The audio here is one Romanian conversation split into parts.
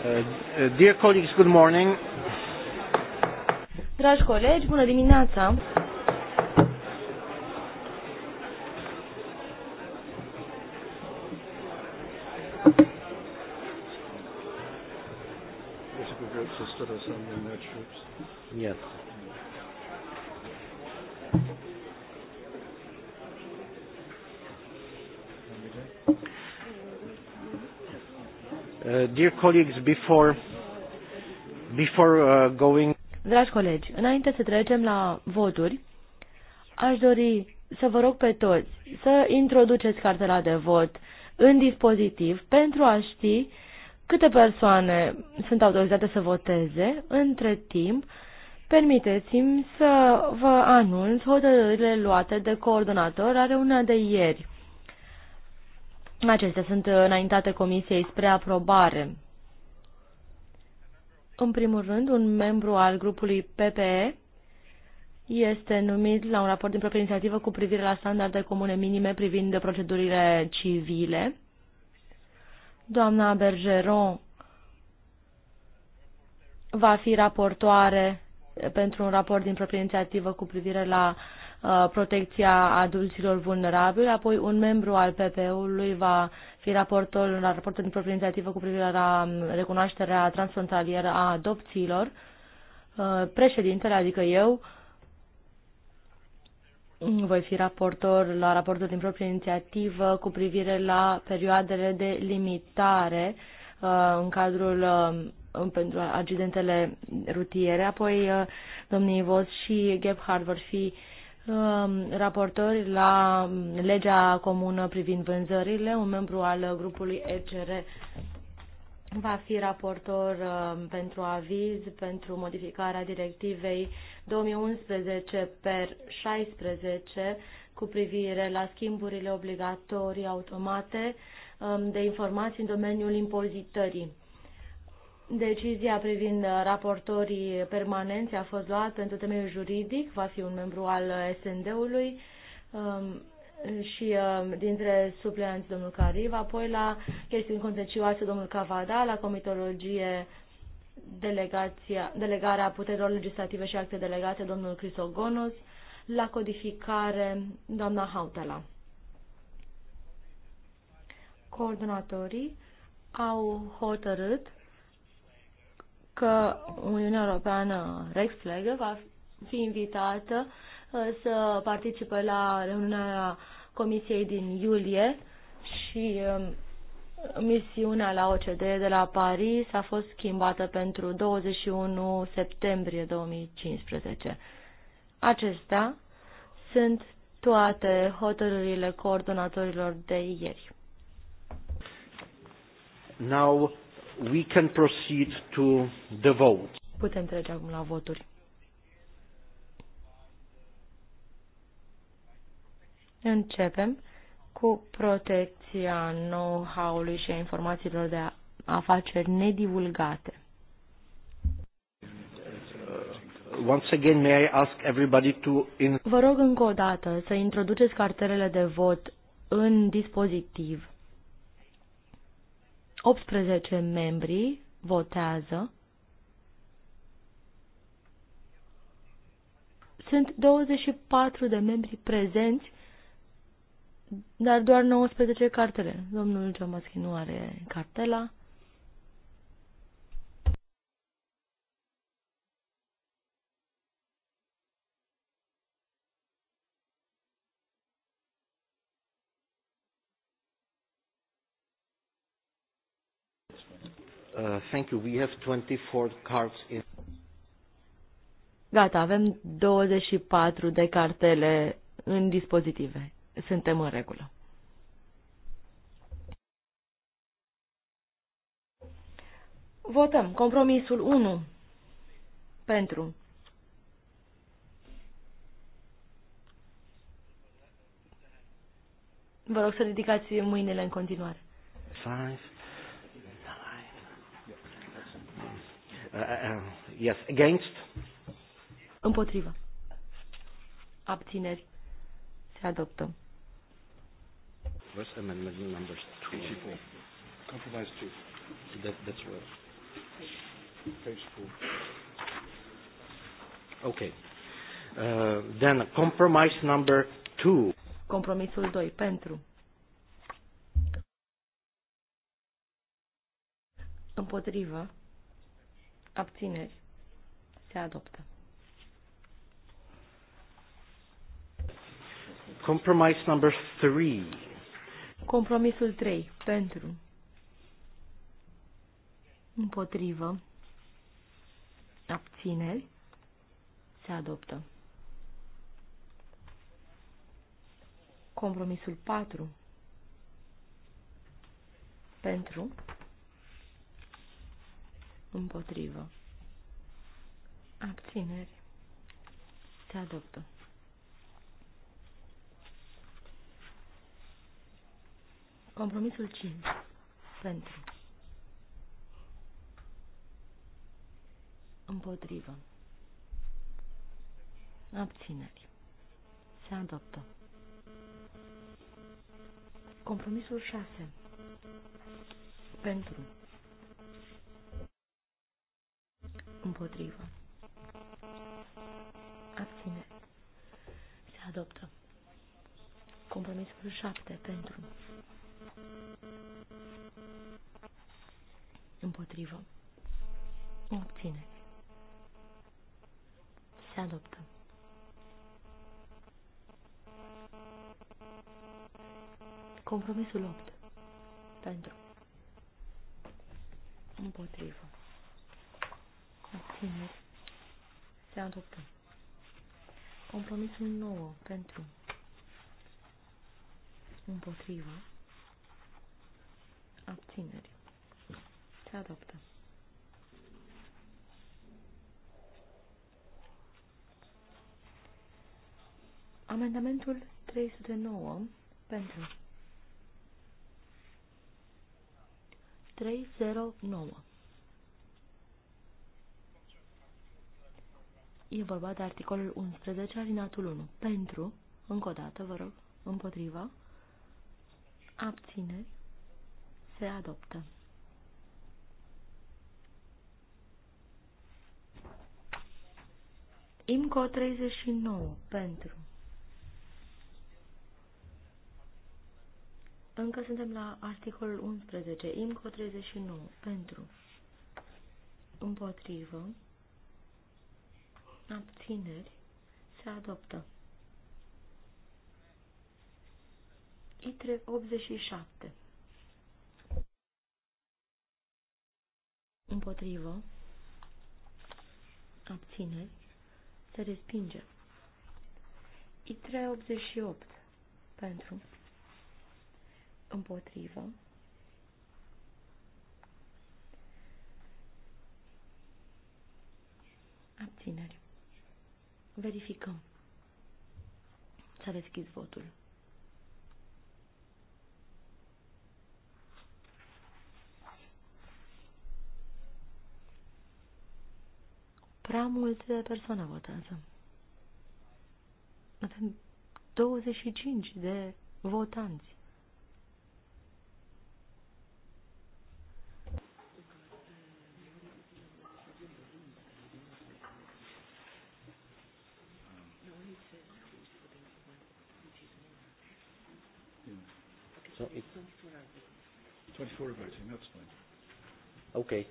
Uh, uh, dear colleagues, good morning. Dragi colegi, bună dimineața. Yes. dear colleagues, before, before uh, going... Dragi colegi, înainte să trecem la voturi, aș dori să vă rog pe toți să introduceți cartela de vot în dispozitiv pentru a ști câte persoane sunt autorizate să voteze. Între timp, permiteți-mi să vă anunț hotărârile luate de coordonator la reuniunea de ieri. Acestea sunt înaintate Comisiei spre aprobare. În primul rând, un membru al grupului PPE este numit la un raport din proprie inițiativă cu privire la standarde comune minime privind de procedurile civile. Doamna Bergeron va fi raportoare pentru un raport din proprie inițiativă cu privire la uh, Uh, protecția adulților vulnerabili, apoi un membru al PPU-ului va fi raportor la raportul din proprie inițiativă cu privire la um, recunoașterea transfrontalieră a adopțiilor, uh, președintele, adică eu, voi fi raportor la raportul din proprie inițiativă cu privire la perioadele de limitare uh, în cadrul um, pentru accidentele rutiere. Apoi domnii Vos și Gebhard vor fi Um, raportori la legea comună privind vânzările. Un membru al grupului ECR va fi raportor um, pentru aviz pentru modificarea directivei 2011 per 16 cu privire la schimburile obligatorii automate um, de informații în domeniul impozitării. Decizia privind uh, raportorii permanenți a fost luată într temeiul juridic, va fi un membru al uh, SND-ului um, și uh, dintre supleanți domnul Cariv, apoi la chestiuni contencioase domnul Cavada, la comitologie delegația, delegarea puterilor legislative și acte delegate domnul Crisogonos, la codificare doamna Hautala. Coordonatorii au hotărât că Uniunea Europeană Rex Flag va fi invitată uh, să participe la reuniunea Comisiei din iulie și um, misiunea la OCDE de la Paris a fost schimbată pentru 21 septembrie 2015. Acestea sunt toate hotărârile coordonatorilor de ieri. Now we can proceed to the vote. Putem trece acum la voturi. Începem cu protecția know-how-ului și a informațiilor de afaceri nedivulgate. Uh, once again, may I ask everybody to in... Vă rog încă o dată să introduceți cartelele de vot în dispozitiv. 18 membri votează. Sunt 24 de membri prezenți, dar doar 19 cartele. Domnul Giamaschi nu are cartela. Uh, thank you. We have 24 cards in Gata, avem 24 de cartele în dispozitive. Suntem în regulă. Votăm compromisul 1 pentru Vă rog să ridicați mâinile în continuare. Five. Uh, uh, yes, against. Împotrivă. Abțineri. Se adoptă. First amendment number 24? Compromise 2. That, that's where. Page 4. Okay. Uh, then compromise number 2. Compromisul 2 pentru împotrivă Abțineri. Se adoptă. Compromise number three. Compromisul 3. Pentru. Împotrivă. Abțineri. Se adoptă. Compromisul 4. Pentru. Împotrivă. Abțineri. Se adoptă. Compromisul 5. Pentru. Împotrivă. Abțineri. Se adoptă. Compromisul 6. Pentru. Împotrivă. Abține. Se adoptă. Compromisul 7 pentru. Împotrivă. Obține. Se adoptă. Compromisul 8. Pentru. Împotrivă. Abțineri. Se adoptă. Compromisul nou pentru împotriva abțineri. Se adoptă. Amendamentul 309 pentru 309 E vorba de articolul 11, alinatul 1. Pentru, încă o dată, vă rog, împotriva, abțineri, se adoptă. IMCO 39 pentru. Încă suntem la articolul 11. IMCO 39 pentru. Împotrivă abțineri, se adoptă. ITRE 87 Împotrivă, abțineri, se respinge. ITRE 88 Pentru, împotrivă, abțineri. Verificăm. S-a deschis votul. Prea multe persoane votează. Avem 25 de votanți. 24 voting, that's fine. Okay.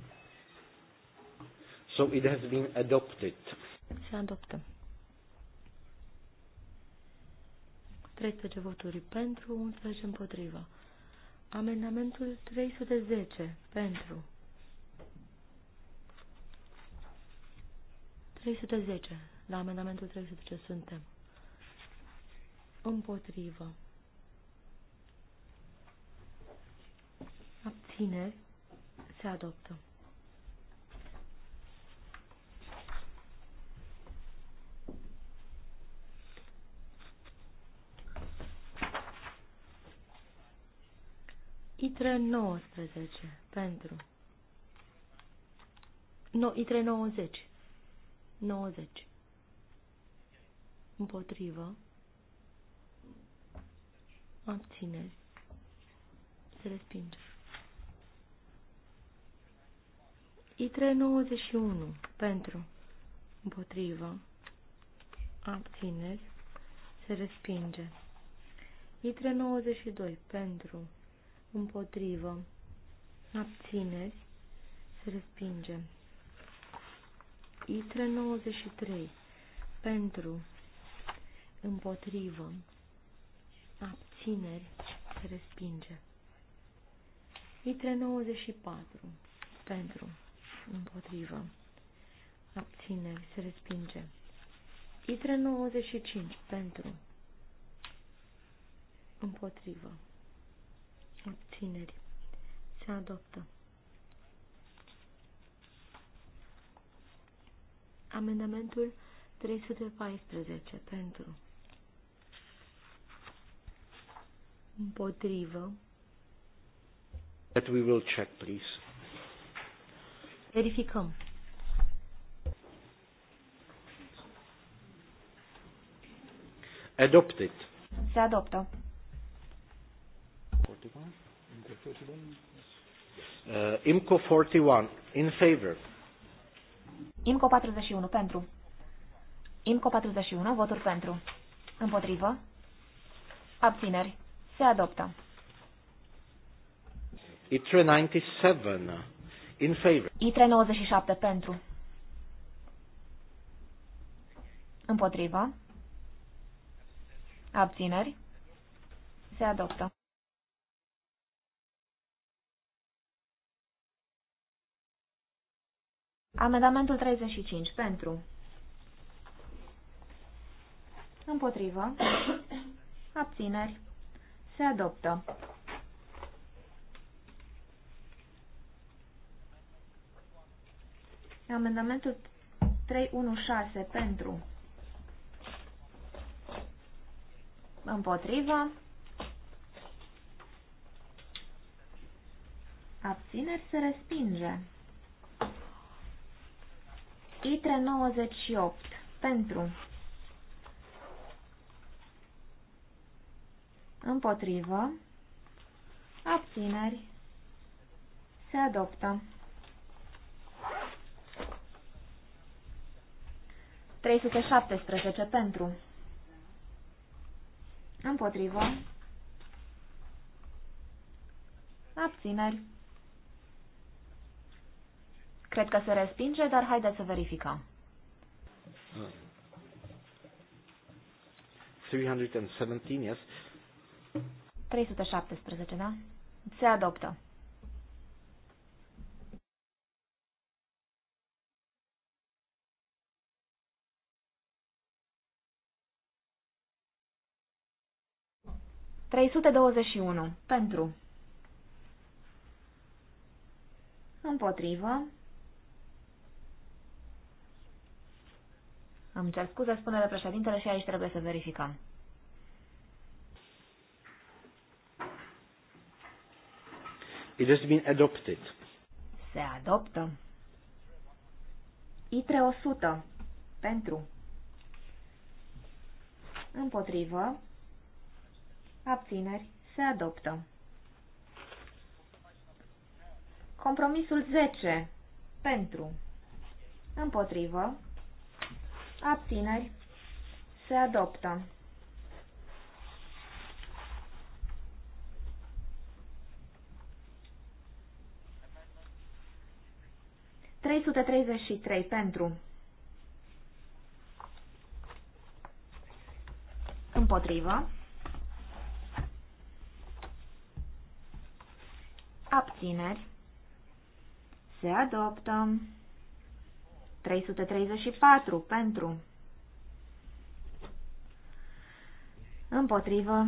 So it has been adopted. Se adoptă. 13 voturi pentru, 11 împotriva. Amendamentul 310 pentru. 310. La amendamentul 310 suntem. Împotrivă. sine se adoptă. ITRE 19 pentru no, ITRE 90 90 împotrivă abțineri se respinge I391 Pentru. Împotrivă. Abțineri. Se respinge. I392 Pentru. Împotrivă. Abțineri. Se respinge. I393 Pentru. Împotrivă. Abțineri. Se respinge. I394 Pentru împotrivă, abțineri, se respinge. Itre 95, pentru, împotrivă, abțineri, se adoptă. Amendamentul 314, pentru, împotrivă. That we will check, please. Verificăm. Adopted. Se adoptă. Uh, IMCO 41. In favor. IMCO 41. Pentru. IMCO 41. Voturi pentru. Împotrivă. Abțineri. Se adoptă. ITRE 97. In favor. I 97 pentru. Împotriva. Abțineri. Se adoptă. Amendamentul 35. Pentru. Împotriva. Abțineri. Se adoptă. Amendamentul 316 pentru. Împotrivă. Abțineri se respinge. ITRE 98 pentru. Împotrivă. Abțineri. Se adoptă. 317 pentru. Împotrivă. Abțineri. Cred că se respinge, dar haideți să verificăm. 317, yes. 317, da? Se adoptă. 321. Pentru. Împotrivă. Îmi cer scuze, spune președintele și aici trebuie să verificăm. It has been adopted. Se adoptă. I 300 Pentru. Împotrivă abțineri, se adoptă. Compromisul 10. Pentru. Împotrivă. Abțineri. Se adoptă. Trei sute treizeci și trei pentru. Împotrivă. abțineri, se adoptă. 334 pentru, împotrivă,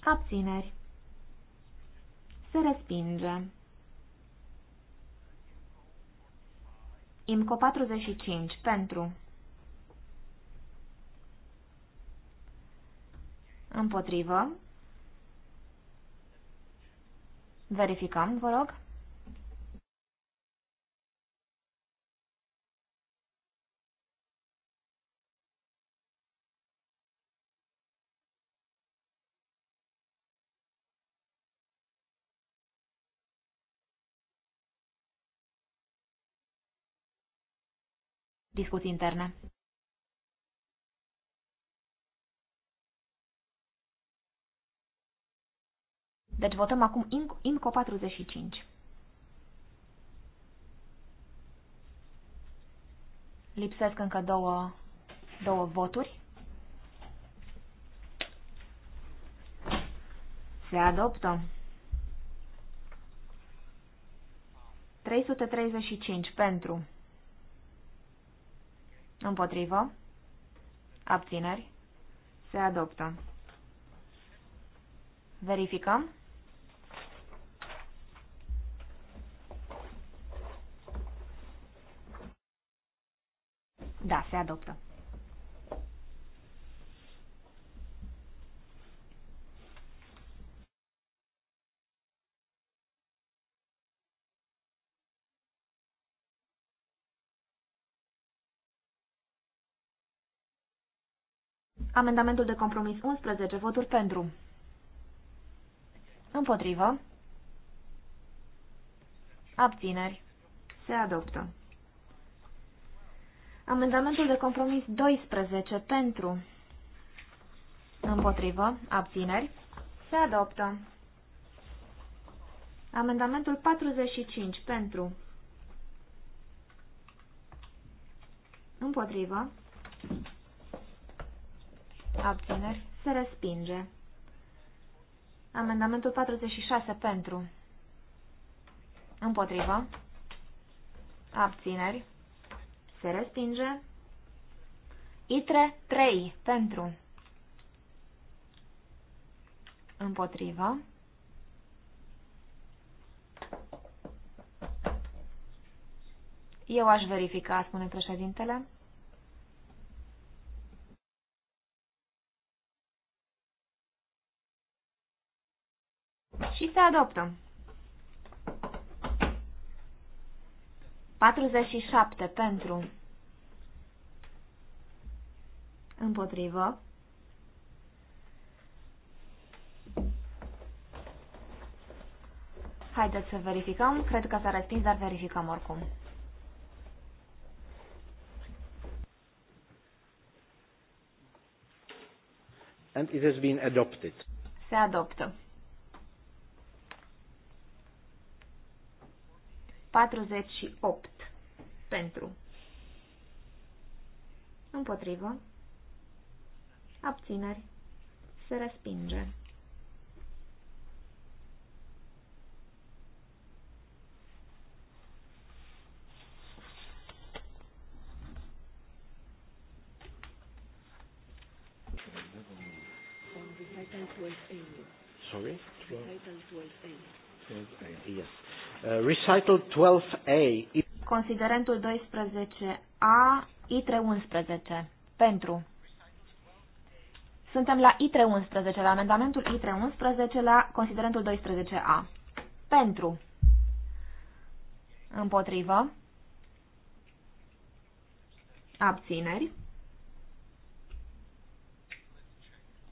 abțineri, se respinge. IMCO 45 pentru Împotrivă Verificăm, vă rog. Discuții interne. Deci votăm acum INCO 45. Lipsesc încă două, două voturi. Se adoptă. 335 pentru. Împotrivă. Abțineri. Se adoptă. Verificăm. Da, se adoptă. Amendamentul de compromis 11. Voturi pentru. Împotrivă. Abțineri. Se adoptă. Amendamentul de compromis 12 pentru împotrivă abțineri se adoptă. Amendamentul 45 pentru împotrivă abțineri se respinge. Amendamentul 46 pentru împotrivă abțineri se respinge. ITRE 3 pentru împotrivă. Eu aș verifica, spune președintele. Și se adoptă. 47 pentru împotrivă Haideți să verificăm. Cred că s-a respins, dar verificăm oricum. And it has been adopted. Se adoptă. 48 pentru. Împotrivă. Abțineri. Se respinge. Sorry? 12A. 12A. Yes. Uh, recital 12A. Considerentul 12A, ITRE 11. Pentru. Suntem la ITRE 11, la amendamentul ITRE 11, la considerentul 12A. Pentru. Împotrivă. Abțineri.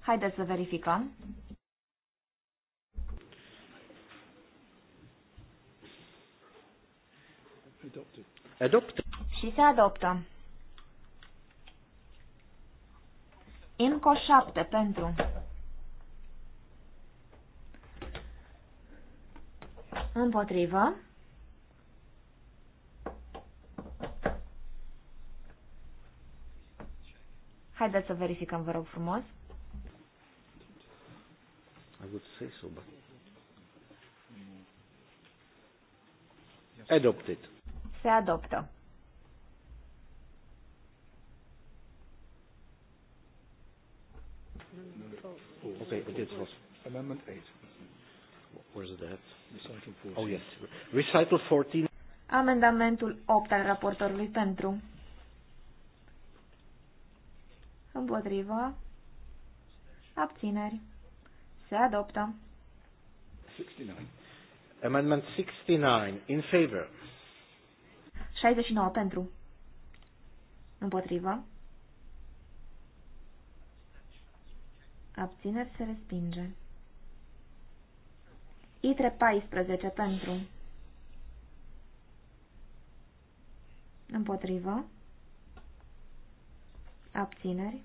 Haideți să verificăm. Adopted. Adopted. Și se adoptă. Imco 7 pentru. Împotrivă. Haideți să verificăm, vă rog frumos. I would say so, but... Adopted se adoptă. Okay, it is Amendment 8. Recital 14. Oh, yes. Recital 14. Amendamentul 8 al raportorului pentru. împotriva Abțineri. Se adoptă. 69. Amendment 69. In favor. 69 pentru. Împotrivă. Abțineri se respinge. Itre 14 pentru. Împotrivă. Abțineri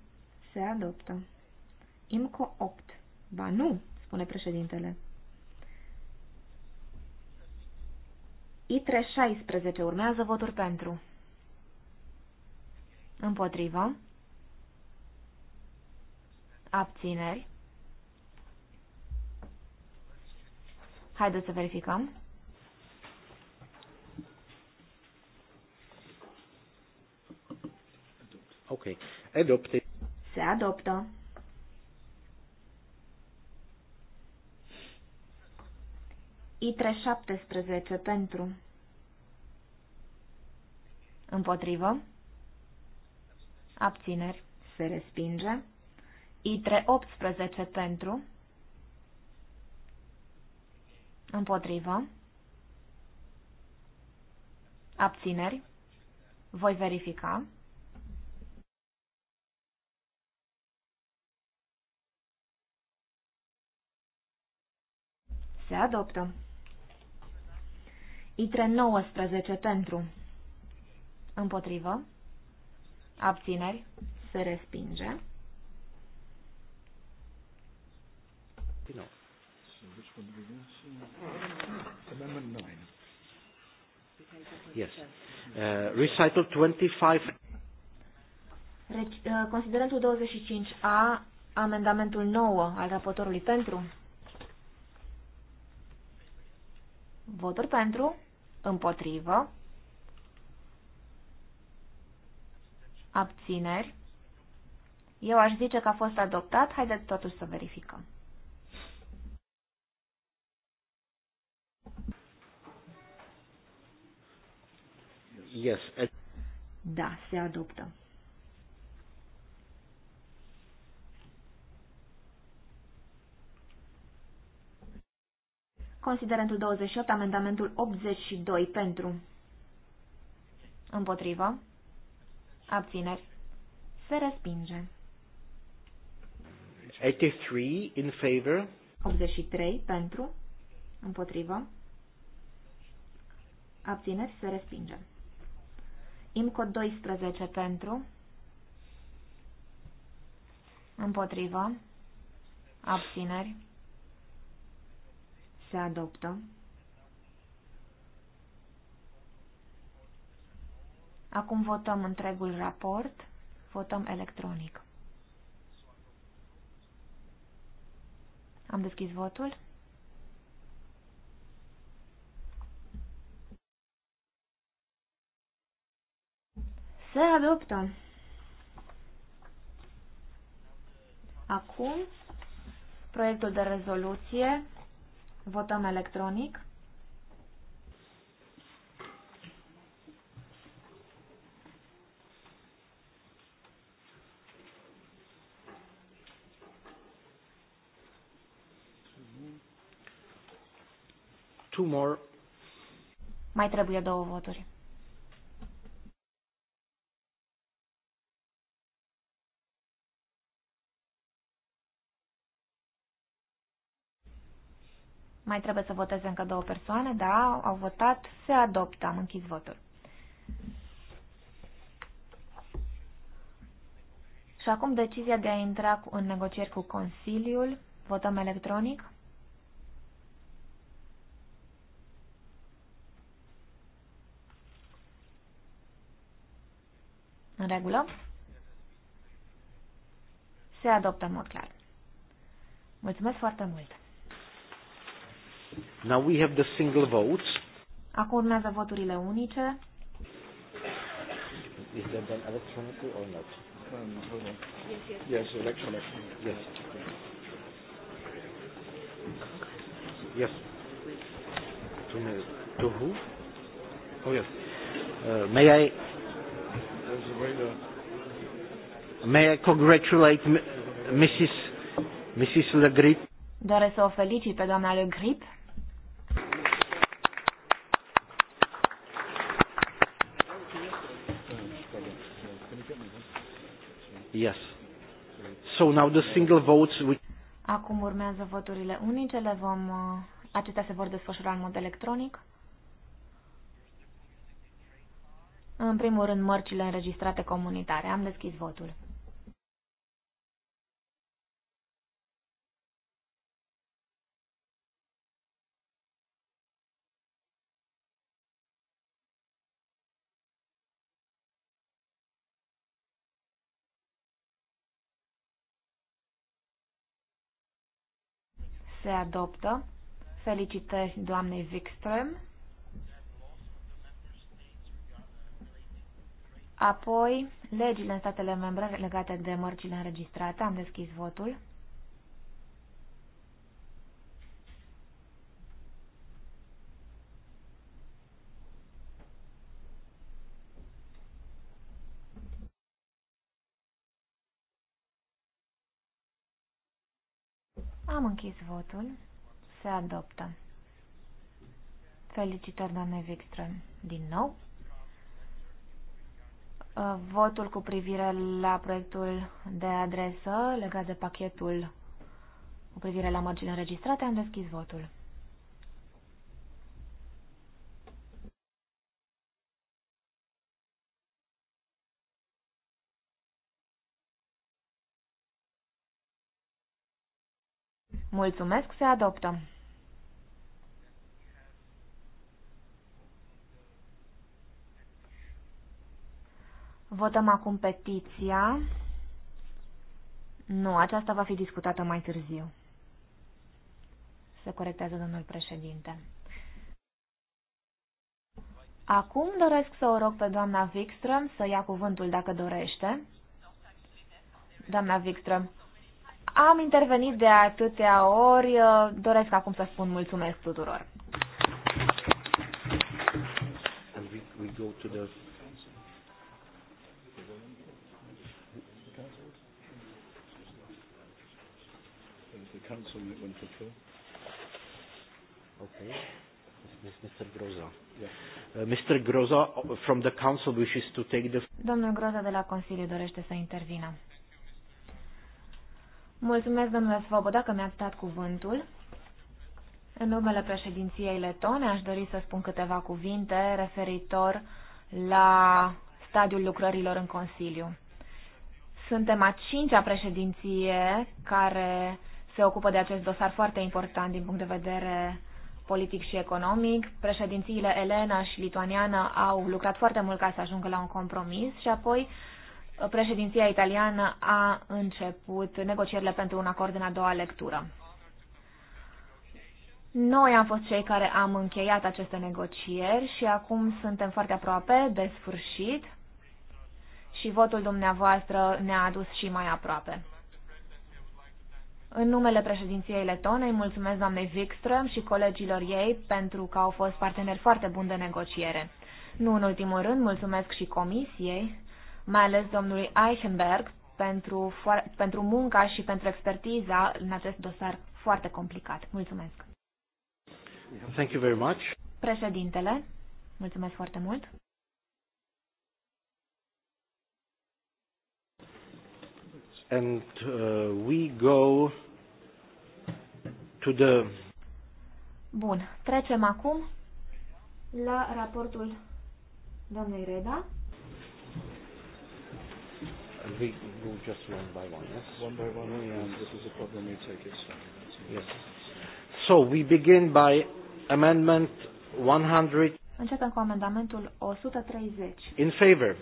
se adoptă. Imco 8. Ba nu, spune președintele. ITRE 16. Urmează voturi pentru. Împotrivă. Abțineri. Haideți să verificăm. Ok. Adopte. Se adoptă. i 17 pentru. Împotrivă. Abțineri. Se respinge. i 18 pentru. Împotrivă. Abțineri. Voi verifica. Se adoptă. ITRE 19 pentru. Împotrivă. Abțineri. Se respinge. Yes. Uh, recital 25. Reci, uh, considerentul 25A, amendamentul 9 al raportorului pentru. Voturi pentru. Împotrivă. Abțineri. Eu aș zice că a fost adoptat. Haideți totuși să verificăm. Yes. Da, se adoptă. Considerentul 28, amendamentul 82 pentru. Împotrivă. Abțineri. Se respinge. 83 in favor. 83 pentru. Împotrivă. Abțineri se respinge. IMCO 12 pentru. Împotrivă. Abțineri. Se adoptă. Acum votăm întregul raport. Votăm electronic. Am deschis votul. Se adoptă. Acum, proiectul de rezoluție Votăm electronic. Two more. Mai trebuie două voturi. Mai trebuie să voteze încă două persoane, da, au votat, se adoptă, am închis votul. Și acum decizia de a intra în negocieri cu Consiliul, votăm electronic. În regulă? Se adoptă în mod clar. Mulțumesc foarte mult! Now we have the single votes. Acum urmează voturile unice. Is that done electronically or not? Um, Yes, yes. Yes, electronically. Yes. Yes. To, to who? Oh, yes. Uh, may I... May I congratulate Mrs. Mrs. Le Grip? Doresc să o felicit pe doamna Le Grip So now the single votes we... Acum urmează voturile unice, le vom, uh, acestea se vor desfășura în mod electronic. În primul rând, mărcile înregistrate comunitare. Am deschis votul. se adoptă. Felicitări doamnei Wikström. Apoi, legile în statele membre legate de mărcile înregistrate. Am deschis votul. Am închis votul. Se adoptă. Felicitări, doamne Wikström, din nou. Uh, votul cu privire la proiectul de adresă legat de pachetul cu privire la mărcile înregistrate, am deschis votul. Mulțumesc, se adoptă. Votăm acum petiția. Nu, aceasta va fi discutată mai târziu. Se corectează domnul președinte. Acum doresc să o rog pe doamna Wikström să ia cuvântul dacă dorește. Doamna Wikström, am intervenit de atâtea ori, uh, doresc acum să spun mulțumesc tuturor. Groza. Uh, Mr. Groza uh, from the Council wishes to take the... Domnul Groza de la Consiliu dorește să intervină. Mulțumesc, domnule Svoboda, că mi-ați dat cuvântul. În numele președinției letone aș dori să spun câteva cuvinte referitor la stadiul lucrărilor în Consiliu. Suntem a cincea președinție care se ocupă de acest dosar foarte important din punct de vedere politic și economic. Președințiile Elena și Lituaniană au lucrat foarte mult ca să ajungă la un compromis și apoi președinția italiană a început negocierile pentru un acord în a doua lectură. Noi am fost cei care am încheiat aceste negocieri și acum suntem foarte aproape de sfârșit și votul dumneavoastră ne-a adus și mai aproape. În numele președinției letone îi mulțumesc doamnei Wikström și colegilor ei pentru că au fost parteneri foarte buni de negociere. Nu în ultimul rând, mulțumesc și comisiei mai ales domnului Eichenberg, pentru, pentru munca și pentru expertiza în acest dosar foarte complicat. Mulțumesc! Thank you very much. Președintele, mulțumesc foarte mult! and uh, we go to the Bun, trecem acum la raportul domnului Reda we go just one by one, yes? One by one, yeah. and this is a problem we take it. Yes. So we begin by amendment 100. Începem cu amendamentul 130. In favor.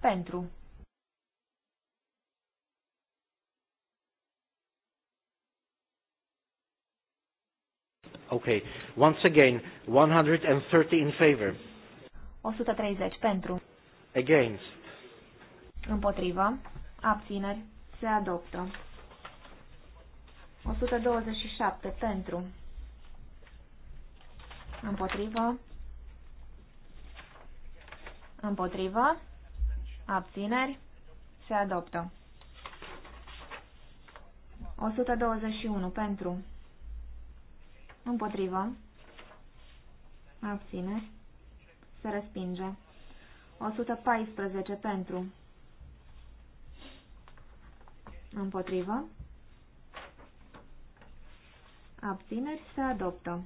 Pentru. Okay. Once again, 130 in favor. 130 pentru. Against Împotrivă. Abțineri. Se adoptă. 127. Pentru. Împotrivă. Împotrivă. Abțineri. Se adoptă. 121. Pentru. Împotrivă. Abțineri. Se respinge. 114. Pentru. Împotrivă. Abțineri se adoptă.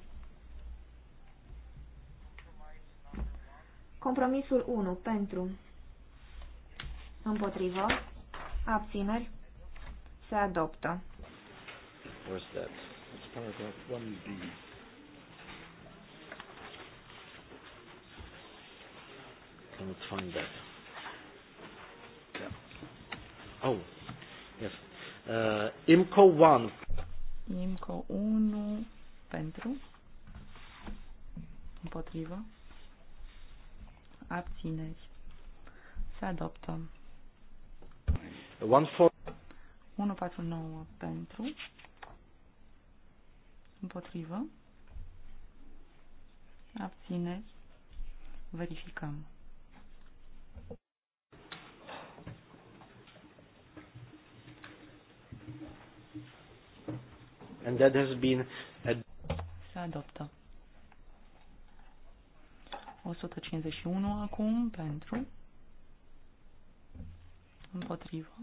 Compromisul 1 pentru împotrivă abțineri se adoptă. Oh. Yes. Uh, IMCO 1. IMCO 1 pentru. Împotrivă. Abțineri. Se adoptă. 149 pentru. Împotrivă. Abțineri. Verificăm. and that has been se adoptă. 151 acum pentru împotrivă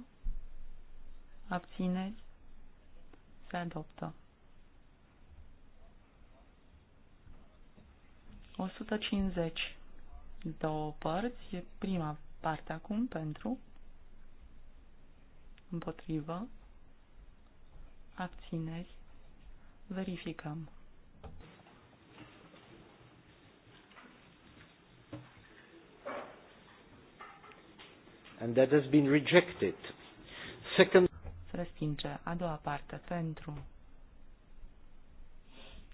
abțineri se adoptă. 150 două părți, e prima parte acum pentru împotrivă abțineri Verificăm. And that has been rejected. Second. Se respinge a doua parte pentru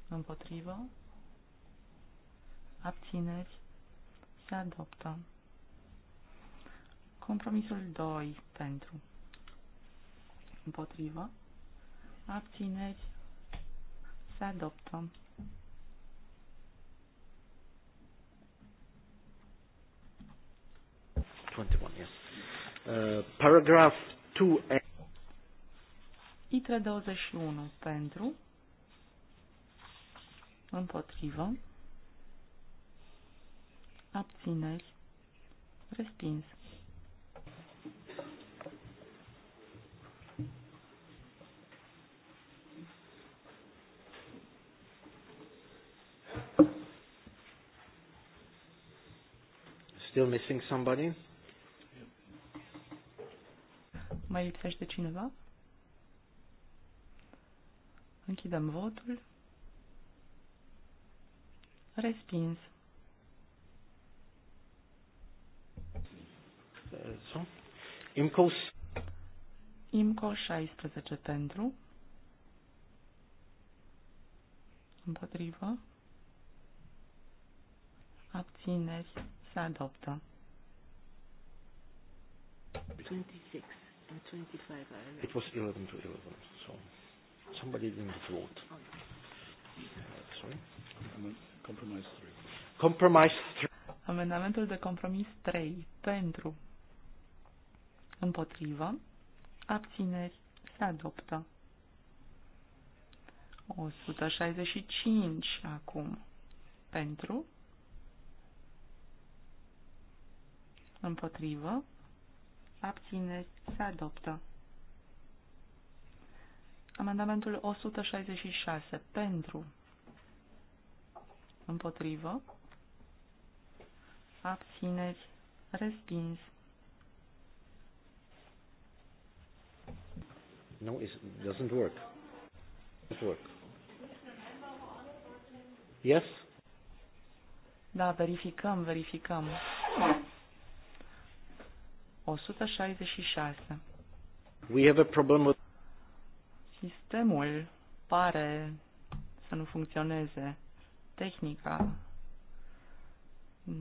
împotrivă abțineri se adoptă. Compromisul 2 pentru împotrivă abțineri să adoptă. Uh, paragraf 2 Itre 21 pentru împotrivă abțineri respins Still missing somebody? Mai lipsește cineva? Închidem votul. Respins. Imco Imco 16 pentru. Împotrivă. Abțineri se adoptă. 26 and 25 It was 11 to 11, so somebody didn't vote. Oh, uh, sorry? Compromise 3. Compromise 3. Amendamentul de compromis 3 pentru împotrivă abțineri se adoptă. 165 acum pentru împotrivă, abțineri, se adoptă. Amendamentul 166 pentru, împotrivă, abțineri, respins. No, it doesn't work. It doesn't work. Yes? Da, verificăm, verificăm. 166. We have a problem with... Sistemul pare să nu funcționeze. Tehnica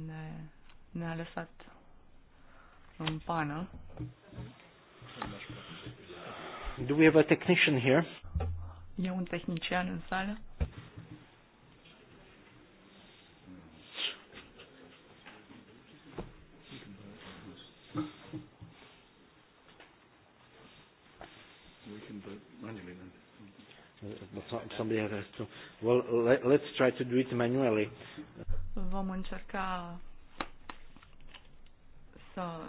ne, ne-a lăsat în pană. Do we have a technician here? E un tehnician în sală? somebody has to. Well, let, let's try to do it manually. Vom încerca să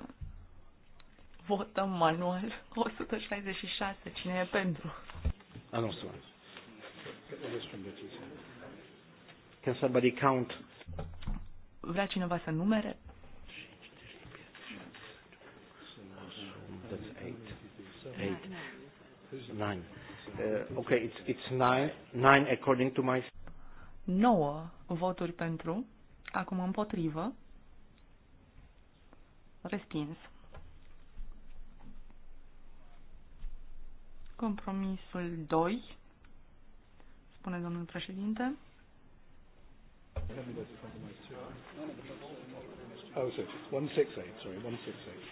votăm manual 166. Cine e pentru? Anunțul. Ah, Can somebody count? Vrea cineva să numere? Nine. Uh, it's, it's nine, nine according to my... 9 voturi pentru, acum împotrivă, respins. Compromisul 2, spune domnul președinte. Oh, sorry, 168, sorry, eight.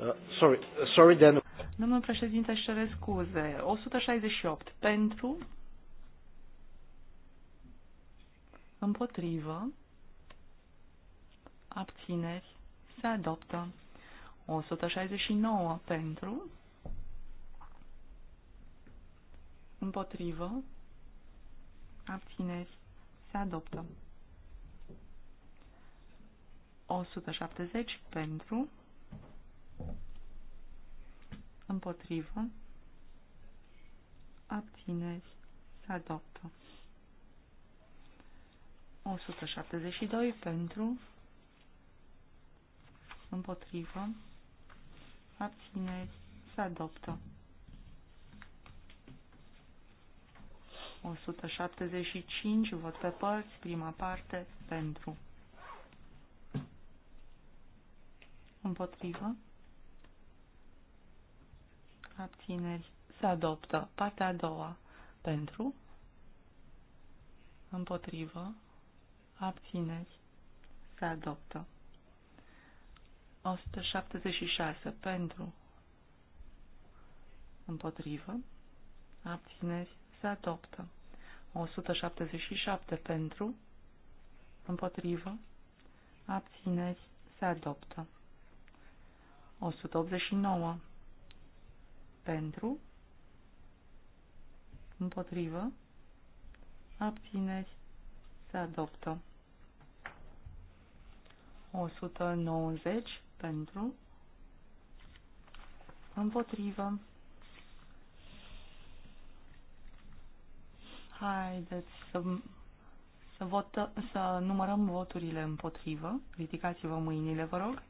Uh, sorry, uh, sorry, then Domnul președinte își cere scuze. 168 pentru, împotrivă, abțineri, se adoptă. 169 pentru, împotrivă, abțineri, se adoptă. 170 pentru, împotrivă, abțineri, se adoptă. 172 pentru, împotrivă, abțineri, se adoptă. 175 vot pe părți, prima parte, pentru. Împotrivă, abțineri, se adoptă. Partea a doua, pentru, împotrivă, abțineri, se adoptă. 176, pentru, împotrivă, abțineri, se adoptă. 177, pentru, împotrivă, abțineri, se adoptă. 189 pentru, împotrivă, abțineri, se adoptă. 190 pentru, împotrivă. Haideți să, să, votă, să numărăm voturile împotrivă. Ridicați-vă mâinile, vă rog.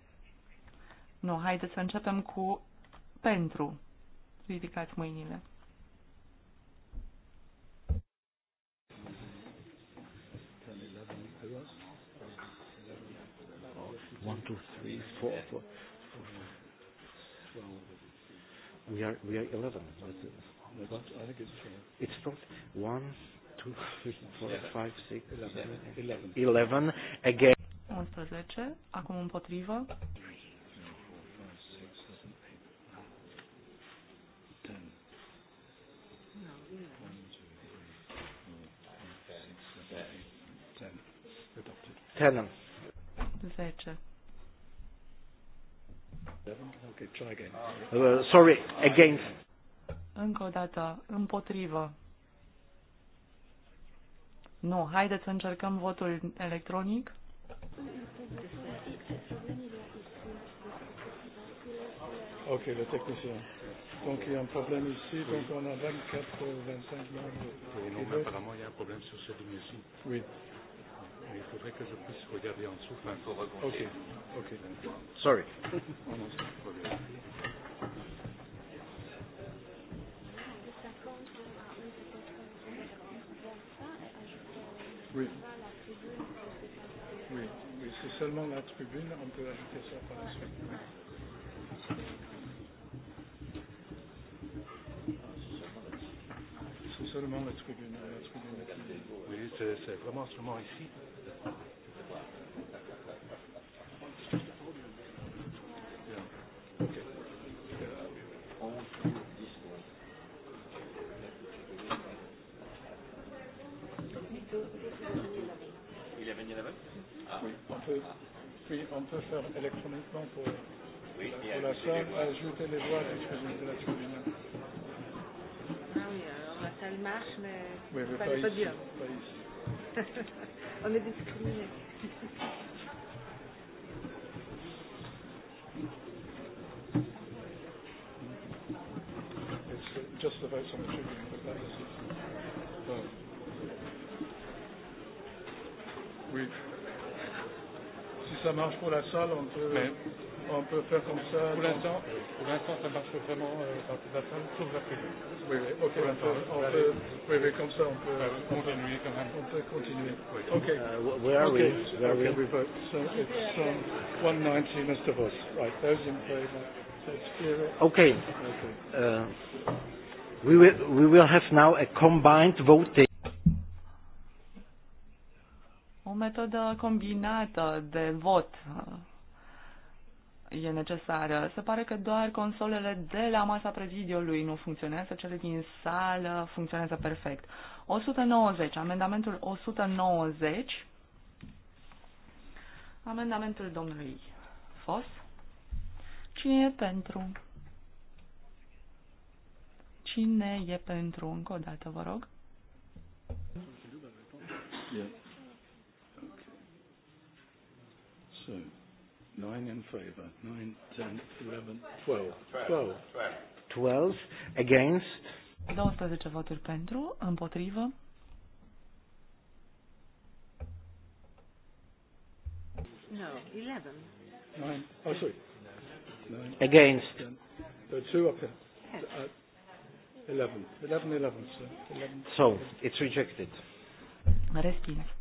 Nu, haideți să începem cu pentru ridicați mâinile. One, two, three, four, four, four, four. We are we are eleven. That's it. That's, what? I it's twelve. One, two, three, four, yeah. five, six, eleven. Eleven. eleven. Again. 11. Acum împotrivă. Hannah. 10. Okay, try again. Uh, sorry, against. Încă o dată, împotrivă. Nu, haideți să încercăm votul electronic. Ok, le technicien. Donc il y a un problème ici, oui. donc on a 24 ou 25 membres. Oui, non, mais apparemment il y a un problème sur ce ligne ici. Oui. Il faudrait que je puisse regarder en dessous. Enfin, ok, ok. Sorry. Oui. Oui, oui c'est seulement la tribune, on peut ajouter ça par la suite. C'est seulement la tribune, la tribune. Oui, c'est vraiment seulement ici. peut, oui, on peut faire électroniquement pour, oui, pour la salle, ajouter les voix à puisque de la tribune. Ah oui, alors la salle marche, mais, oui, mais pas, pas, ici, pas bien. Pas ici. on est discriminé. just about some tribune, but that is it. So, oh. we've ça marche pour la salle, on peut, Mais, on peut faire comme ça. Pour l'instant, pour l'instant, ça marche vraiment euh, dans toute la salle, sauf la prévue. Oui, oui, ok. Pour on peut, on peut, oui, oui, comme ça, on peut euh, continuer quand même. On peut continuer. Oui. Ok. Uh, where are okay. we? Where okay, are we? we So it's um, 190, Mr. Voss. Right, those in favour. Okay. okay. Uh, we will we will have now a combined voting. O metodă combinată de vot uh, e necesară. Se pare că doar consolele de la masa prezidiului nu funcționează, cele din sală funcționează perfect. 190, amendamentul 190, amendamentul domnului Fos. Cine e pentru? Cine e pentru? Încă o dată, vă rog. Yeah. So, nine in favour. Nine, ten, eleven, twelve. Twelve. Twelve. Against. 12 voturi pentru, împotrivă. No, 11. Nine. Oh, sorry. Nine. Against. There uh, are two up here. Yes. Uh, 11. 11, 11, sir. 11. So, it's rejected. Respins.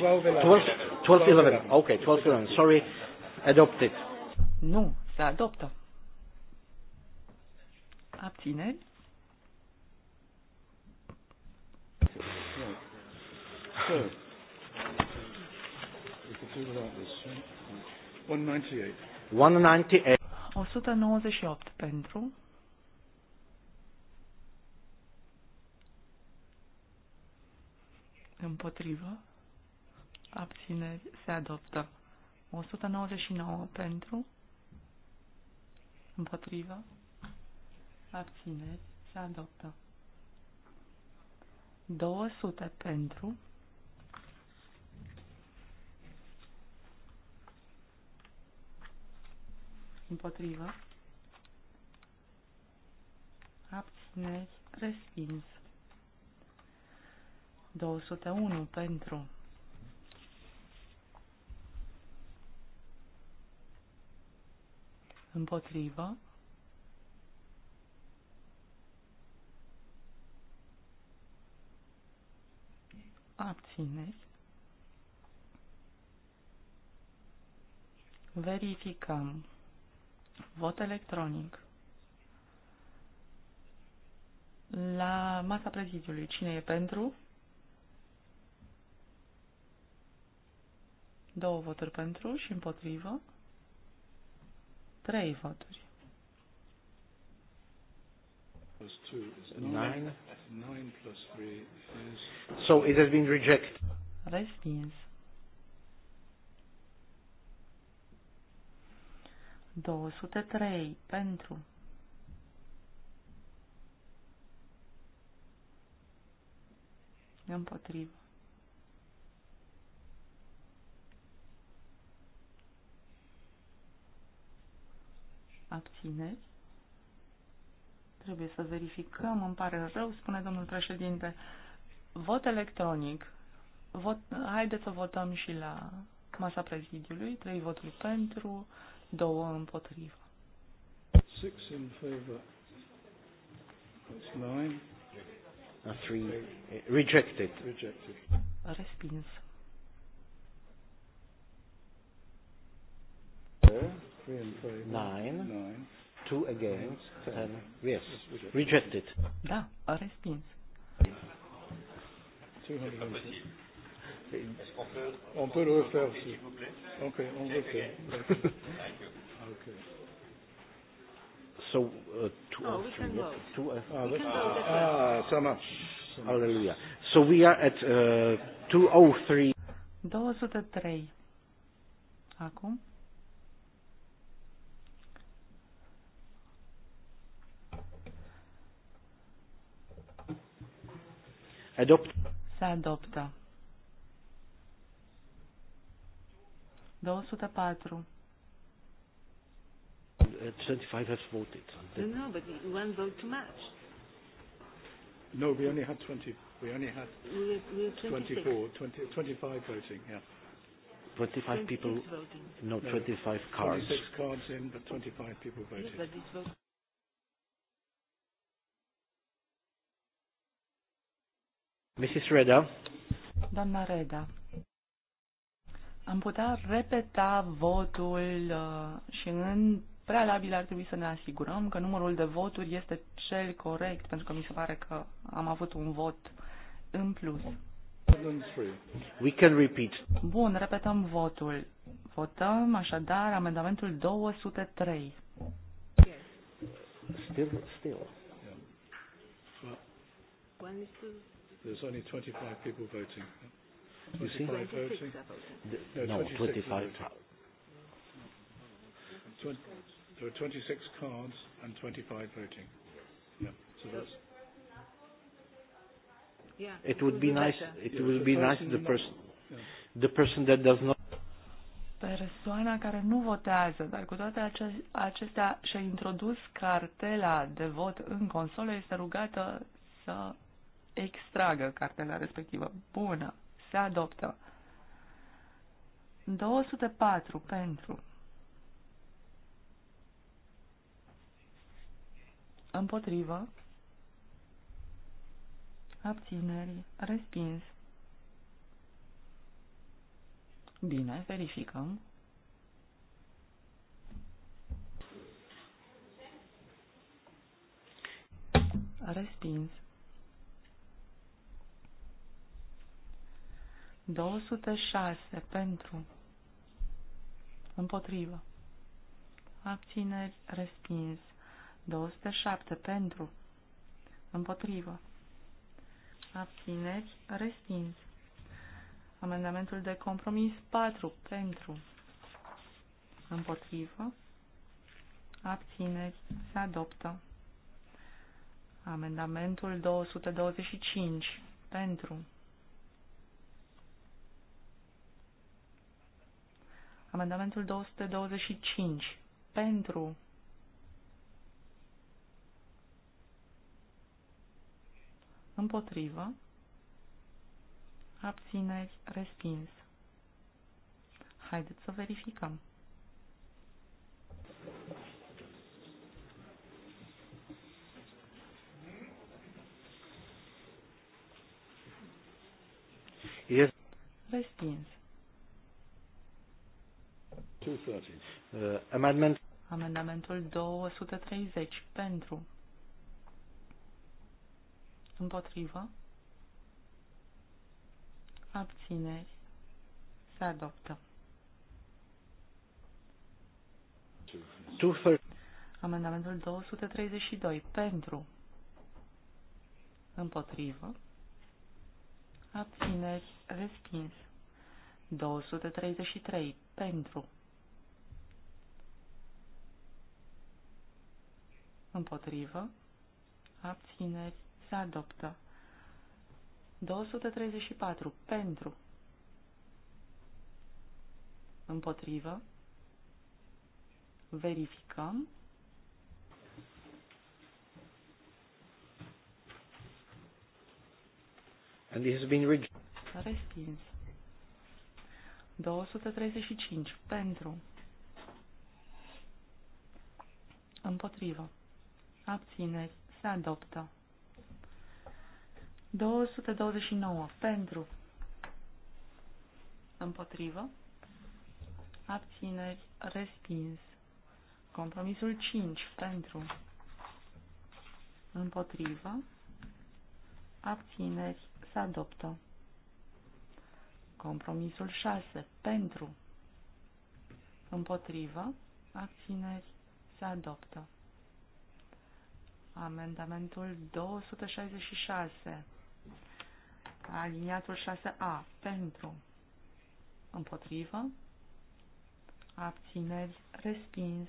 12, 12, 11. Ok, 12, 11. Sorry. Adopted. Nu, se adoptă. Abțineri? One 198. eight 198 pentru. Împotrivă abțineri, se adoptă. 199 pentru, împotrivă, abțineri, se adoptă. 200 pentru, împotrivă, abțineri, respins. 201 pentru Împotrivă. Abțineri. Verificăm. Vot electronic. La masa prezidiului, cine e pentru? Două voturi pentru și împotrivă. Trei voturi. So it has been rejected. Respins. 203 pentru împotrivă. abțineți? Trebuie să verificăm, îmi pare rău, spune domnul președinte. Vot electronic. Vot, haideți să votăm și la masa prezidiului. Trei voturi pentru, două împotrivă. Six in favor. That's nine. A three. Rejected. Rejected. Respins. Yeah. Nine. Two against. Yes. Rejected. Da, a respins. On peut le refaire aussi. Ok, on refait. okay. So, uh, two oh, we can Two uh, ah, we can vote. ah, ça marche. Hallelujah. So we are at uh, 203. 203. Acum. Adopt. Se adoptă. 204. 25 has voted. No, no, but one vote too much. No, we only had 20. We only had we, we 24, 20, 25 voting. Yeah. 25 people. Voting. No, 25 cards. 26 cards in, but 25 people voted. Yes, but Mrs. Reda. Doamna Reda. Am putea repeta votul uh, și în prealabil ar trebui să ne asigurăm că numărul de voturi este cel corect, pentru că mi se pare că am avut un vot în plus. We can repeat. Bun, repetăm votul. Votăm așadar amendamentul 203. Still, still. One is There's only 25 people voting. 25 you see? voting. no, no, 26 25. Voting. There are 26 cards and 25 voting. Yeah, so that's. Yeah. It would be nice. It yeah, would be nice the person, the person that does not. Persoana care nu votează, dar cu toate acestea și-a introdus cartela de vot în consolă, este rugată să extragă cartela respectivă. Bună, se adoptă. 204 pentru. Împotrivă. Abțineri. Respins. Bine, verificăm. Respins. 206 pentru împotrivă. Abțineri respins. 207 pentru împotrivă. Abțineri respins. Amendamentul de compromis 4 pentru împotrivă. Abțineri se adoptă. Amendamentul 225 pentru Amendamentul 225 pentru împotrivă abțineri respins. Haideți să verificăm. Respins. 230. Uh, Amendamentul 230 pentru. Împotrivă. Abțineri. Se adoptă. Amendamentul 232 pentru. Împotrivă. Abțineri. Respins. 233 pentru. împotrivă, abțineri, se adoptă. 234 pentru, împotrivă, verificăm. And it has been Respins. 235 pentru împotrivă abțineri, se adoptă. 229 pentru, împotrivă, abțineri, respins. Compromisul 5 pentru, împotrivă, abțineri, se adoptă. Compromisul 6 pentru, împotrivă, abțineri, se adoptă. Amendamentul 266. Aliniatul 6A. Pentru. Împotrivă. Abțineri. Respins.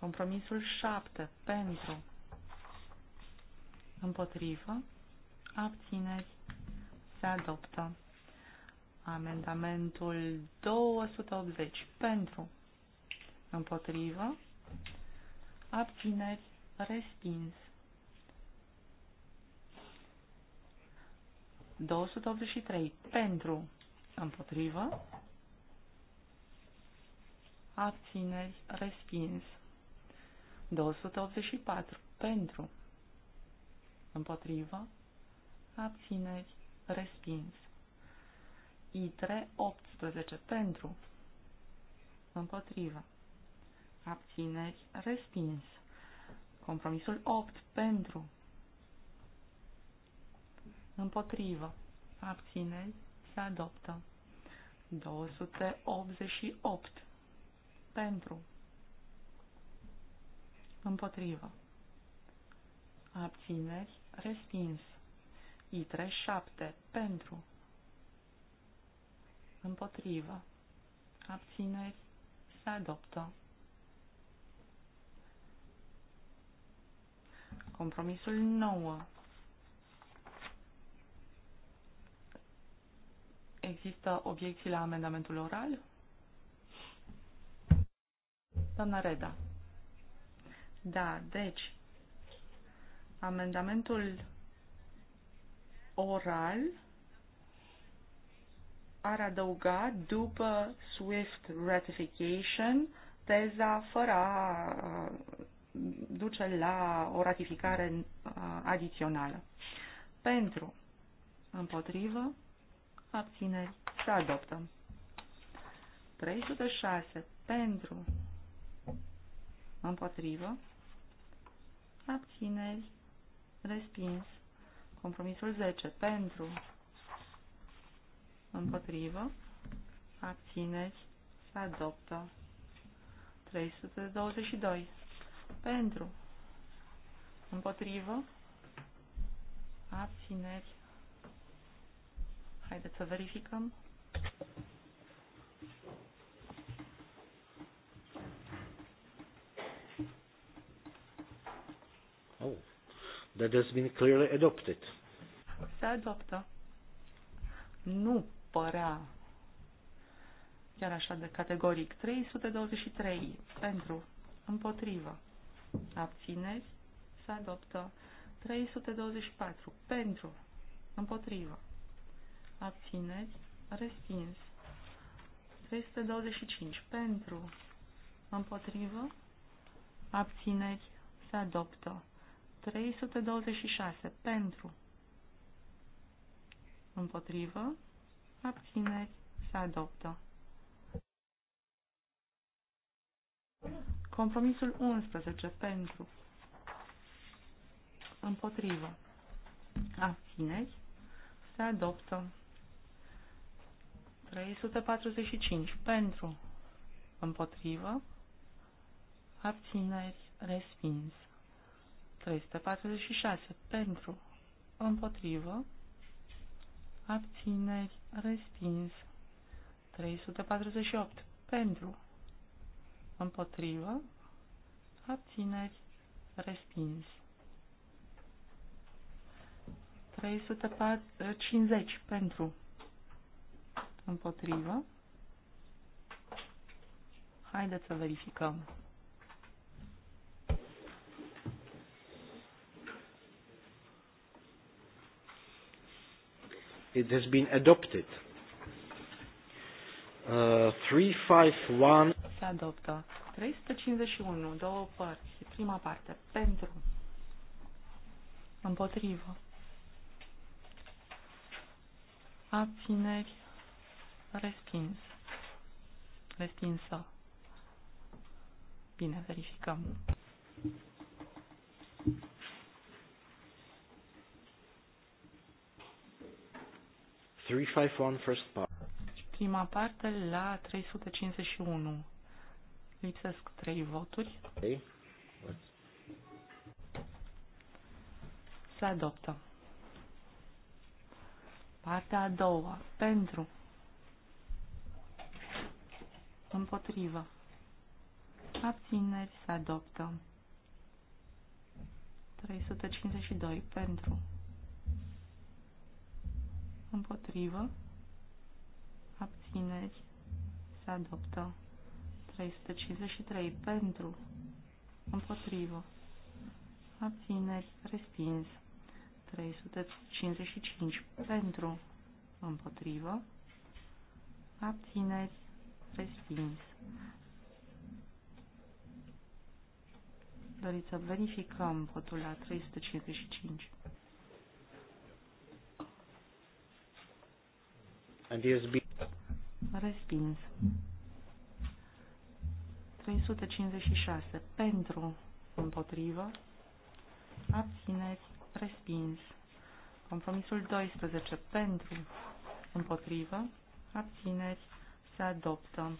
Compromisul 7. Pentru. Împotrivă. Abțineri. Se adoptă. Amendamentul 280. Pentru. Împotrivă. Abțineri respins. 283 pentru, împotrivă, abțineri, respins. 284 pentru, împotrivă, abțineri, respins. I3 18 pentru, împotrivă, abțineri, respins. Compromisul 8 pentru. Împotrivă. Abțineri. Se adoptă. 288 pentru. Împotrivă. Abțineri. Respins. I37 pentru. Împotrivă. Abțineri. Se adoptă. Compromisul 9. Există obiecții la amendamentul oral? Doamna Reda. Da, deci, amendamentul oral ar adăuga după Swift Ratification teza fără a duce la o ratificare uh, adițională. Pentru, împotrivă, abțineri, se adoptă. 306. Pentru, împotrivă, abțineri, respins. Compromisul 10. Pentru, împotrivă, abțineri, se adoptă. 322 pentru. Împotrivă. Abțineri. Haideți să verificăm. Oh, that has been clearly adopted. Se adoptă. Nu părea chiar așa de categoric. 323 pentru, împotrivă, abțineri, se adoptă. 324 pentru, împotrivă, abțineri, respins. 325 pentru, împotrivă, abțineri, se adoptă. 326 pentru, împotrivă, abțineri, se adoptă. Thank you. Compromisul 11 pentru împotrivă abțineri se adoptă. 345 pentru împotrivă abțineri respins. 346 pentru împotrivă abțineri respins. 348 pentru împotrivă, abțineri, respins. 350 pentru, împotrivă. Haideți să verificăm. It has been adopted. 351. Uh, Se adoptă. 351, două părți. Prima parte, pentru. Împotrivă. Abțineri. Respins. Respinsă. Bine, verificăm. Three five one first part prima parte la 351. Lipsesc trei voturi. Okay. Se adoptă. Partea a doua. Pentru. Împotrivă. Abțineri se adoptă. 352. Pentru. Împotrivă tineri se adoptă. 353 pentru, împotrivă, abțineri, respins. 355 pentru, împotrivă, abțineri, respins. Doriți să verificăm votul la 355. And he has been Respins. 356. Pentru. Împotrivă. Abțineți. Respins. Compromisul 12. Pentru. Împotrivă. Abțineți. Se adoptă.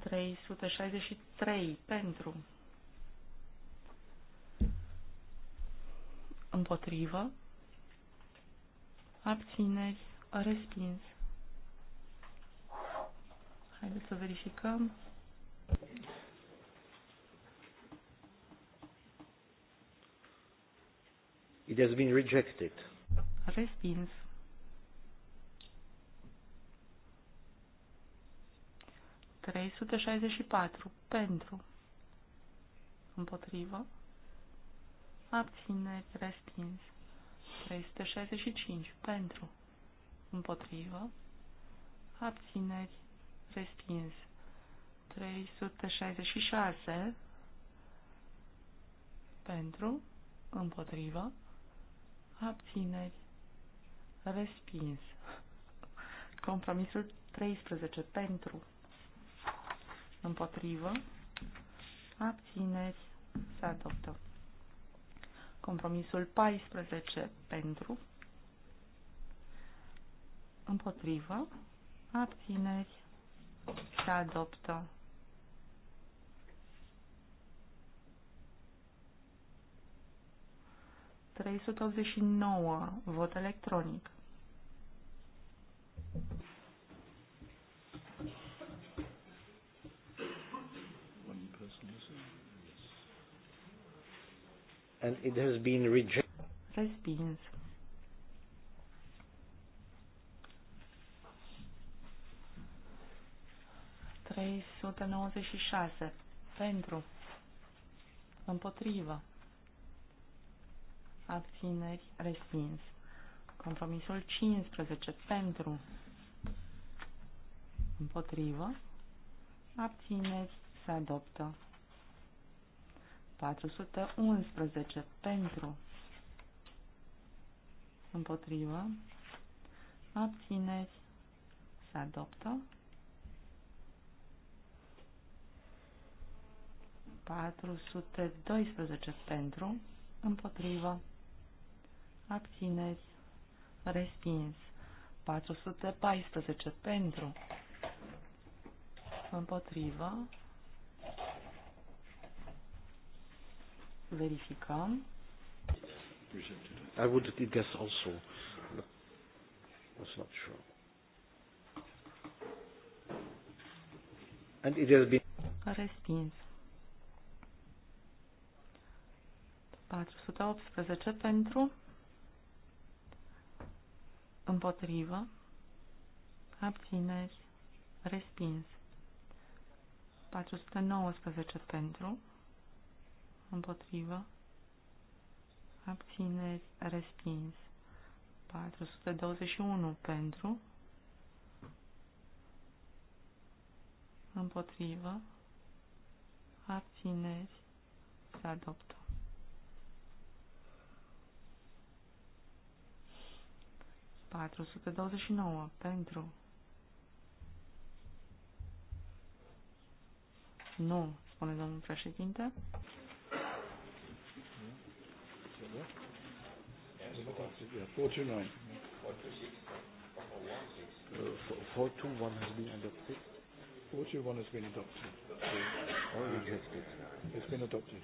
363. Pentru. Împotrivă. Abțineri. Respins. Haideți să verificăm. It has been rejected. Respins. Trei sute șaizeci și patru. Pentru. Împotrivă. Abțineri. Respins. cinci Pentru. Împotrivă. Abțineri. Respins. 366 pentru, împotrivă, abțineri, respins. Compromisul 13 pentru, împotrivă, abțineri, se adoptă. Compromisul 14 pentru, împotrivă, abțineri, se adoptă. Trei vot electronic. And it has been rejected. Respins. 396 pentru împotrivă abțineri respins. Compromisul 15 pentru împotrivă abțineri se adoptă. 411 pentru împotrivă abțineri se adoptă. 412 pentru, împotrivă, abțineți, respins. 414 pentru, împotrivă, verificăm. I would guess also. Was not sure. And it has been respins. 418 pentru, împotrivă, abțineri, respins. 419 pentru, împotrivă, abțineri, respins. 421 pentru, împotrivă, abțineri, se adoptă. 429 pentru. Nu, spune domnul președinte. nine one has been adopted. one has been adopted. It's been adopted.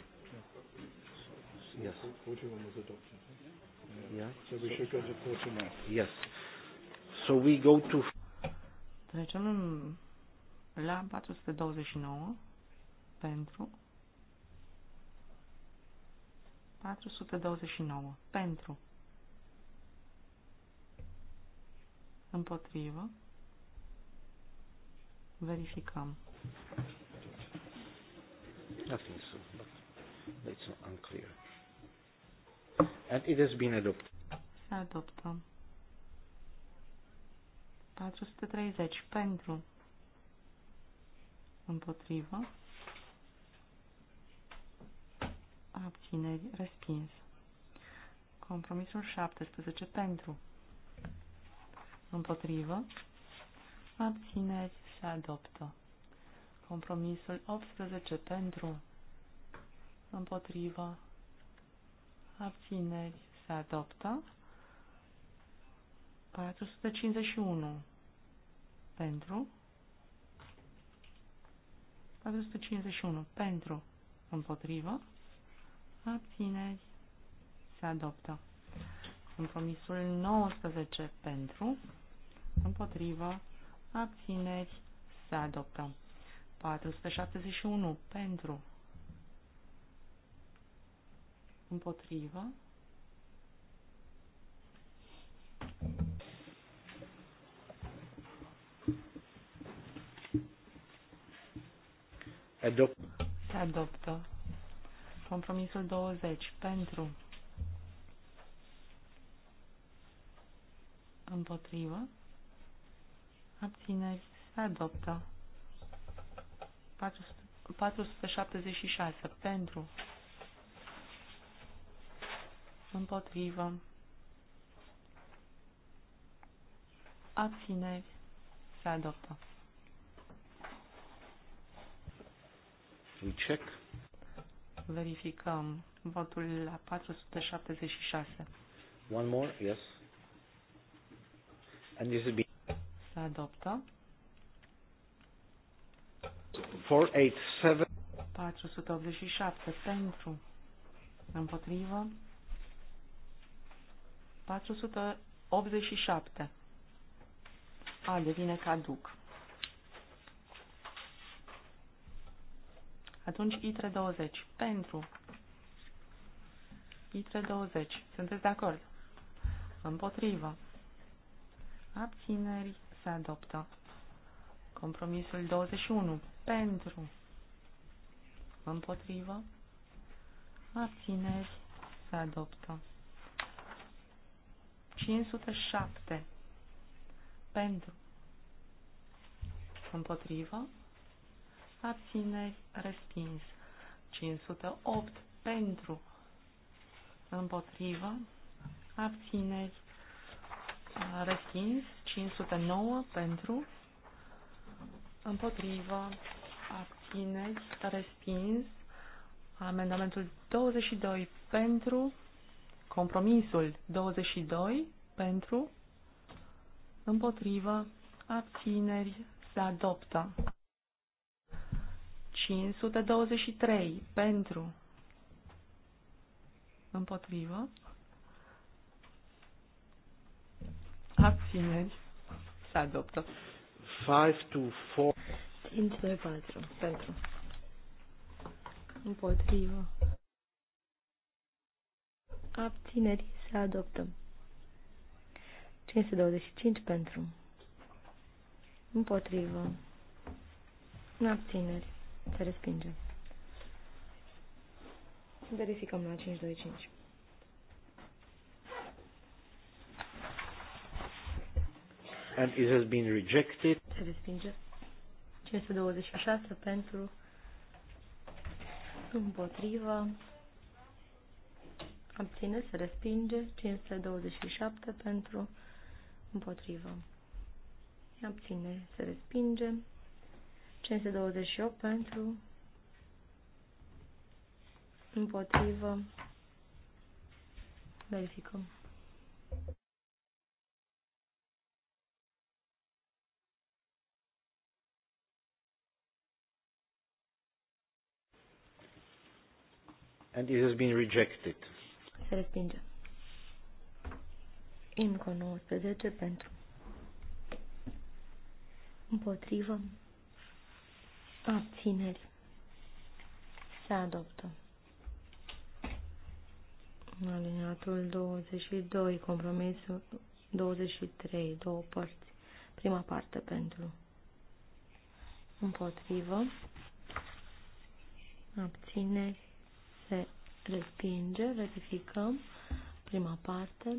Yes. 41 one was adopted. So we go to Yes. So we go to... Trecem la 429 pentru 429 pentru împotrivă verificăm Nothing so, but it's not unclear. And it has been adopted. Se adoptă. 430 pentru împotrivă abțineri respins. Compromisul 17 pentru împotrivă abțineri se adoptă. Compromisul 18 pentru împotrivă abțineri se adoptă. 451 pentru. 451 pentru împotrivă. Abțineri se adoptă. Compromisul 19 pentru împotrivă. Abțineri se adoptă. 471 pentru Împotrivă. Adopt. Se adoptă. Compromisul 20. Pentru. Împotrivă. Abțineri. Se adoptă. 476. Pentru împotrivă, abțineri, se adoptă. Check. Verificăm votul la 476. One more, yes. And this will be... Se adoptă. 487. 487 pentru. Împotrivă. 487. A, devine caduc. Atunci I320 Pentru. I320. Sunteți de acord? Împotrivă. Abțineri se adoptă. Compromisul 21. Pentru. Împotrivă. Abțineri se adoptă. 507 pentru împotrivă abțineri respins 508 pentru împotrivă abțineri respins 509 pentru împotrivă abțineri respins amendamentul 22 pentru Compromisul 22 pentru, împotrivă, abțineri, se adoptă. 523 pentru, împotrivă, abțineri, se adoptă. 5 to 4. 5 de 4 pentru. Împotrivă abțineri, să adoptăm. 525 pentru, împotrivă, abțineri, se respinge. Verificăm la 525. and it has been rejected. Se respinge. 526 pentru împotrivă abține, se respinge, 527 pentru, împotrivă, abține, se respinge, 528 pentru, împotrivă, verificăm. and it has been rejected. Se respinge. Încă 19 pentru. Împotrivă. Abțineri. Se adoptă. Alineatul 22, compromisul 23, două părți. Prima parte pentru împotrivă, abțineri, respinge, verificăm prima parte.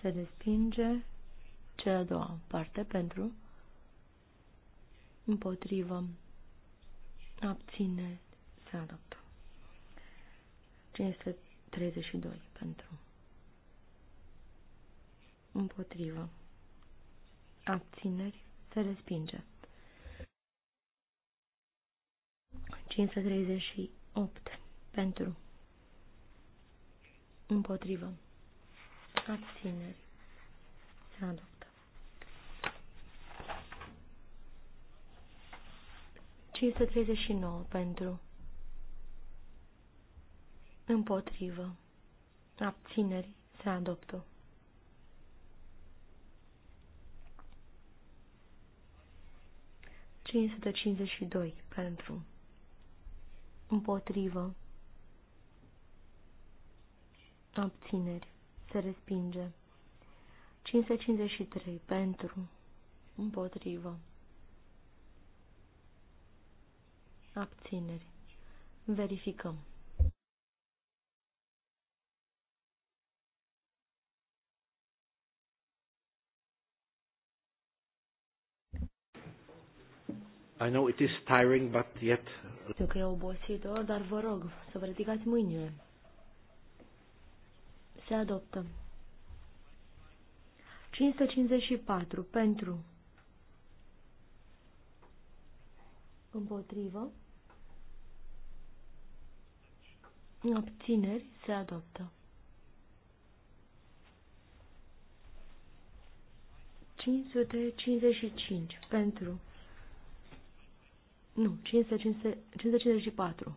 Se respinge cea a doua parte pentru împotrivă abține se adoptă. 532 pentru împotrivă abțineri se respinge. 538 pentru împotrivă abțineri se adoptă 539 pentru împotrivă abțineri se adoptă 552 pentru împotrivă, abțineri, se respinge. 553, pentru, împotrivă, abțineri, verificăm. I know it is tiring, but yet știu că e obositor, dar vă rog să vă ridicați mâinile. Se adoptă. 554 pentru împotrivă obțineri se adoptă. 555 pentru nu, 554.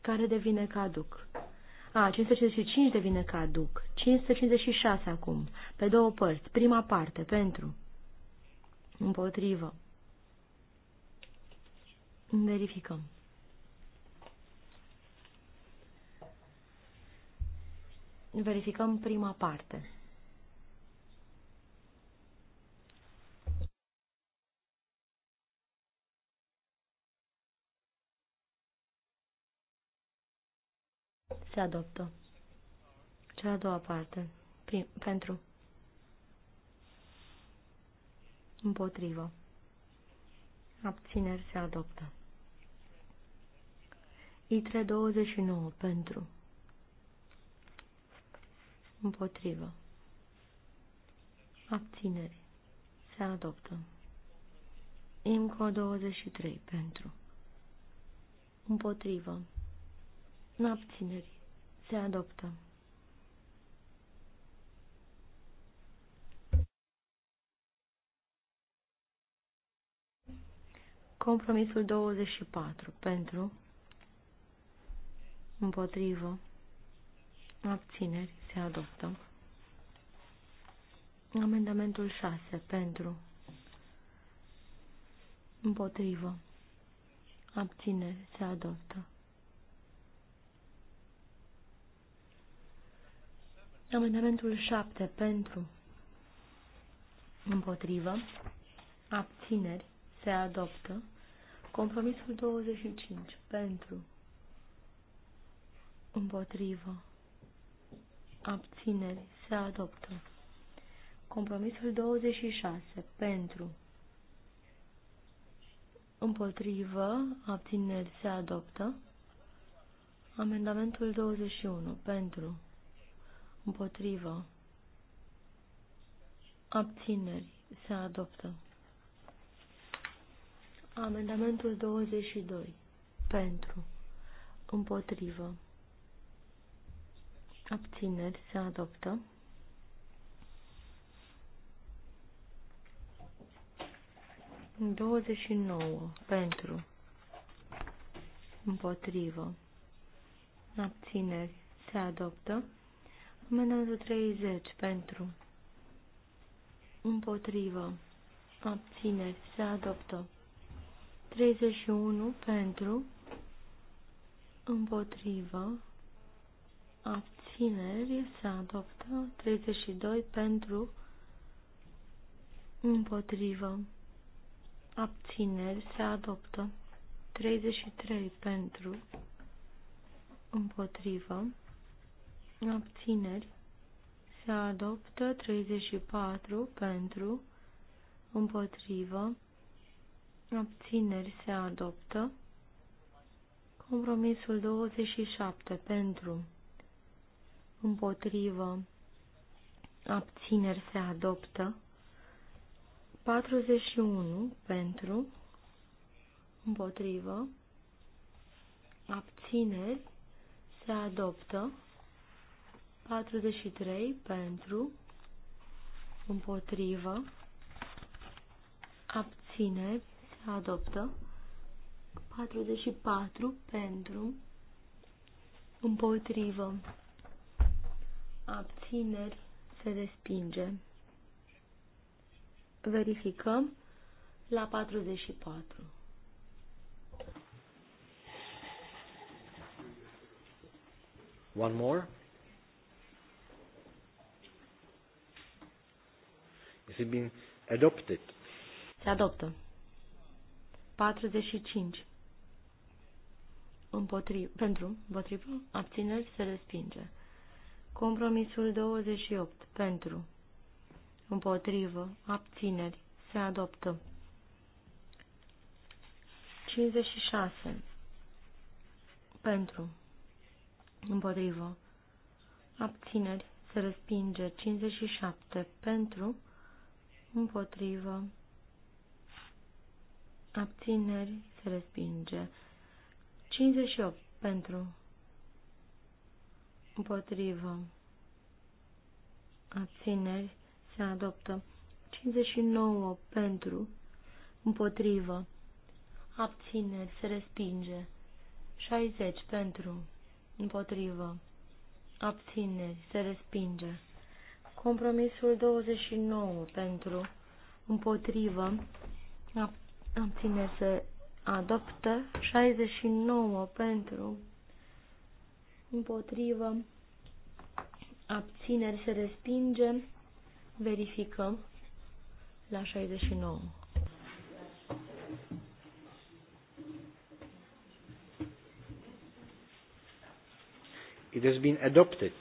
Care devine caduc. A, 555 devine caduc. 556 acum. Pe două părți. Prima parte. Pentru. Împotrivă. Verificăm. Verificăm prima parte. Se adoptă. Cea a doua parte. Prim, pentru. Împotrivă. Abțineri se adoptă. ITRE 29 pentru. Împotrivă. Abțineri se adoptă. IMCO 23 pentru. Împotrivă. Abțineri se adoptă. Compromisul 24. Pentru. Împotrivă. Abțineri. Se adoptă. Amendamentul 6. Pentru. Împotrivă. Abțineri. Se adoptă. Amendamentul 7 pentru împotrivă, abțineri, se adoptă. Compromisul 25 pentru împotrivă, abțineri, se adoptă. Compromisul 26 pentru împotrivă, abțineri, se adoptă. Amendamentul 21 pentru împotrivă, abțineri, se adoptă. Amendamentul 22, pentru, împotrivă, abțineri, se adoptă. În 29. pentru împotrivă abțineri se adoptă Amendamentul 30 pentru împotrivă abțineri se adoptă. 31 pentru împotrivă abțineri se adoptă. 32 pentru împotrivă abțineri se adoptă. 33 pentru împotrivă abțineri, se adoptă 34 pentru, împotrivă, abțineri se adoptă, compromisul 27 pentru, împotrivă, abțineri se adoptă, 41 pentru, împotrivă, abțineri se adoptă, 43 pentru, împotrivă, abține, se adoptă. 44 pentru, împotrivă, abțineri, se respinge. Verificăm la 44. One more. Is it been adopted? Se adoptă. 45. Împotriv, pentru, împotrivă, abțineri se respinge. Compromisul 28. Pentru. Împotrivă, abțineri se adoptă. 56. Pentru. Împotrivă. Abțineri se respinge. 57. Pentru împotrivă, abțineri, se respinge. 58 pentru, împotrivă, abțineri, se adoptă. 59 pentru, împotrivă, abțineri, se respinge. 60 pentru, împotrivă, abțineri, se respinge. Compromisul 29 pentru împotrivă abține să adoptă 69 pentru împotrivă abțineri se respinge verificăm la 69 It has been adopted.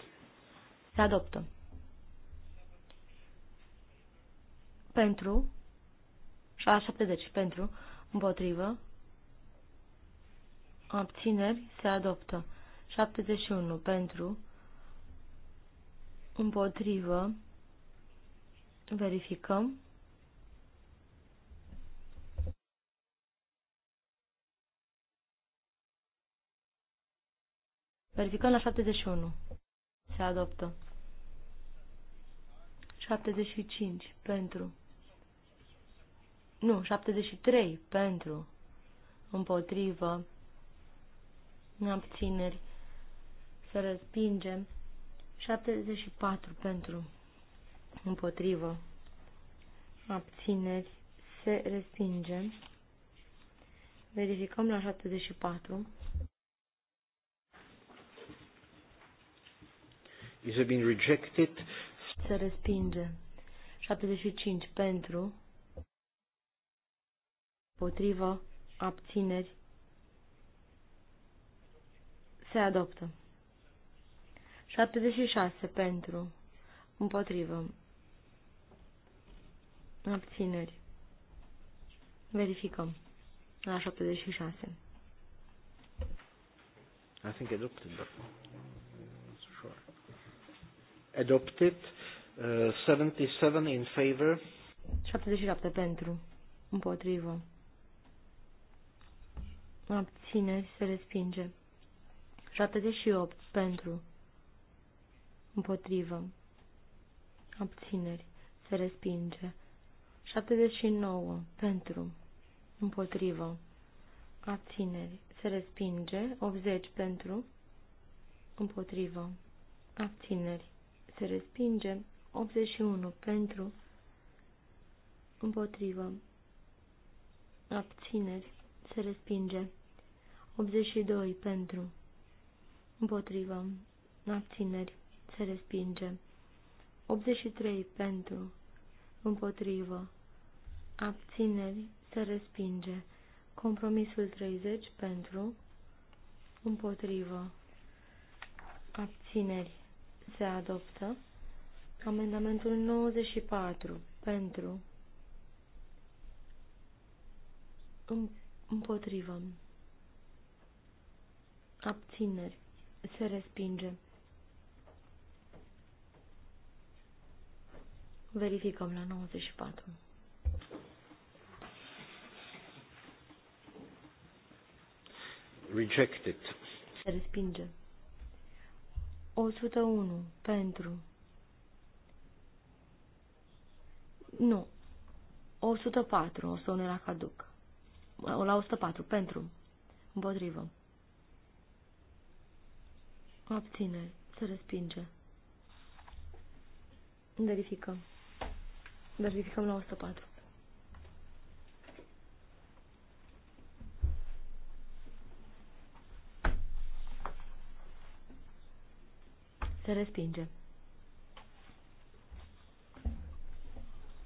Se adoptă. pentru, 70 pentru, împotrivă, abțineri, se adoptă. 71 pentru, împotrivă, verificăm. Verificăm la 71. Se adoptă. 75 pentru. Nu, 73 pentru, împotrivă, abțineri, să respingem. 74 pentru, împotrivă, abțineri, se respinge. Verificăm la 74. Is it been rejected? Se respinge. 75 pentru, potrivă, abțineri, se adoptă. 76 pentru, împotrivă, abțineri. Verificăm. La 76. I think adopted, but not sure. Adopted, uh, 77 in favor. 77 pentru, împotrivă, abțineri se respinge. 78 pentru, împotrivă, abțineri se respinge. 79 pentru, împotrivă, abțineri se respinge. 80 pentru, împotrivă, abțineri se respinge. 81 pentru, împotrivă, abțineri se respinge. 82 pentru. Împotrivă. Abțineri. Se respinge. 83 pentru. Împotrivă. Abțineri. Se respinge. Compromisul 30 pentru. Împotrivă. Abțineri. Se adoptă. Amendamentul 94 pentru. Împotrivă abțineri, se respinge. Verificăm la 94. Rejected. Se respinge. 101. Pentru. Nu. 104. O să ne la caduc. La 104. Pentru. Împotrivă abține. Se respinge. Verificăm. Verificăm la 104. Se respinge.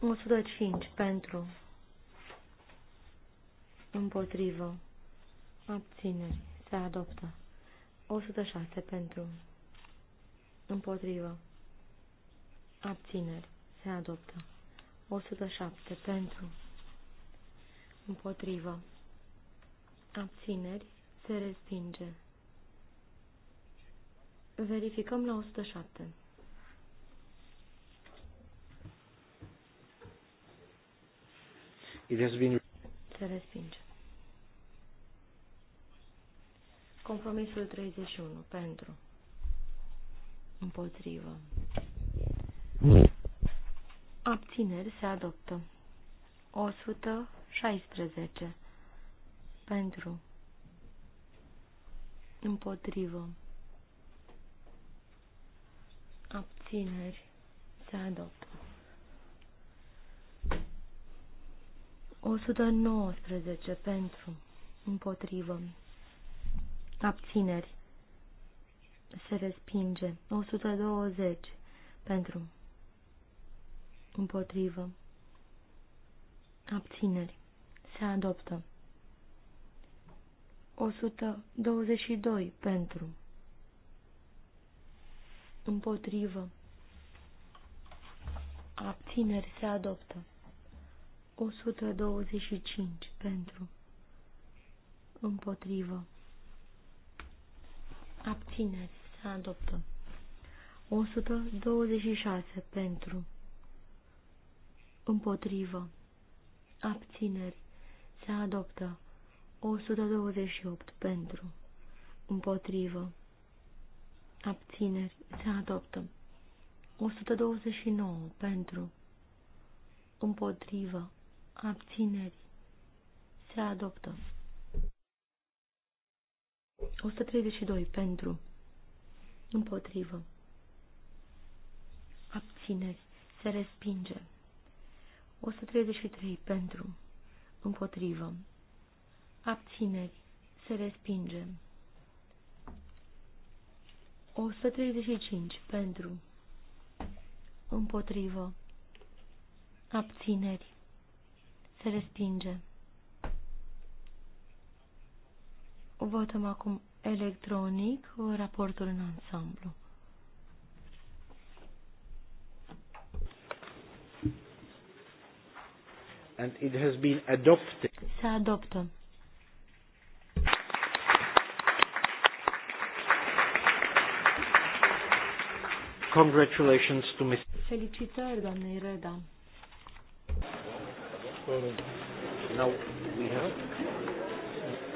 105 pentru împotrivă abțineri se adoptă. 106 pentru. Împotrivă. Abțineri. Se adoptă. 107 pentru. Împotrivă. Abțineri. Se respinge. Verificăm la 107. Se respinge. Compromisul 31. Pentru. Împotrivă. Abțineri se adoptă. 116. Pentru. Împotrivă. Abțineri se adoptă. 119. Pentru. Împotrivă. Abțineri. Se respinge. 120. Pentru. Împotrivă. Abțineri. Se adoptă. 122. Pentru. Împotrivă. Abțineri se adoptă. 125. Pentru. Împotrivă abțineri, se adoptă. 126 pentru, împotrivă, abțineri, se adoptă. 128 pentru, împotrivă, abțineri, se adoptă. 129 pentru, împotrivă, abțineri, se adoptă. 132 pentru. Împotrivă. Abțineri. Se respinge. 133 pentru. Împotrivă. Abțineri. Se respinge. 135 pentru. Împotrivă. Abțineri. Se respinge. Votăm acum electronic raportul în ansamblu. and it has been adopted. Se adoptă. Congratulations to Mr. Felicitări, doamnei Reda. Now we have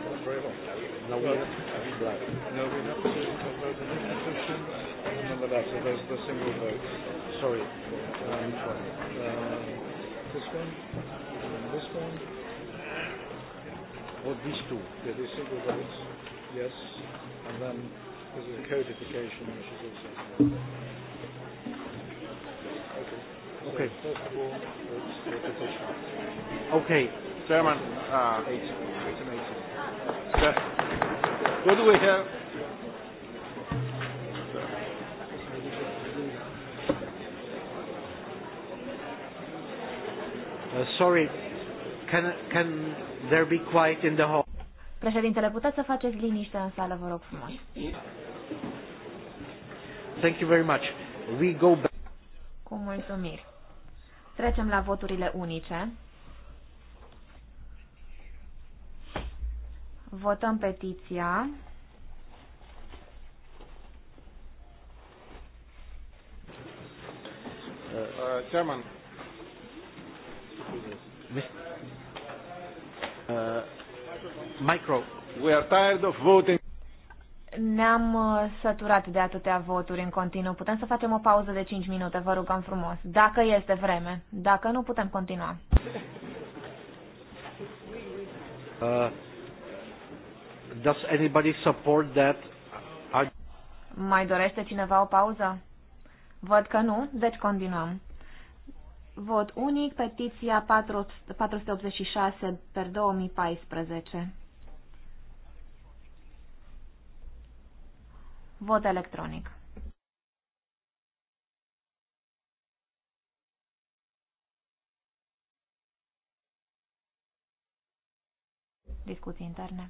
No, we have to black. No, we have to vote the decision. there's the single vote. Sorry. Uh, this one? this one? Or oh, these two? Yeah, these single votes. Yes. And then there's a codification, which is also. Okay. Okay. Okay. Chairman. Uh, 18. 18. What do we have? Uh, sorry, can, can there be quiet in the hall? Președintele, puteți să faceți liniște în sală, vă rog frumos. Thank you very much. We go back. Cu mulțumiri. Trecem la voturile unice. Votăm petiția. Uh, uh chairman. Uh, micro. We are tired of voting. Ne-am uh, săturat de atâtea voturi în continuu. Putem să facem o pauză de 5 minute, vă rugăm frumos. Dacă este vreme. Dacă nu, putem continua. Uh. Does anybody support that? I... Mai dorește cineva o pauză? Văd că nu, deci continuăm. Vot unic, petiția 486 per 2014. Vot electronic. Discuții interne.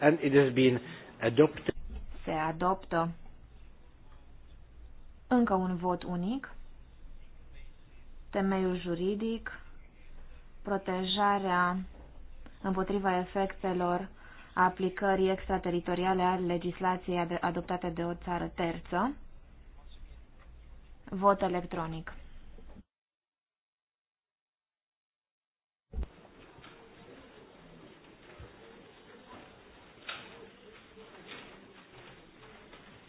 and it has been adopted. Se adoptă. Încă un vot unic. Temeiul juridic. Protejarea împotriva efectelor aplicării extrateritoriale a legislației adoptate de o țară terță. Vot electronic.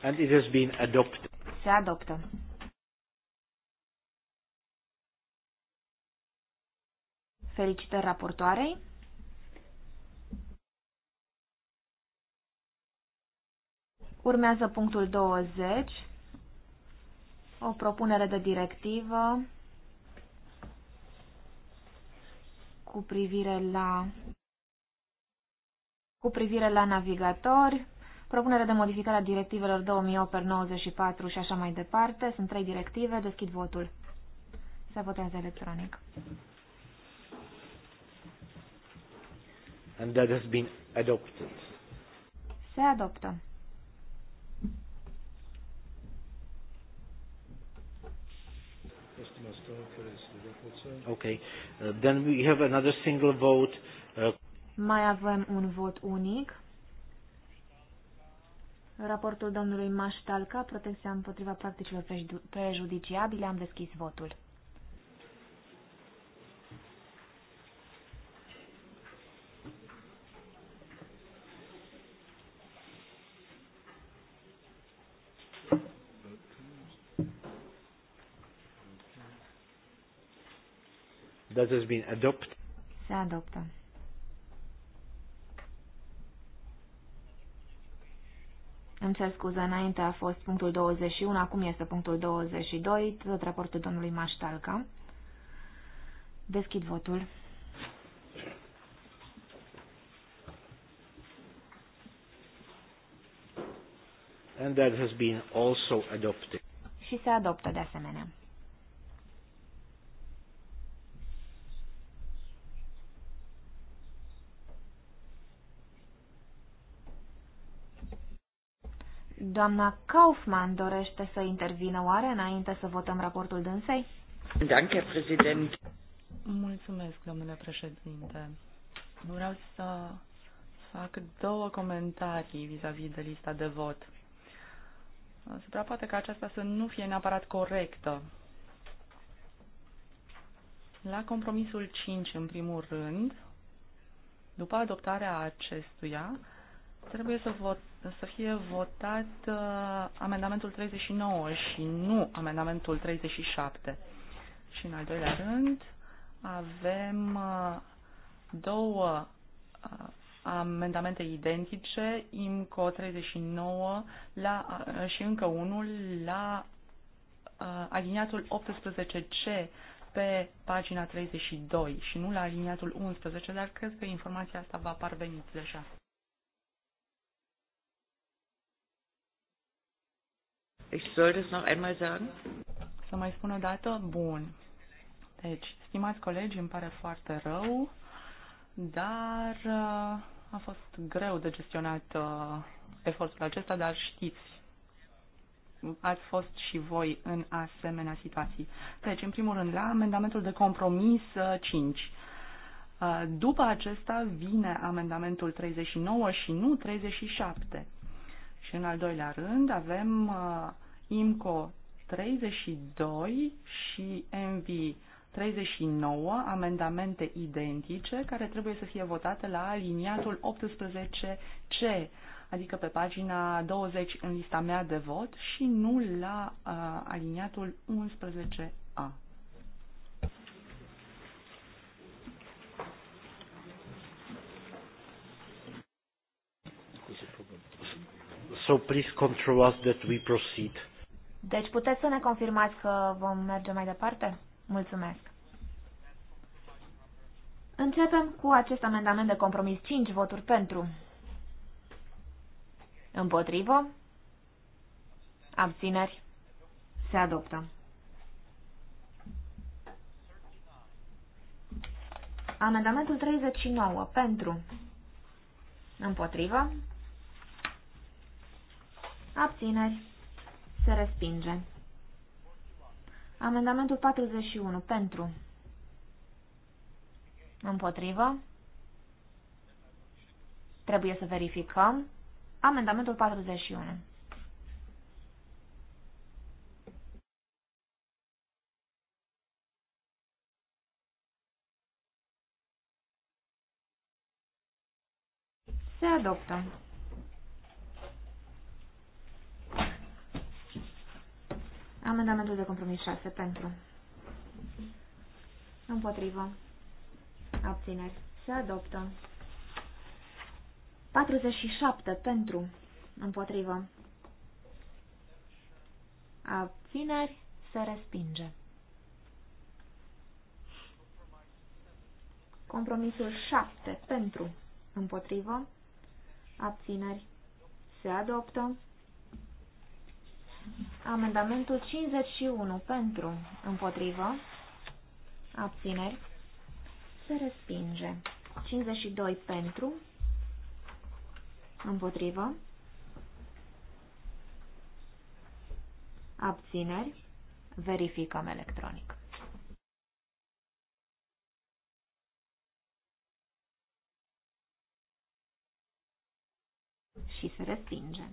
and it has been adopted. Se adoptă. Felicitări raportoarei. Urmează punctul 20, o propunere de directivă cu privire la cu privire la navigatori, Propunerea de modificare a directivelor 2008-94 și așa mai departe. Sunt trei directive, deschid votul. Se votează electronic. And that has been adopted. Se adoptă. Okay. Uh, then we have another single vote. Uh... Mai avem un vot unic Raportul domnului Maștalca, protecția împotriva practicilor prejudiciabile, am deschis votul. That has been adopted. Se adoptă. Îmi cer scuze, înainte a fost punctul 21, acum este punctul 22, tot raportul domnului Maștalca. Deschid votul. And that has been also adopted. Și se adoptă de asemenea. Doamna Kaufmann dorește să intervină oare înainte să votăm raportul dânsei? Danke, președinte. Mulțumesc, domnule președinte. Vreau să fac două comentarii vis-a-vis -vis de lista de vot. Se prea poate ca aceasta să nu fie neapărat corectă. La compromisul 5, în primul rând, după adoptarea acestuia, Trebuie să, vot, să fie votat uh, amendamentul 39 și nu amendamentul 37. Și în al doilea rând avem uh, două uh, amendamente identice, IMCO 39 la, uh, și încă unul la uh, aliniatul 18C pe pagina 32 și nu la aliniatul 11, dar cred că informația asta va parveni deja. Ich soll das noch einmal sagen? Să mai spun o dată? Bun. Deci, stimați colegi, îmi pare foarte rău, dar uh, a fost greu de gestionat uh, efortul acesta, dar știți ați fost și voi în asemenea situații. Deci, în primul rând, la amendamentul de compromis 5. Uh, după acesta vine amendamentul 39 și nu 37. Și în al doilea rând avem uh, IMCO 32 și MV 39 amendamente identice care trebuie să fie votate la aliniatul 18C, adică pe pagina 20 în lista mea de vot și nu la uh, aliniatul so please control us that we proceed. Deci puteți să ne confirmați că vom merge mai departe? Mulțumesc. Începem cu acest amendament de compromis. 5 voturi pentru. Împotrivă. Abțineri. Se adoptă. Amendamentul 39. Pentru. Împotrivă. Abțineri. Se respinge. Amendamentul 41. Pentru. Împotrivă. Trebuie să verificăm. Amendamentul 41. Se adoptă. Amendamentul de compromis 6 pentru. Împotrivă. Abțineri. Se adoptă. 47 pentru. Împotrivă. Abțineri. Se respinge. Compromisul 7 pentru. Împotrivă. Abțineri. Se adoptă. Amendamentul 51 pentru, împotrivă, abțineri, se respinge. 52 pentru, împotrivă, abțineri, verificăm electronic. Și se respinge.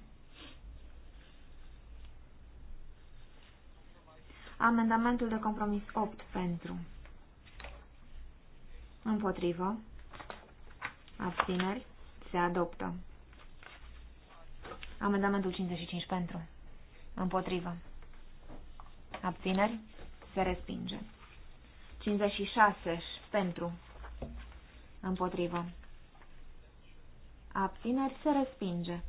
Amendamentul de compromis 8 pentru. Împotrivă. Abțineri. Se adoptă. Amendamentul 55 pentru. Împotrivă. Abțineri. Se respinge. 56 pentru. Împotrivă. Abțineri. Se respinge.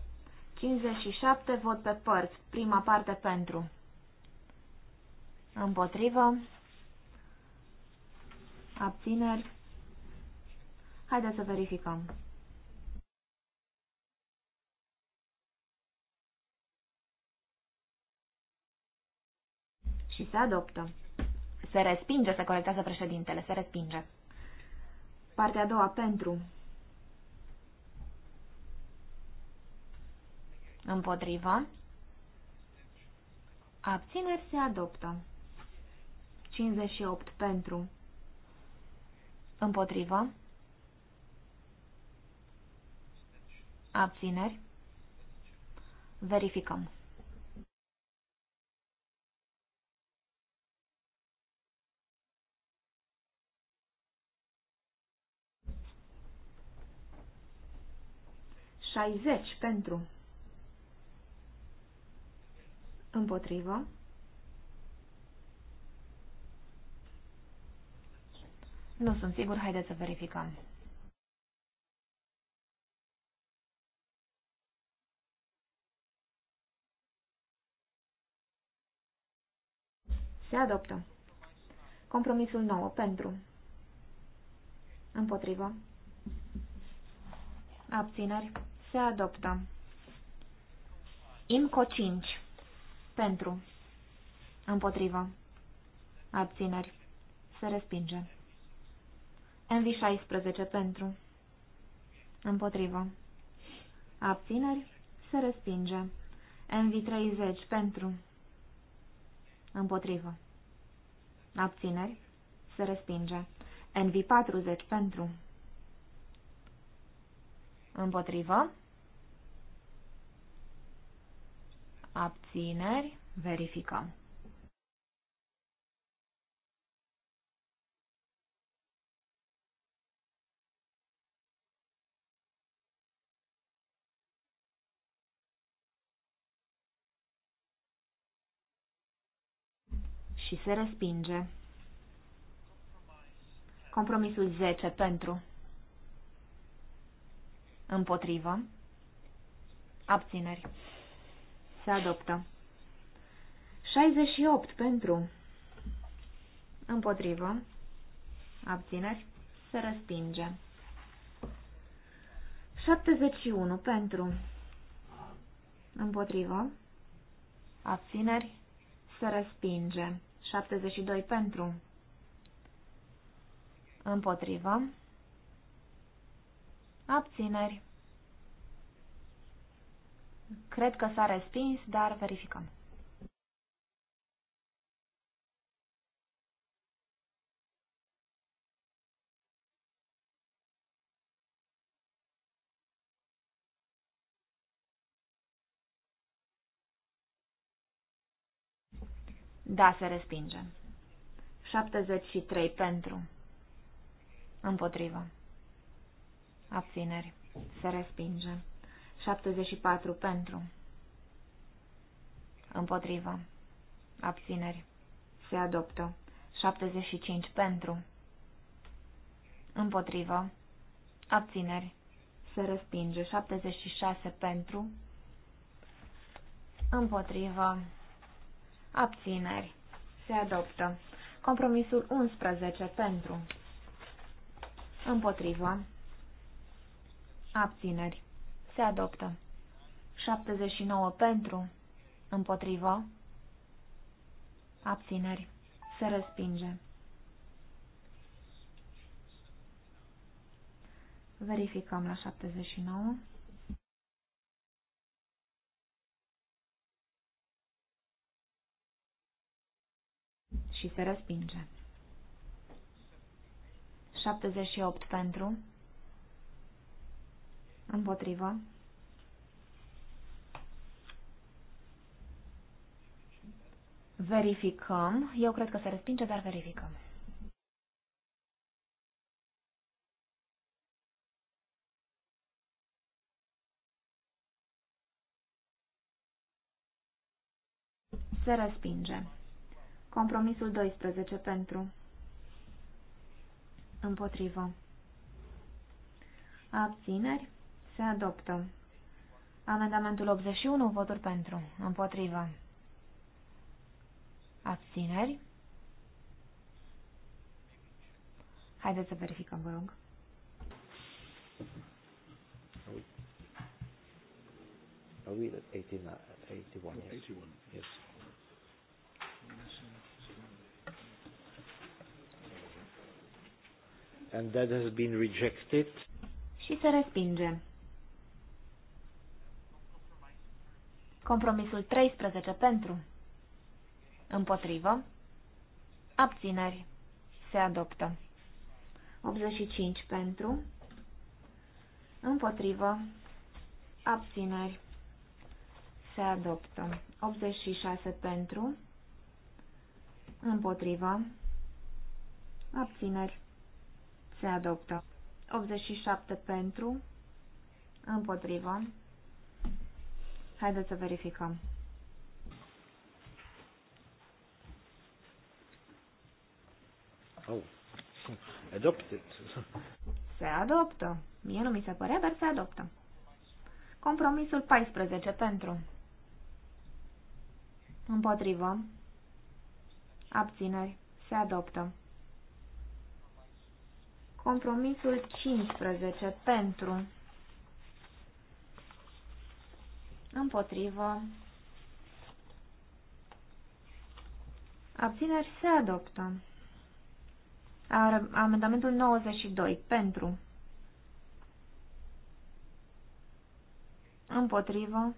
57 vot pe părți. Prima parte pentru. Împotrivă. Abțineri. Haideți să verificăm. Și se adoptă. Se respinge, se corectează președintele, se respinge. Partea a doua, pentru. Împotrivă. Abțineri se adoptă. 58 pentru. Împotrivă. Abțineri. Verificăm. Șaizeci pentru. Împotrivă. Nu sunt sigur, haideți să verificăm. Se adoptă. Compromisul 9. Pentru. Împotrivă. Abțineri. Se adoptă. IMCO 5. Pentru. Împotrivă. Abțineri. Se respinge. MV16 pentru. Împotrivă. Abțineri. Se respinge. MV30 pentru. Împotrivă. Abțineri. Se respinge. NV40 pentru. Împotrivă. Abțineri. Verificăm. și se respinge. Compromisul 10 pentru. Împotrivă. Abțineri. Se adoptă. 68 pentru. Împotrivă. Abțineri. Se respinge. 71 pentru. Împotrivă. Abțineri. Se respinge. 72 pentru. Împotrivă. Abțineri. Cred că s-a respins, dar verificăm. Da, se respinge. 73 pentru. Împotrivă. Abțineri. Se respinge. 74 pentru. Împotrivă. Abțineri. Se adoptă. 75 pentru. Împotrivă. Abțineri. Se respinge. 76 pentru. Împotrivă. Abțineri. Se adoptă. Compromisul 11 pentru. Împotrivă. Abțineri. Se adoptă. 79 pentru. Împotrivă. Abțineri. Se respinge. Verificăm la 79. și se respinge. 78 pentru, împotrivă, verificăm, eu cred că se respinge, dar verificăm. Se respinge. Compromisul 12 pentru. Împotrivă. Abțineri. Se adoptă. Amendamentul 81, voturi pentru. Împotrivă. Abțineri. Haideți să verificăm, vă rog. Are we at 89, 81? Yes. 81. yes. and that has been rejected. Și se respinge. Compromisul 13 pentru. Împotrivă. Abțineri. Se adoptă. 85 pentru. Împotrivă. Abțineri. Se adoptă. 86 pentru. Împotrivă. Abțineri se adoptă. 87 pentru, împotrivă. Haideți să verificăm. Oh. Adopted. Se adoptă. Mie nu mi se părea, dar se adoptă. Compromisul 14 pentru. Împotrivă. Abțineri. Se adoptă. Compromisul 15 pentru împotrivă abțineri se adoptă. Ar, amendamentul 92 pentru împotrivă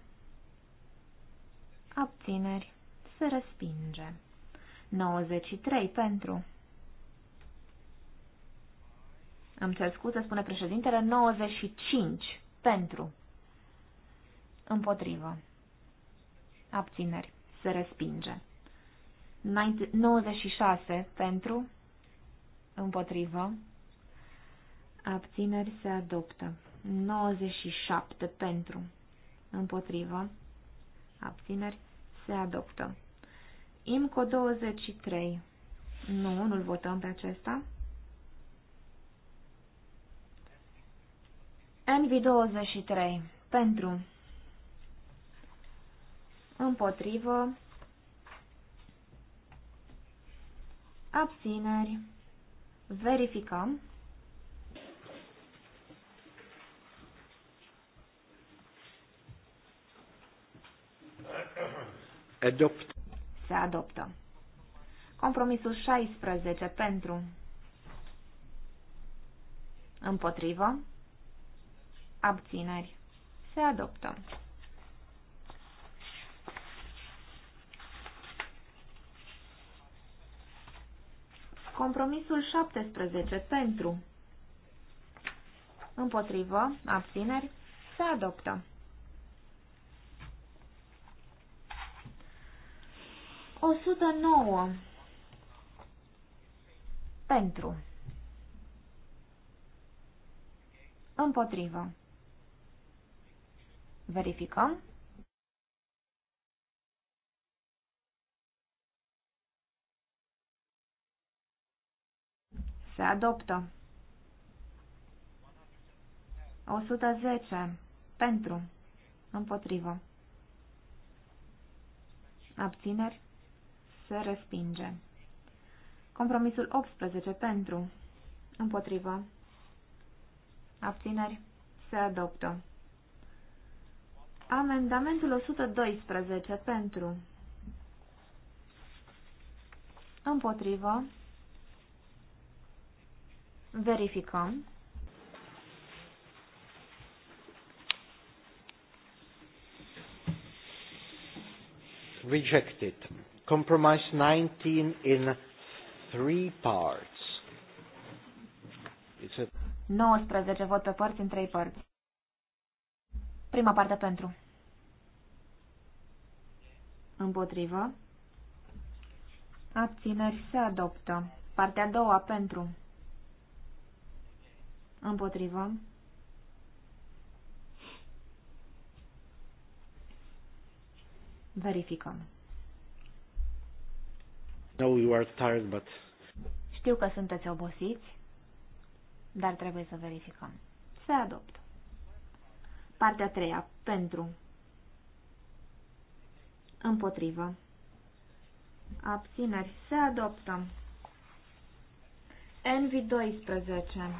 abțineri se respinge. 93 pentru Îmi cer scuze, spune președintele, 95 pentru. Împotrivă. Abțineri. Se respinge. 96 pentru. Împotrivă. Abțineri se adoptă. 97 pentru. Împotrivă. Abțineri se adoptă. IMCO 23. Nu, nu-l votăm pe acesta. Envi 23 Pentru. Împotrivă. Abțineri. Verificăm. Adopt. Se adoptă. Compromisul 16 pentru. Împotrivă abțineri, se adoptă. Compromisul 17 pentru împotrivă, abțineri, se adoptă. O nouă pentru împotrivă. Verificăm. Se adoptă. 110. Pentru. Împotrivă. Abțineri. Se respinge. Compromisul 18. Pentru. Împotrivă. Abțineri. Se adoptă. Amendamentul 112 pentru împotrivă verificăm rejected. Compromise 19 in three parts. It's a 19 vot pe părți în trei părți. Prima parte pentru. Împotrivă. Abțineri se adoptă. Partea a doua pentru. Împotrivă. Verificăm. No, you are tired, but... Știu că sunteți obosiți, dar trebuie să verificăm. Se adoptă. Partea a treia. Pentru. Împotrivă. Abțineri. Se adoptă. NV12.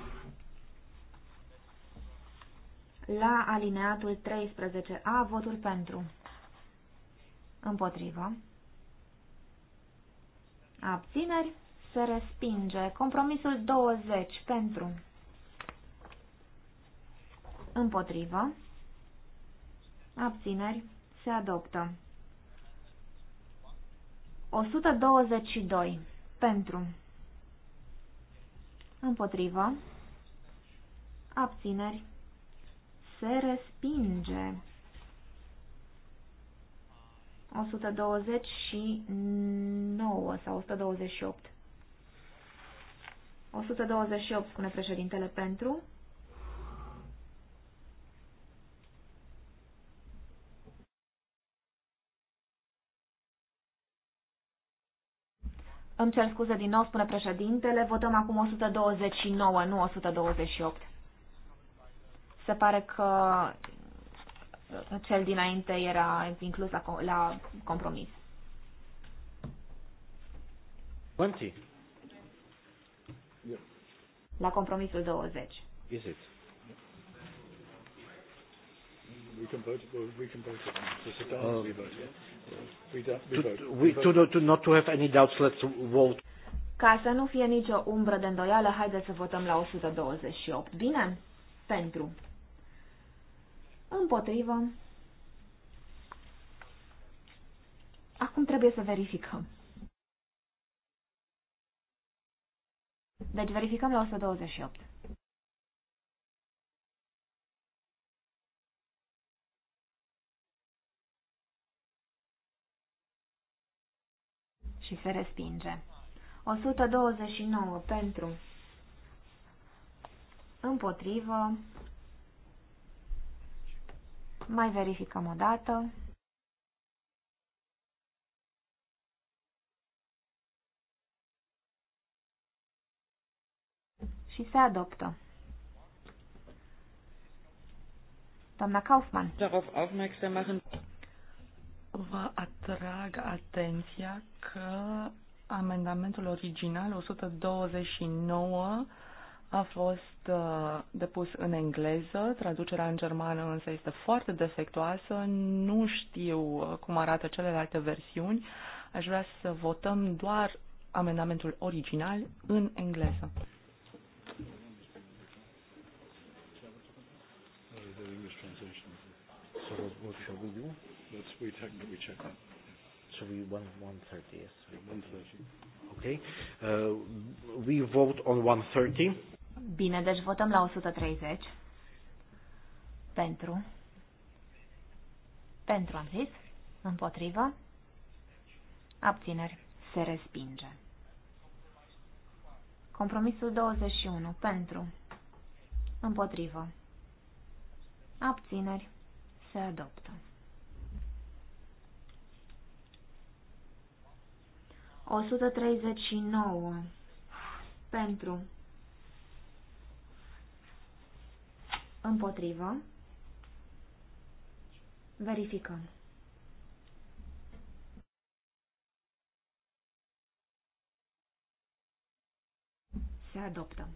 La alineatul 13A, votul pentru. Împotrivă. Abțineri. Se respinge. Compromisul 20. Pentru. Împotrivă. Abțineri. Se adoptă. 122. Pentru. Împotrivă. Abțineri. Se respinge. 129 sau 128. 128, spune președintele, pentru. Îmi cer scuze din nou, spune președintele, votăm acum 129, nu 128. Se pare că cel dinainte era inclus la, la compromis. Twenty. La compromisul 20. Is it? We can vote, we can vote. So, so, uh, we vote yeah? not to have any doubts, let's vote. Ca să nu fie nicio umbră de îndoială, haideți să votăm la 128. Bine? Pentru. Împotrivă. Acum trebuie să verificăm. Deci verificăm la 128. și se respinge. 129 pentru împotrivă. Mai verificăm o dată. Și se adoptă. Doamna Kaufmann vă atrag atenția că amendamentul original 129 a fost uh, depus în engleză, traducerea în germană însă este foarte defectuoasă, nu știu uh, cum arată celelalte versiuni, aș vrea să votăm doar amendamentul original în engleză. Thank you. Let's we we check that. So we one 130, yes. thirty. Okay. Uh, we vote on thirty. Bine, deci votăm la 130. Pentru. Pentru am zis. Împotrivă. Abțineri. Se respinge. Compromisul 21. Pentru. Împotrivă. Abțineri. Se adoptă. 139 pentru împotrivă verificăm. Se adoptă.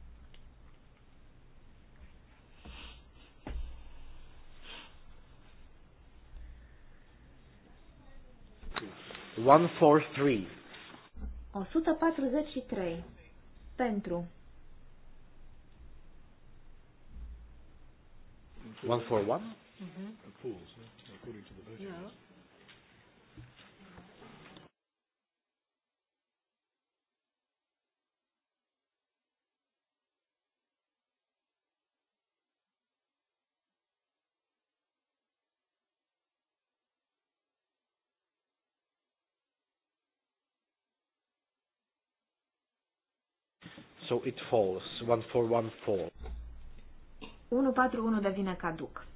One, four, three. 143. Pentru. 141? Mm-hmm. yeah, according to the So it falls. 1414. 14. 141 devine caduc.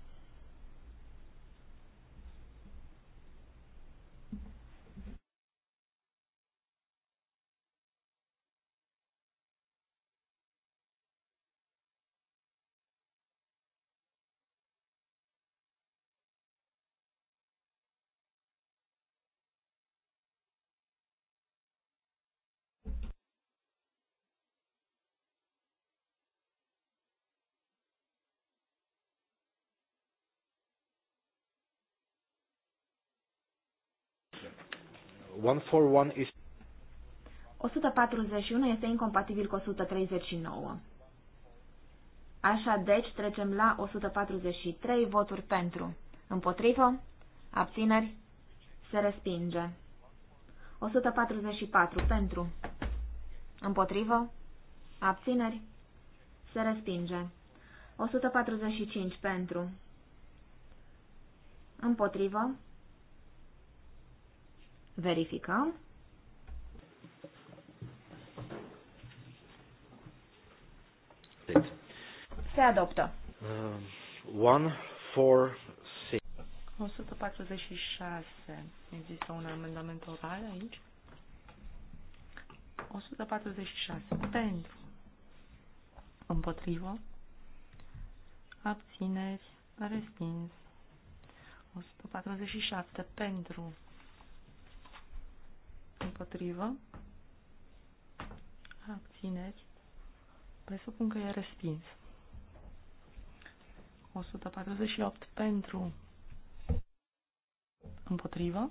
141 is 141 este incompatibil cu 139. Așa deci trecem la 143 voturi pentru. Împotrivă? Abțineri? Se respinge. 144 pentru. Împotrivă? Abțineri? Se respinge. 145 pentru. Împotrivă? Verificăm. Se adoptă. Uh, one, four, 146. Există un amendament oral aici? 146. Pentru. Împotrivă. Abțineri. Respins. 147. Pentru. Împotrivă. Abțineri. Presupun că e respins. 148 pentru. Împotrivă.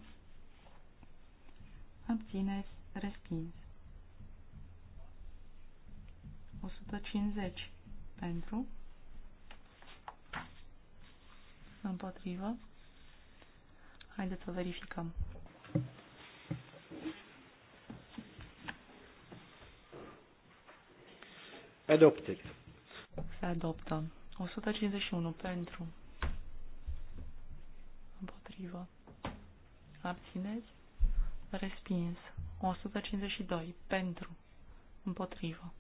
Abțineri. Respins. 150 pentru. Împotrivă. Haideți să verificăm. Adopted. Se adoptă. 151 pentru. Împotrivă. Abțineți. Respins. 152 pentru. Împotrivă.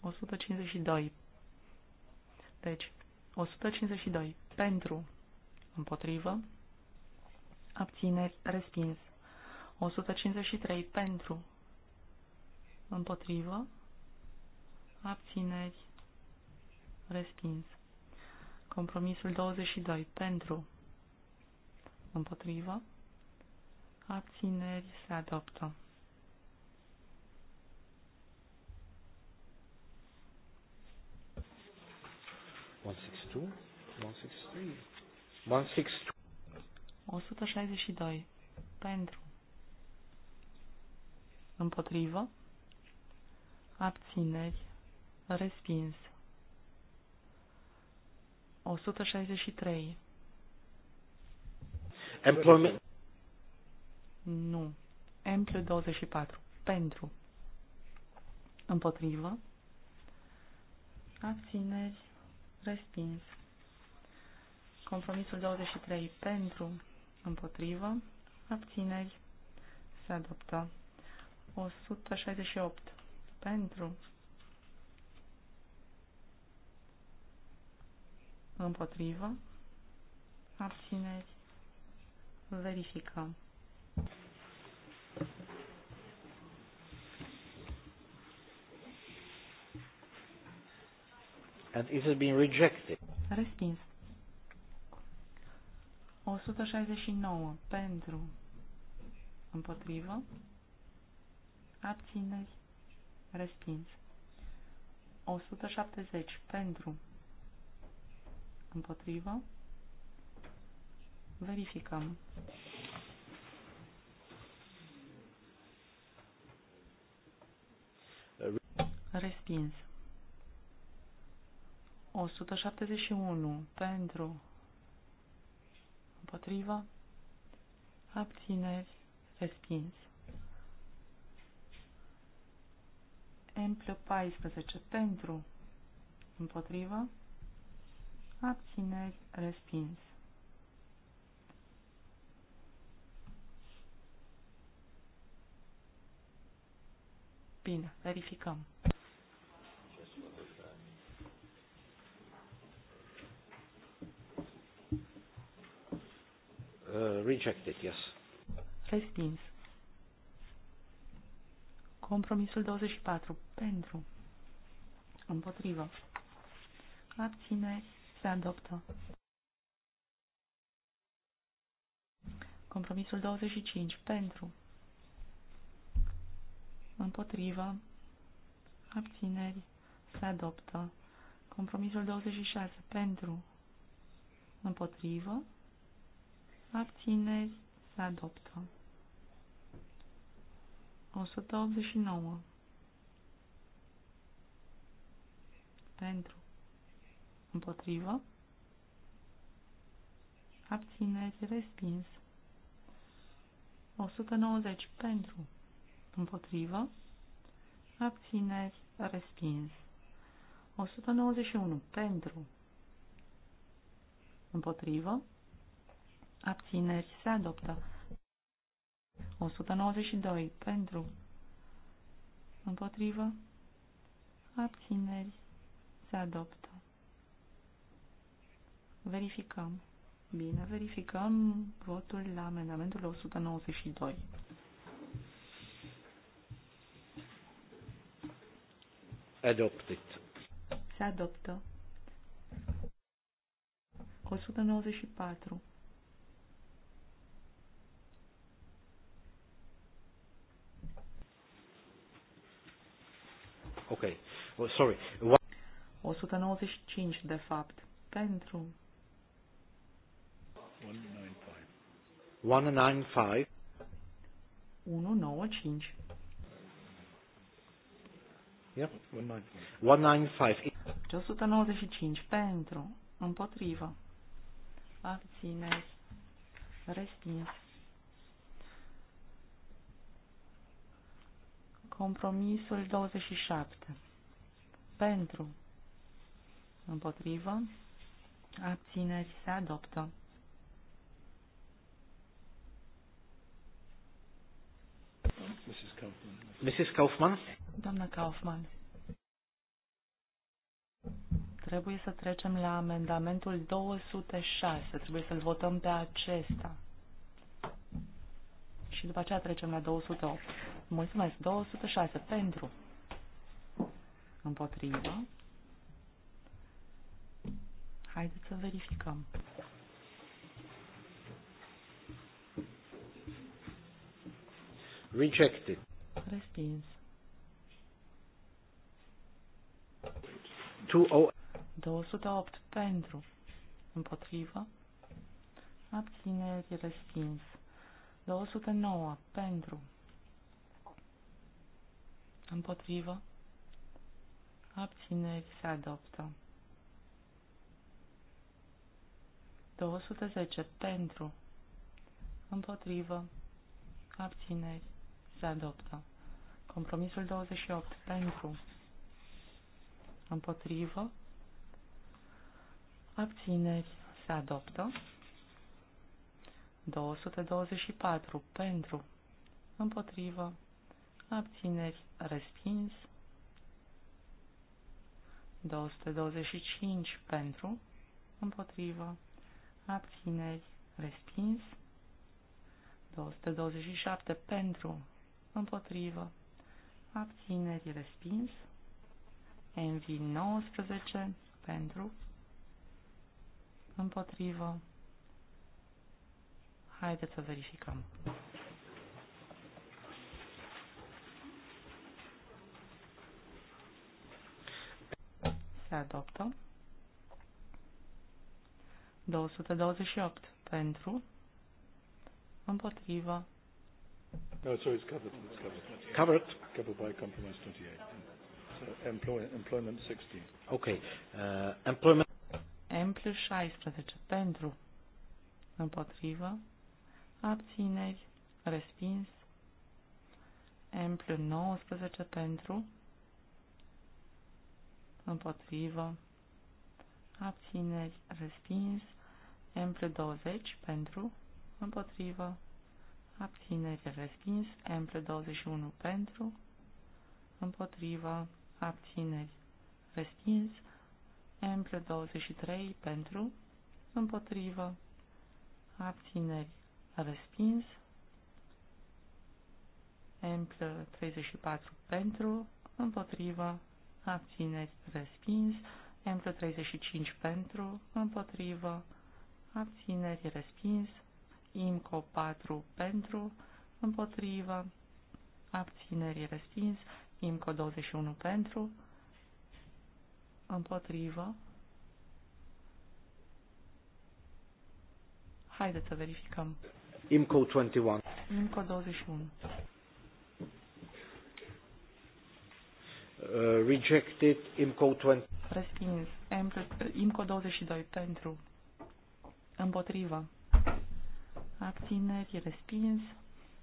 152. Deci, 152 pentru. Împotrivă. Abțineri. Respins. 153 pentru împotrivă, abțineri, respins. Compromisul 22 pentru, împotrivă, abțineri, se adoptă. One six two, one six three, one six two. 162. Pentru. Împotrivă abțineri, respins. 163. Employment. Nu. Emplu 24. Pentru. Împotrivă. Abțineri. Respins. Compromisul 23. Pentru. Împotrivă. Abțineri. Se adoptă. 168 pentru, împotrivă, abțineri, verificăm. And it has been rejected. Respins. 169 pentru, împotrivă, abțineri, Respins. 170 pentru. Împotrivă. Verificăm. Respins. 171 pentru. Împotrivă. Abțineri. Respins. Emplă 14 pentru, împotrivă, abțineri, respins. Bine, verificăm. Uh, rejected, yes. Respins. Compromisul 24. Pentru. Împotrivă. Abține. Se adoptă. Compromisul 25. Pentru. Împotrivă. Abțineri. Se adoptă. Compromisul 26. Pentru. Împotrivă. Abțineri. Se adoptă. 189. Pentru. Împotrivă. abțineți Respins. 190. Pentru. Împotrivă. abțineți Respins. 191. Pentru. Împotrivă. abțineți Se adoptă. 192 pentru împotrivă abțineri se adoptă. Verificăm. Bine, verificăm votul la amendamentul 192. Adopted. Se adoptă. 194. ok. Oh, sorry. What... 195 de fapt. Pentru. 195. 195. Yep. 195. 195 deci pentru, împotrivă, abțineri, respins. Compromisul 27. Pentru. Împotrivă. Abțineri se adoptă. Mrs. Kaufman. Kaufman. Doamna Kaufman. Trebuie să trecem la amendamentul 206. Trebuie să-l votăm pe acesta. Și după aceea trecem la 208. Mulțumesc. 206 pentru. Împotrivă. Haideți să verificăm. Rejected. Respins. 208 pentru. Împotrivă. Abțineri respins. 209 pentru împotrivă, abțineri se adoptă. 210 pentru, împotrivă, abțineri se adoptă. Compromisul 28 pentru, împotrivă, abțineri se adoptă. 224 pentru, împotrivă, abțineri, respins. 225 pentru, împotrivă, abțineri, respins. 227 pentru, împotrivă, abțineri, respins. Envi 19 pentru, împotrivă. Haideți să verificăm. se adoptă. 228 pentru, împotrivă. No, sorry, it's covered. It's covered. Covered. Covered by compromise 28. So employ, employment 16. Okay. Uh, employment. Emplu 16 pentru, împotrivă, abțineri, respins. Emplu 19 pentru, împotrivă, abțineri, respins, plus 20 pentru, împotrivă, abțineri, respins, plus 21 pentru, împotrivă, abțineri, respins, plus 23 pentru, împotrivă, abțineri, respins, plus 34 pentru, împotrivă, abțineri, respins. M35 pentru, împotrivă, abțineri, respins. IMCO 4 pentru, împotrivă, abțineri, respins. IMCO 21 pentru, împotrivă. Haideți să verificăm. IMCO 21. IMCO 21. Uh, rejected IMCO 20. Respins. IMCO 22 pentru. Împotrivă. Abțineri. Respins.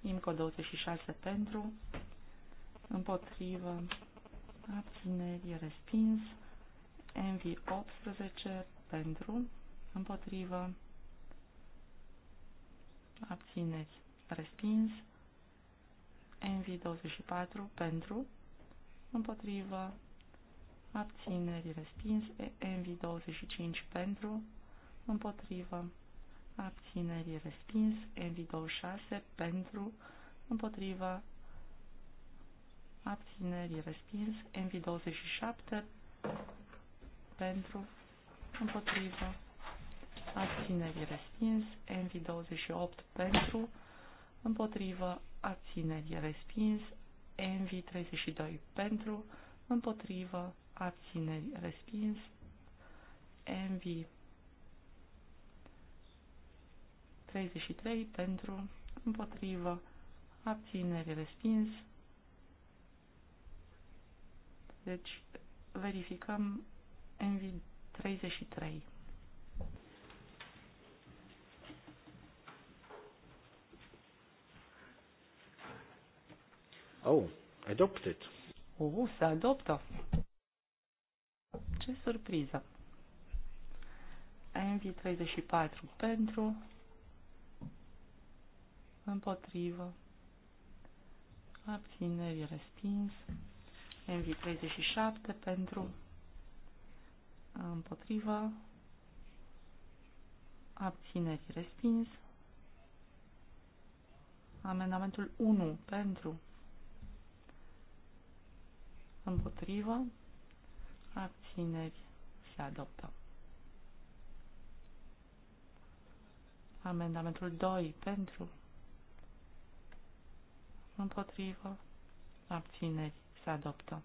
IMCO 26 pentru. Împotrivă. Abțineri. Respins. MV 18 pentru. Împotrivă. Abțineri. Respins. MV 24 pentru împotrivă, abțineri respins, NV25 pentru, împotrivă, abțineri respins, NV26 pentru, împotrivă, abțineri respins, NV27 pentru, împotrivă, abțineri respins, NV28 pentru, împotrivă, abțineri respins, Envy 32 pentru, împotrivă, abțineri, respins, Envy 33 pentru, împotrivă, abțineri, respins. Deci verificăm Envy 33. Oh, adopted. Uh, se adoptă. Ce surpriză. MV34 pentru, împotrivă, abțineri respins, MV37 pentru, împotrivă, abțineri respins, amendamentul 1 pentru, împotrivă, abțineri, se adoptă. Amendamentul 2 pentru, împotrivă, abțineri, se adoptă.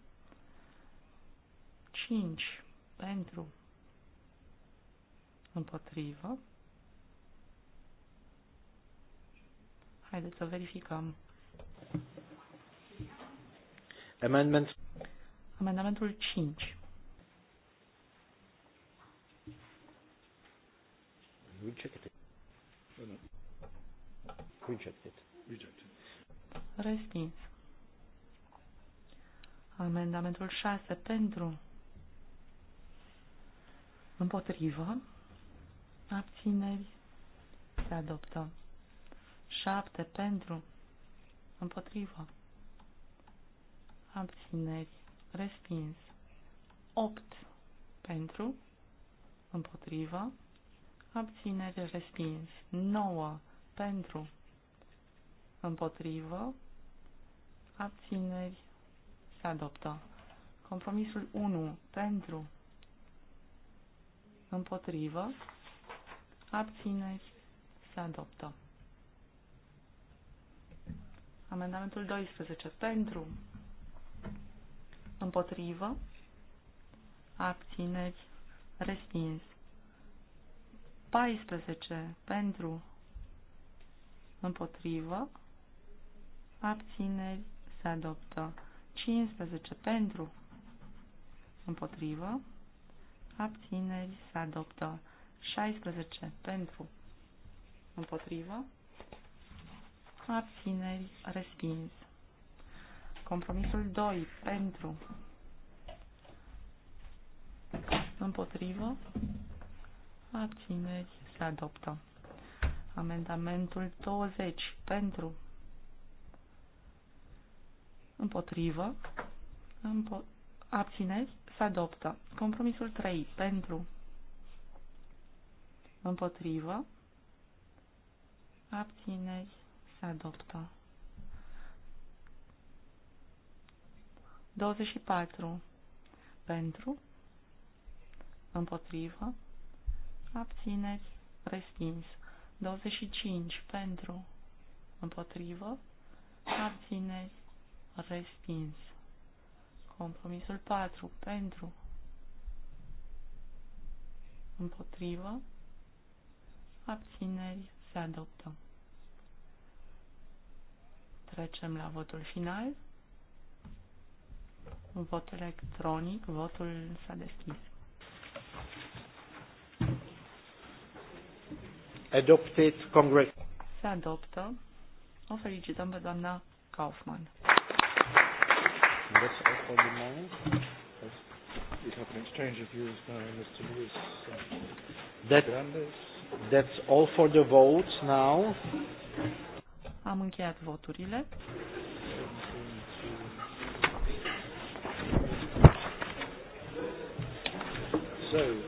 5 pentru, împotrivă. Haideți să verificăm. Amendment Amendamentul 5. Respins. Amendamentul 6 pentru împotrivă abțineri se adoptă. 7 pentru împotrivă abțineri Respins. 8 pentru, împotrivă, abținere, respins. 9 pentru, împotrivă, abțineri, se adoptă. Compromisul 1 pentru, împotrivă, abțineri, se adoptă. Amendamentul 12 pentru, împotrivă, abțineți, respins. 14 pentru, împotrivă, abțineri, se adoptă. 15 pentru, împotrivă, abțineri, se adoptă. 16 pentru, împotrivă, abțineri, respins. Compromisul 2. Pentru. Împotrivă. Abțineri. Se adoptă. Amendamentul 20. Pentru. Împotrivă. Împo abțineri. Se adoptă. Compromisul 3. Pentru. Împotrivă. Abțineri. Se adoptă. 24 pentru, împotrivă, abțineri, respins. 25 pentru, împotrivă, abțineri, respins. Compromisul 4 pentru, împotrivă, abțineri, se adoptă. Trecem la votul final. Vot electronic. Votul s-a deschis. Adopted Congress. Se adoptă. O felicităm pe doamna Kaufmann. That's all for the moment. We have an exchange of views now, Mr. Lewis. That, that's all for the votes now. Am încheiat voturile. So, And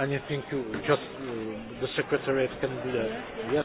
And, you think you just uh, the secretariat can do that? yes. yes.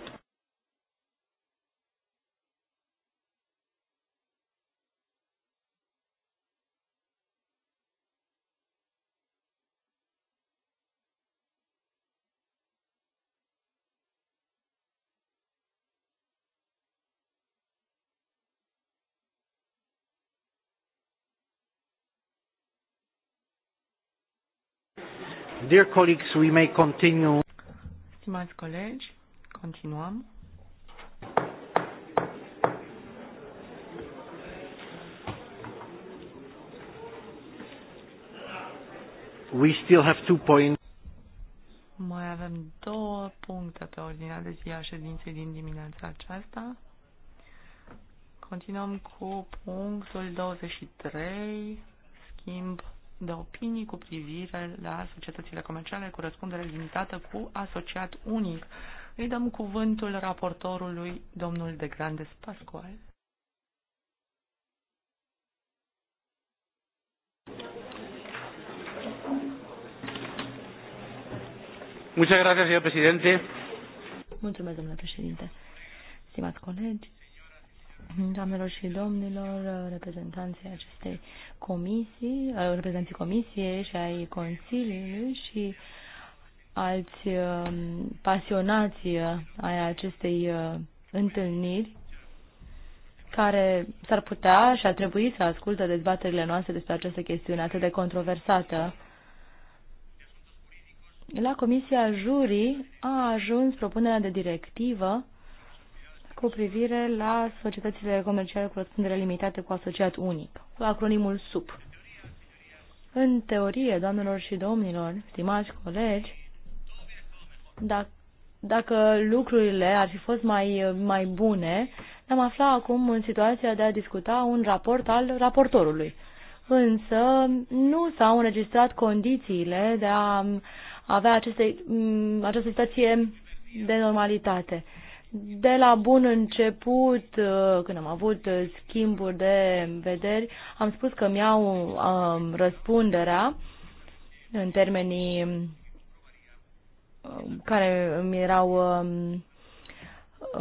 Dear colleagues, we may continue. Stimați colegi, continuăm. We still have two points. Mai avem două puncte pe ordinea de zi a ședinței din dimineața aceasta. Continuăm cu punctul 23, schimb de opinii cu privire la societățile comerciale cu răspundere limitată cu asociat unic. Îi dăm cuvântul raportorului, domnul de Grandes Pascual. Muchas gracias, señor presidente. Mulțumesc, domnule președinte. Stimați colegi, doamnelor și domnilor, reprezentanții acestei comisii, uh, reprezentanții comisiei și ai Consiliului și alți uh, pasionați uh, ai acestei întâlniri care s-ar putea și ar trebui să ascultă dezbaterile noastre despre această chestiune atât de controversată. La Comisia Jurii a ajuns propunerea de directivă cu privire la societățile comerciale cu răspundere limitată cu asociat unic, cu acronimul SUP. În teorie, doamnelor și domnilor, stimați colegi, dacă, dacă lucrurile ar fi fost mai, mai bune, ne-am aflat acum în situația de a discuta un raport al raportorului. Însă nu s-au înregistrat condițiile de a avea aceste, această situație de normalitate de la bun început, uh, când am avut uh, schimburi de vederi, am spus că mi-au um, răspunderea în termenii um, care mi erau um,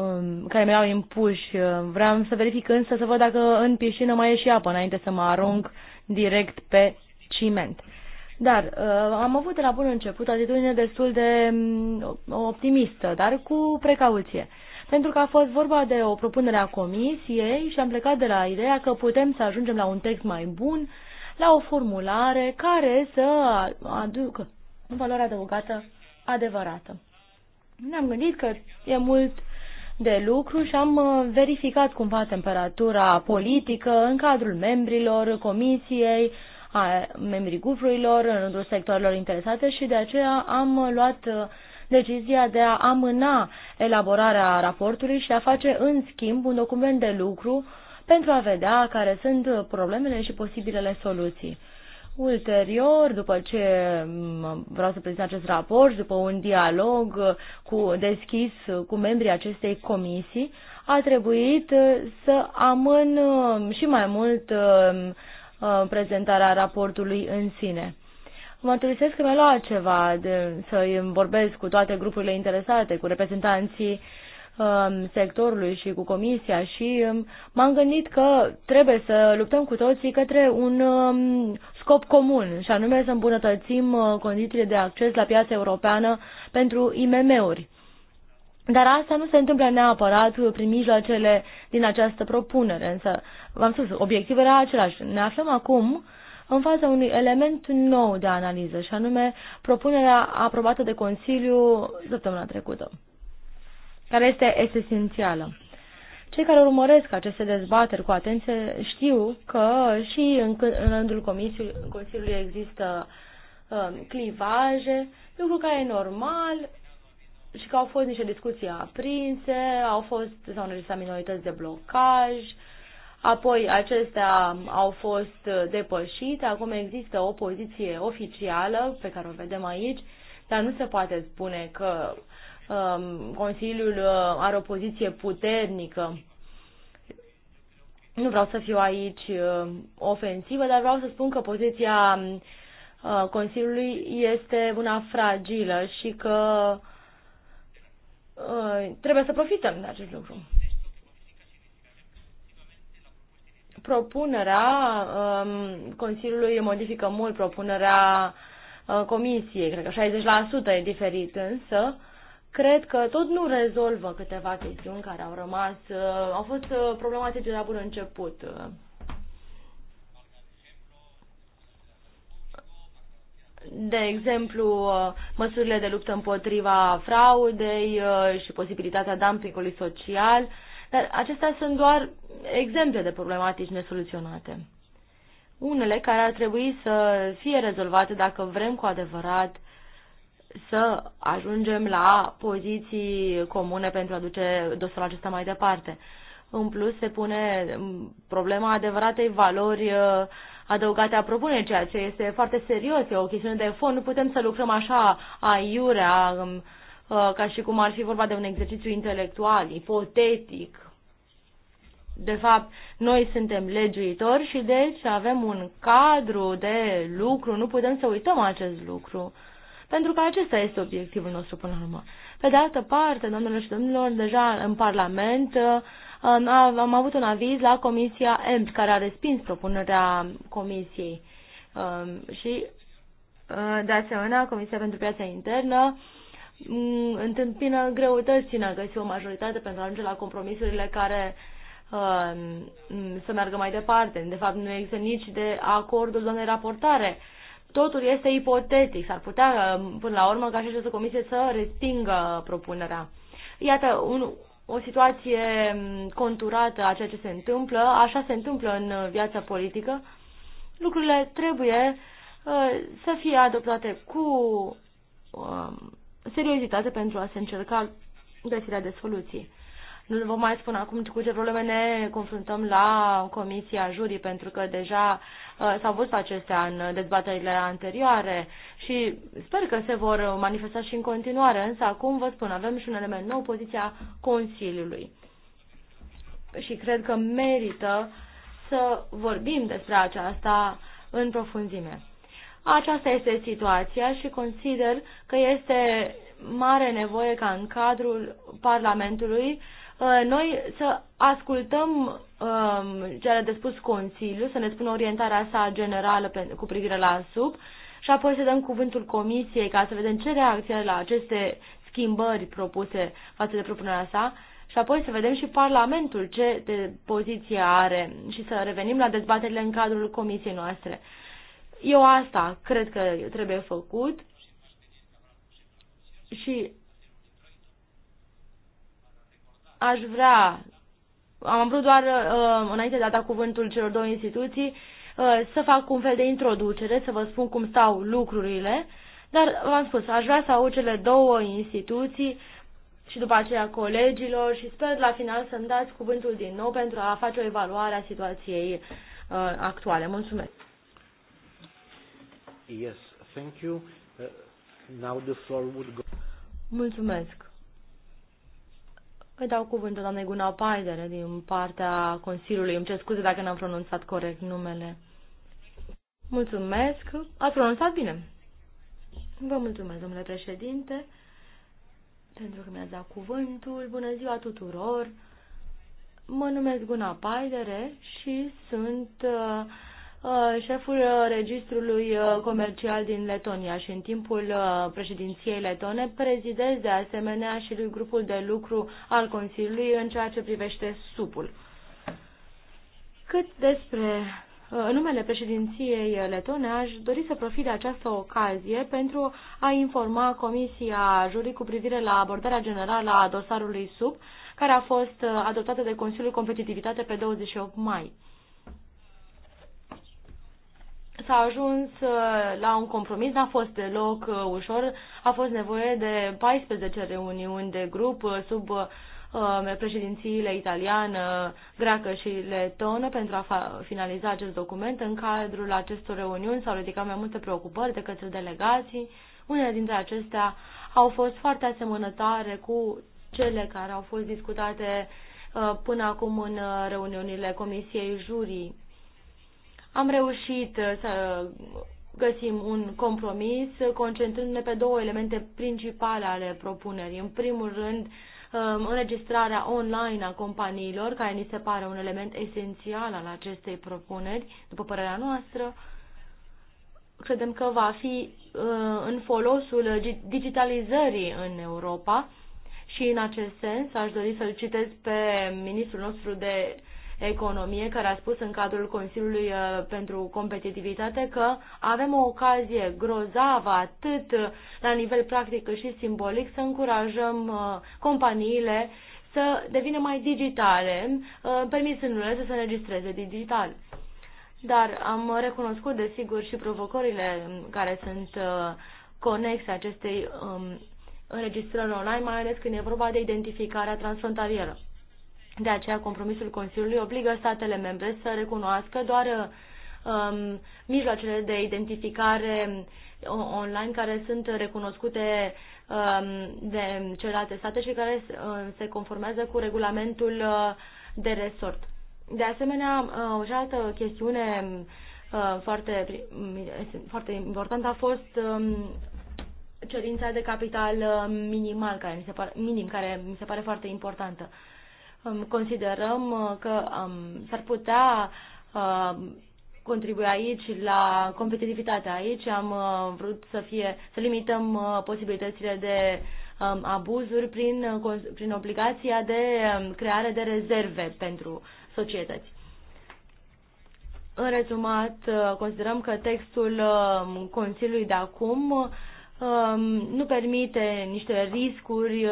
um care mi au impuși. Vreau să verific însă să văd dacă în piscină mai e și apă înainte să mă arunc direct pe ciment. Dar uh, am avut de la bun început atitudine destul de um, optimistă, dar cu precauție. Pentru că a fost vorba de o propunere a comisiei și am plecat de la ideea că putem să ajungem la un text mai bun, la o formulare care să aducă o valoare adăugată adevărată. Ne-am gândit că e mult de lucru și am uh, verificat cumva temperatura politică în cadrul membrilor comisiei, a membrii gufurilor, în rândul sectoarelor interesate și de aceea am luat uh, decizia de a amâna elaborarea raportului și a face în schimb un document de lucru pentru a vedea care sunt problemele și posibilele soluții. Ulterior, după ce mm, vreau să prezint acest raport, după un dialog uh, cu, deschis uh, cu membrii acestei comisii, a trebuit să amân și mai mult Uh, prezentarea raportului în sine. Mărturisesc că mi-a luat ceva de, să vorbesc cu toate grupurile interesate, cu reprezentanții um, sectorului și cu comisia și um, m-am gândit că trebuie să luptăm cu toții către un um, scop comun și anume să îmbunătățim uh, condițiile de acces la piața europeană pentru IMM-uri. Dar asta nu se întâmplă neapărat prin mijloacele din această propunere, însă, v-am spus, obiectivul era același. Ne aflăm acum în fața unui element nou de analiză, și anume propunerea aprobată de Consiliu săptămâna trecută, care este esențială. Cei care urmăresc aceste dezbateri cu atenție știu că și în, în rândul Consiliului există uh, clivaje, lucru care e normal, și că au fost niște discuții aprinse, au fost, s-au înregistrat minorități de blocaj, apoi acestea au fost depășite, acum există o poziție oficială pe care o vedem aici, dar nu se poate spune că um, Consiliul uh, are o poziție puternică. Nu vreau să fiu aici uh, ofensivă, dar vreau să spun că poziția uh, Consiliului este una fragilă și că uh, Uh, trebuie să profităm de acest lucru. Propunerea um, Consiliului modifică mult propunerea uh, Comisiei, cred că 60% e diferit, însă cred că tot nu rezolvă câteva chestiuni care au rămas, uh, au fost problematice de la bun început. de exemplu, măsurile de luptă împotriva fraudei uh, și posibilitatea dumpingului social, dar acestea sunt doar exemple de problematici nesoluționate. Unele care ar trebui să fie rezolvate dacă vrem cu adevărat să ajungem la poziții comune pentru a duce dosarul acesta mai departe. În plus, se pune problema adevăratei valori uh, adăugate a propunerii, ceea ce este foarte serios, e o chestiune de fond. Nu putem să lucrăm așa aiurea, um, uh, ca și cum ar fi vorba de un exercițiu intelectual, ipotetic. De fapt, noi suntem legiuitori și deci avem un cadru de lucru, nu putem să uităm acest lucru, pentru că acesta este obiectivul nostru până la urmă. Pe de altă parte, domnilor și domnilor, deja în Parlament uh, am avut un aviz la Comisia EMP, care a respins propunerea Comisiei. Um, și, uh, de asemenea, Comisia pentru Piața Internă mm, întâmpină greutăți în a găsi o majoritate pentru a ajunge la compromisurile care um, să meargă mai departe. De fapt, nu există nici de acordul doamnei raportare. Totul este ipotetic. S-ar putea, um, până la urmă, ca și această comisie să respingă propunerea. Iată, un, o situație mm, conturată a ceea ce se întâmplă, așa se întâmplă în uh, viața politică, lucrurile trebuie uh, să fie adoptate cu um, seriozitate pentru a se încerca găsirea de soluții. Nu vă mai spun acum cu ce probleme ne confruntăm la Comisia Jurii, pentru că deja uh, s-au văzut acestea în dezbaterile anterioare și sper că se vor manifesta și în continuare, însă acum vă spun, avem și un element nou, poziția Consiliului. Și cred că merită să vorbim despre aceasta în profunzime. Aceasta este situația și consider că este mare nevoie ca în cadrul Parlamentului Uh, noi să ascultăm um, ce a de spus Consiliul, să ne spună orientarea sa generală cu privire la sub și apoi să dăm cuvântul Comisiei ca să vedem ce reacție are la aceste schimbări propuse față de propunerea sa și apoi să vedem și Parlamentul ce de poziție are și să revenim la dezbaterile în cadrul comisiei noastre. Eu asta cred că trebuie făcut și aș vrea, am vrut doar uh, înainte de a da cuvântul celor două instituții, uh, să fac un fel de introducere, să vă spun cum stau lucrurile, dar v-am spus, aș vrea să aud cele două instituții și după aceea colegilor și sper la final să-mi dați cuvântul din nou pentru a face o evaluare a situației uh, actuale. Mulțumesc! Yes, thank you. Uh, now the floor would go. Mulțumesc. Îi dau cuvântul doamnei Guna Paidere din partea Consiliului. Îmi cer scuze dacă n-am pronunțat corect numele. Mulțumesc. Ați pronunțat bine. Vă mulțumesc, domnule președinte, pentru că mi-ați dat cuvântul. Bună ziua tuturor. Mă numesc Guna Paidere și sunt uh, Uh, șeful uh, registrului uh, comercial din Letonia și în timpul președinției letone prezidez de asemenea și lui grupul de lucru al Consiliului în ceea ce privește supul. Cât despre în numele președinției letone aș dori să profit de această ocazie pentru a informa Comisia Jurii cu privire la abordarea generală a dosarului sub, care a fost adoptată de Consiliul Competitivitate pe 28 mai s-a ajuns uh, la un compromis, n-a fost deloc uh, ușor, a fost nevoie de 14 reuniuni de grup uh, sub președințiile italiană, greacă și letonă pentru a finaliza acest document. În cadrul acestor reuniuni s-au ridicat mai multe preocupări de către delegații. Unele dintre acestea au fost foarte asemănătoare cu cele care au fost discutate până acum în reuniunile Comisiei Jurii. Am reușit uh, să găsim un compromis uh, concentrându-ne pe două elemente principale ale propunerii. În primul rând, um, înregistrarea online a companiilor, care ni se pare un element esențial al acestei propuneri, după părerea noastră, credem că va fi uh, în folosul digitalizării în Europa și în acest sens aș dori să-l citesc pe ministrul nostru de Economie, care a spus în cadrul Consiliului uh, pentru Competitivitate că avem o ocazie grozavă atât uh, la nivel practic cât și simbolic să încurajăm uh, companiile să devină mai digitale, permisându-le să se înregistreze digital. Dar am recunoscut, desigur, și provocările care sunt conexe acestei um, înregistrări online, mai ales când e vorba de identificarea transfrontalieră. De aceea, compromisul Consiliului obligă statele membre să recunoască doar um, mijloacele de identificare online care sunt recunoscute um, de celelalte state și care uh, se conformează cu regulamentul uh, de resort. De asemenea, uh, o și altă chestiune foarte, um, foarte importantă a fost um, cerința de capital minimal, care mi se pare, minim, care mi se pare foarte importantă considerăm uh, că s-ar putea uh, contribui aici la competitivitatea aici. Am uh, vrut să, fie, să limităm posibilitățile de um, abuzuri prin, prin obligația de um, creare de rezerve pentru societăți. În rezumat, considerăm că textul um, Consiliului de acum nu permite niște riscuri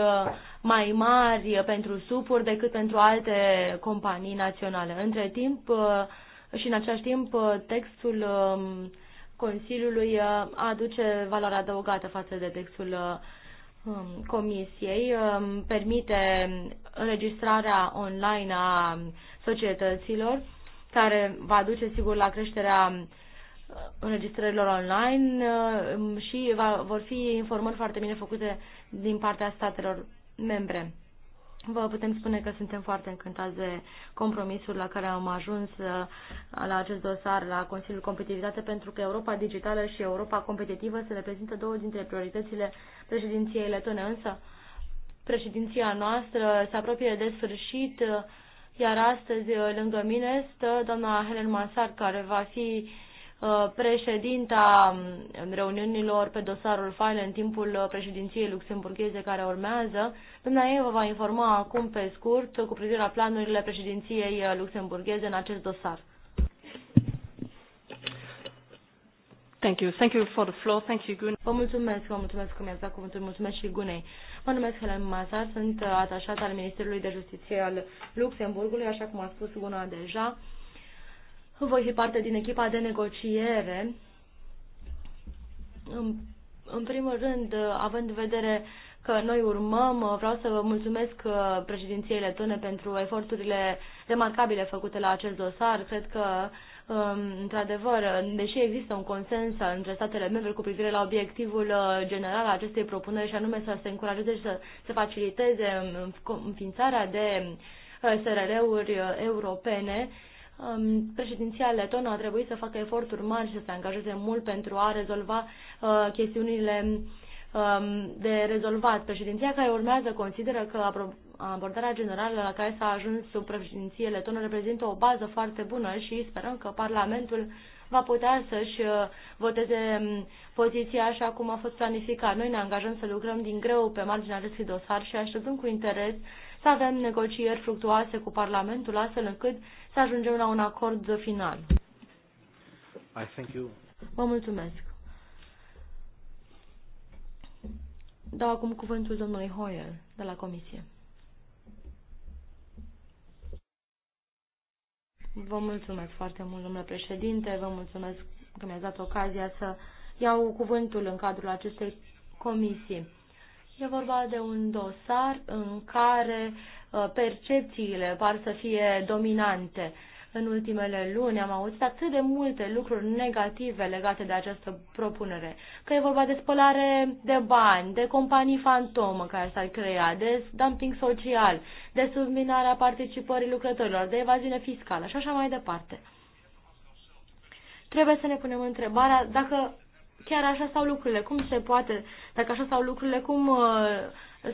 mai mari pentru supuri decât pentru alte companii naționale. Între timp uh, și în același timp uh, textul um, Consiliului uh, aduce valoare adăugată față de textul um, Comisiei, um, permite înregistrarea online a societăților, care va duce sigur la creșterea înregistrărilor online și va, vor fi informări foarte bine făcute din partea statelor membre. Vă putem spune că suntem foarte încântați de compromisul la care am ajuns uh, la acest dosar la Consiliul Competitivitate pentru că Europa Digitală și Europa Competitivă se reprezintă două dintre prioritățile președinției letone, însă președinția noastră se apropie de sfârșit, uh, iar astăzi uh, lângă mine stă doamna Helen Mansard care va fi Uh, președinta um, reuniunilor pe dosarul faile în timpul uh, președinției luxemburgheze care urmează. Doamna vă va informa acum pe scurt cu privire la planurile președinției uh, luxemburgheze în acest dosar. Thank you. Thank you for the floor. Thank you, Gun. Vă mulțumesc, vă mulțumesc că mi-ați dat cuvântul. Mulțumesc și Gunei. Mă numesc Helen Masar, sunt atașat al Ministerului de Justiție al Luxemburgului, așa cum a spus Guna deja. Voi fi parte din echipa de negociere. În, în primul rând, având în vedere că noi urmăm, vreau să vă mulțumesc uh, președinției letone pentru eforturile remarcabile făcute la acest dosar. Cred că um, într-adevăr, deși există un consens între statele membre cu privire la obiectivul uh, general al acestei propuneri și anume să se încurajeze și să se faciliteze um, înființarea de uh, SRL-uri europene, Um, președinția letonă a trebuit să facă eforturi mari și să se angajeze mult pentru a rezolva uh, chestiunile um, de rezolvat. Președinția care urmează consideră că abordarea generală la care s-a ajuns sub președinție letonă reprezintă o bază foarte bună și sperăm că Parlamentul va putea să-și uh, voteze um, poziția așa cum a fost planificat. Noi ne angajăm să lucrăm din greu pe marginea acestui dosar și așteptăm cu interes să avem negocieri fructuoase cu Parlamentul, astfel încât să ajungem la un acord final. I thank you. Vă mulțumesc. Dau acum cuvântul domnului Hoyer de la Comisie. Vă mulțumesc foarte mult, domnule președinte, vă mulțumesc că mi-ați dat ocazia să iau cuvântul în cadrul acestei comisii. E vorba de un dosar în care Uh, percepțiile par să fie dominante. În ultimele luni am auzit atât de multe lucruri negative legate de această propunere, că e vorba de spălare de bani, de companii fantomă care s-ar crea, de dumping social, de subminarea participării lucrătorilor, de evaziune fiscală și așa mai departe. Trebuie să ne punem întrebarea dacă chiar așa stau lucrurile, cum se poate, dacă așa stau lucrurile, cum uh,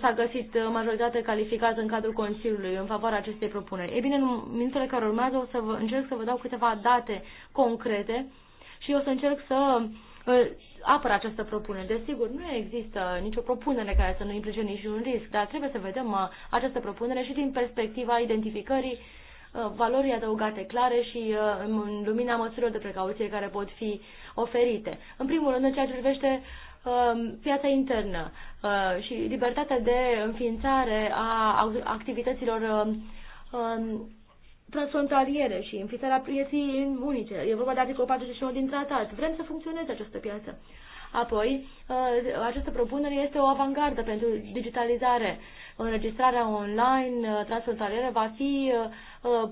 s-a găsit majoritate calificată în cadrul Consiliului în favoarea acestei propuneri. Ei bine, în minutele care urmează o să vă, încerc să vă dau câteva date concrete și o să încerc să uh, apăr această propunere. Desigur, nu există nicio propunere care să nu implice niciun risc, dar trebuie să vedem uh, această propunere și din perspectiva identificării uh, valorii adăugate clare și în lumina măsurilor de precauție care pot fi oferite. În primul rând, în ceea ce privește uh, Um, piața internă uh, și libertatea de înființare a activităților um, um, transfrontaliere și înființarea pieții unice. E vorba de articolul 41 din tratat. Vrem să funcționeze această piață. Apoi, uh, această propunere este o avangardă pentru digitalizare. Înregistrarea online uh, transfrontalieră va fi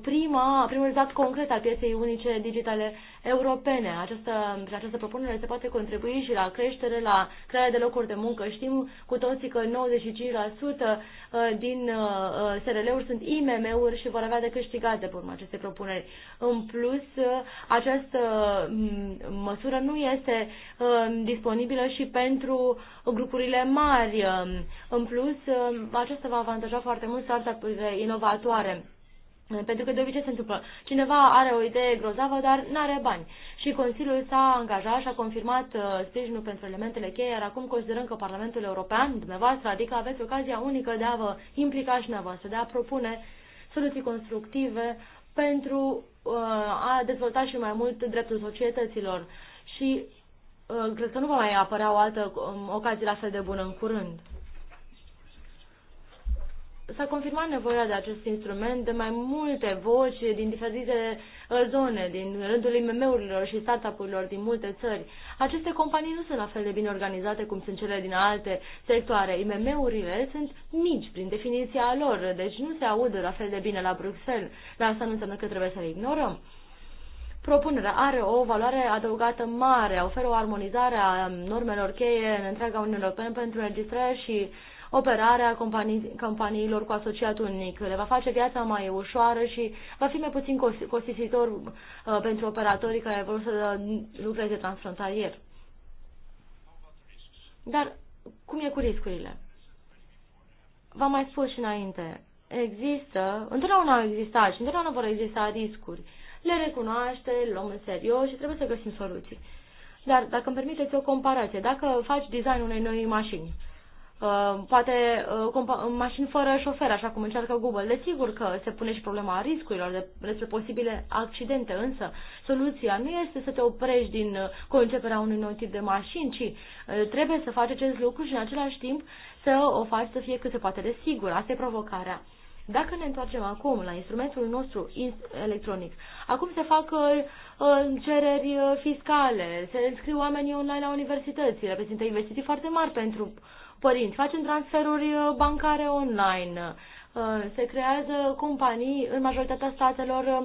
prima, primul rezultat concret al pieței unice digitale europene. Această, această propunere se poate contribui și la creștere, la crearea de locuri de muncă. Știm cu toții că 95% din uh, SRL-uri sunt IMM-uri și vor avea de câștigat de urma aceste propuneri. În plus, această mm, măsură nu este um, disponibilă și pentru grupurile mari. În plus, um, aceasta va avantaja foarte mult startup-urile inovatoare. Pentru că de obicei se întâmplă. Cineva are o idee grozavă, dar nu are bani. Și Consiliul s-a angajat și a confirmat uh, sprijinul pentru elementele cheie, iar acum considerăm că Parlamentul European, dumneavoastră, adică aveți ocazia unică de a vă implica și dumneavoastră, de a propune soluții constructive pentru uh, a dezvolta și mai mult dreptul societăților. Și uh, cred că nu va mai apărea o altă um, ocazie la fel de bună în curând s-a confirmat nevoia de acest instrument de mai multe voci din diferite uh, zone, din rândul IMM-urilor și startup-urilor din multe țări. Aceste companii nu sunt la fel de bine organizate cum sunt cele din alte sectoare. IMM-urile sunt mici prin definiția lor, deci nu se aud la fel de bine la Bruxelles, dar asta nu înseamnă că trebuie să le ignorăm. Propunerea are o valoare adăugată mare, oferă o armonizare a normelor cheie în întreaga Uniune Europeană pentru înregistrare și uh, operarea companii, companiilor cu asociat unic. Le va face viața mai ușoară și va fi mai puțin costisitor uh, pentru operatorii care vor să lucreze transfrontalier. Dar cum e cu riscurile? V-am mai spus și înainte, există, întotdeauna au existat și întotdeauna vor exista riscuri. Le recunoaște, le luăm în serios și trebuie să găsim soluții. Dar dacă îmi permiteți o comparație, dacă faci designul unei noi mașini, Uh, poate uh, mașini fără șofer, așa cum încearcă Google. Desigur că se pune și problema riscurilor de, despre posibile accidente, însă soluția nu este să te oprești din uh, conceperea unui nou tip de mașini, ci trebuie să faci acest lucru și în același timp să o faci să fie cât se poate de sigur. Asta e provocarea. Dacă ne întoarcem acum la instrumentul nostru electronic, acum se fac cereri fiscale, se înscriu oamenii online la universități, reprezintă investiții foarte mari pentru părinți, facem transferuri uh, bancare online, uh, se creează companii în majoritatea statelor uh,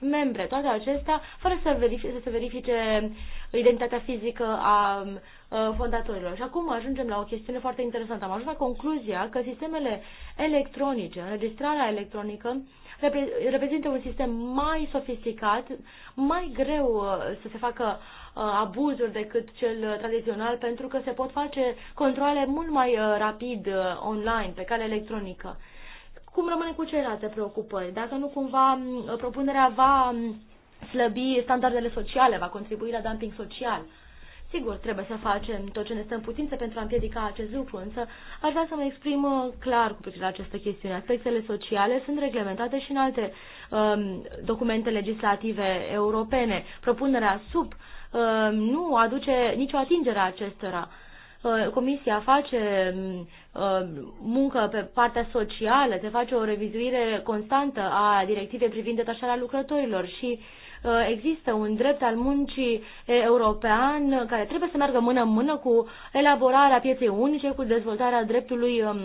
membre, toate acestea, fără să, verifice, să se verifice identitatea fizică a fondatorilor. Și acum ajungem la o chestiune foarte interesantă. Am ajuns la concluzia că sistemele electronice, înregistrarea electronică, reprezintă un sistem mai sofisticat, mai greu să se facă Uh, abuzuri decât cel uh, tradițional, pentru că se pot face controle mult mai uh, rapid online, pe cale electronică. Cum rămâne cu celelalte preocupări? Dacă nu cumva propunerea va slăbi standardele sociale, va contribui la dumping social. Sigur, trebuie să facem tot ce ne stă în putință pentru a împiedica acest lucru, însă aș vrea să mă exprim clar cu privire la această chestiune. Aspectele sociale sunt reglementate și în alte um, documente legislative europene. Propunerea sub Uh, nu aduce nicio atingere a acestora. Uh, comisia face uh, muncă pe partea socială, se face o revizuire constantă a directivei privind detașarea lucrătorilor și Uh, există un drept al muncii european care trebuie să meargă mână-mână cu elaborarea pieței unice, cu dezvoltarea dreptului um,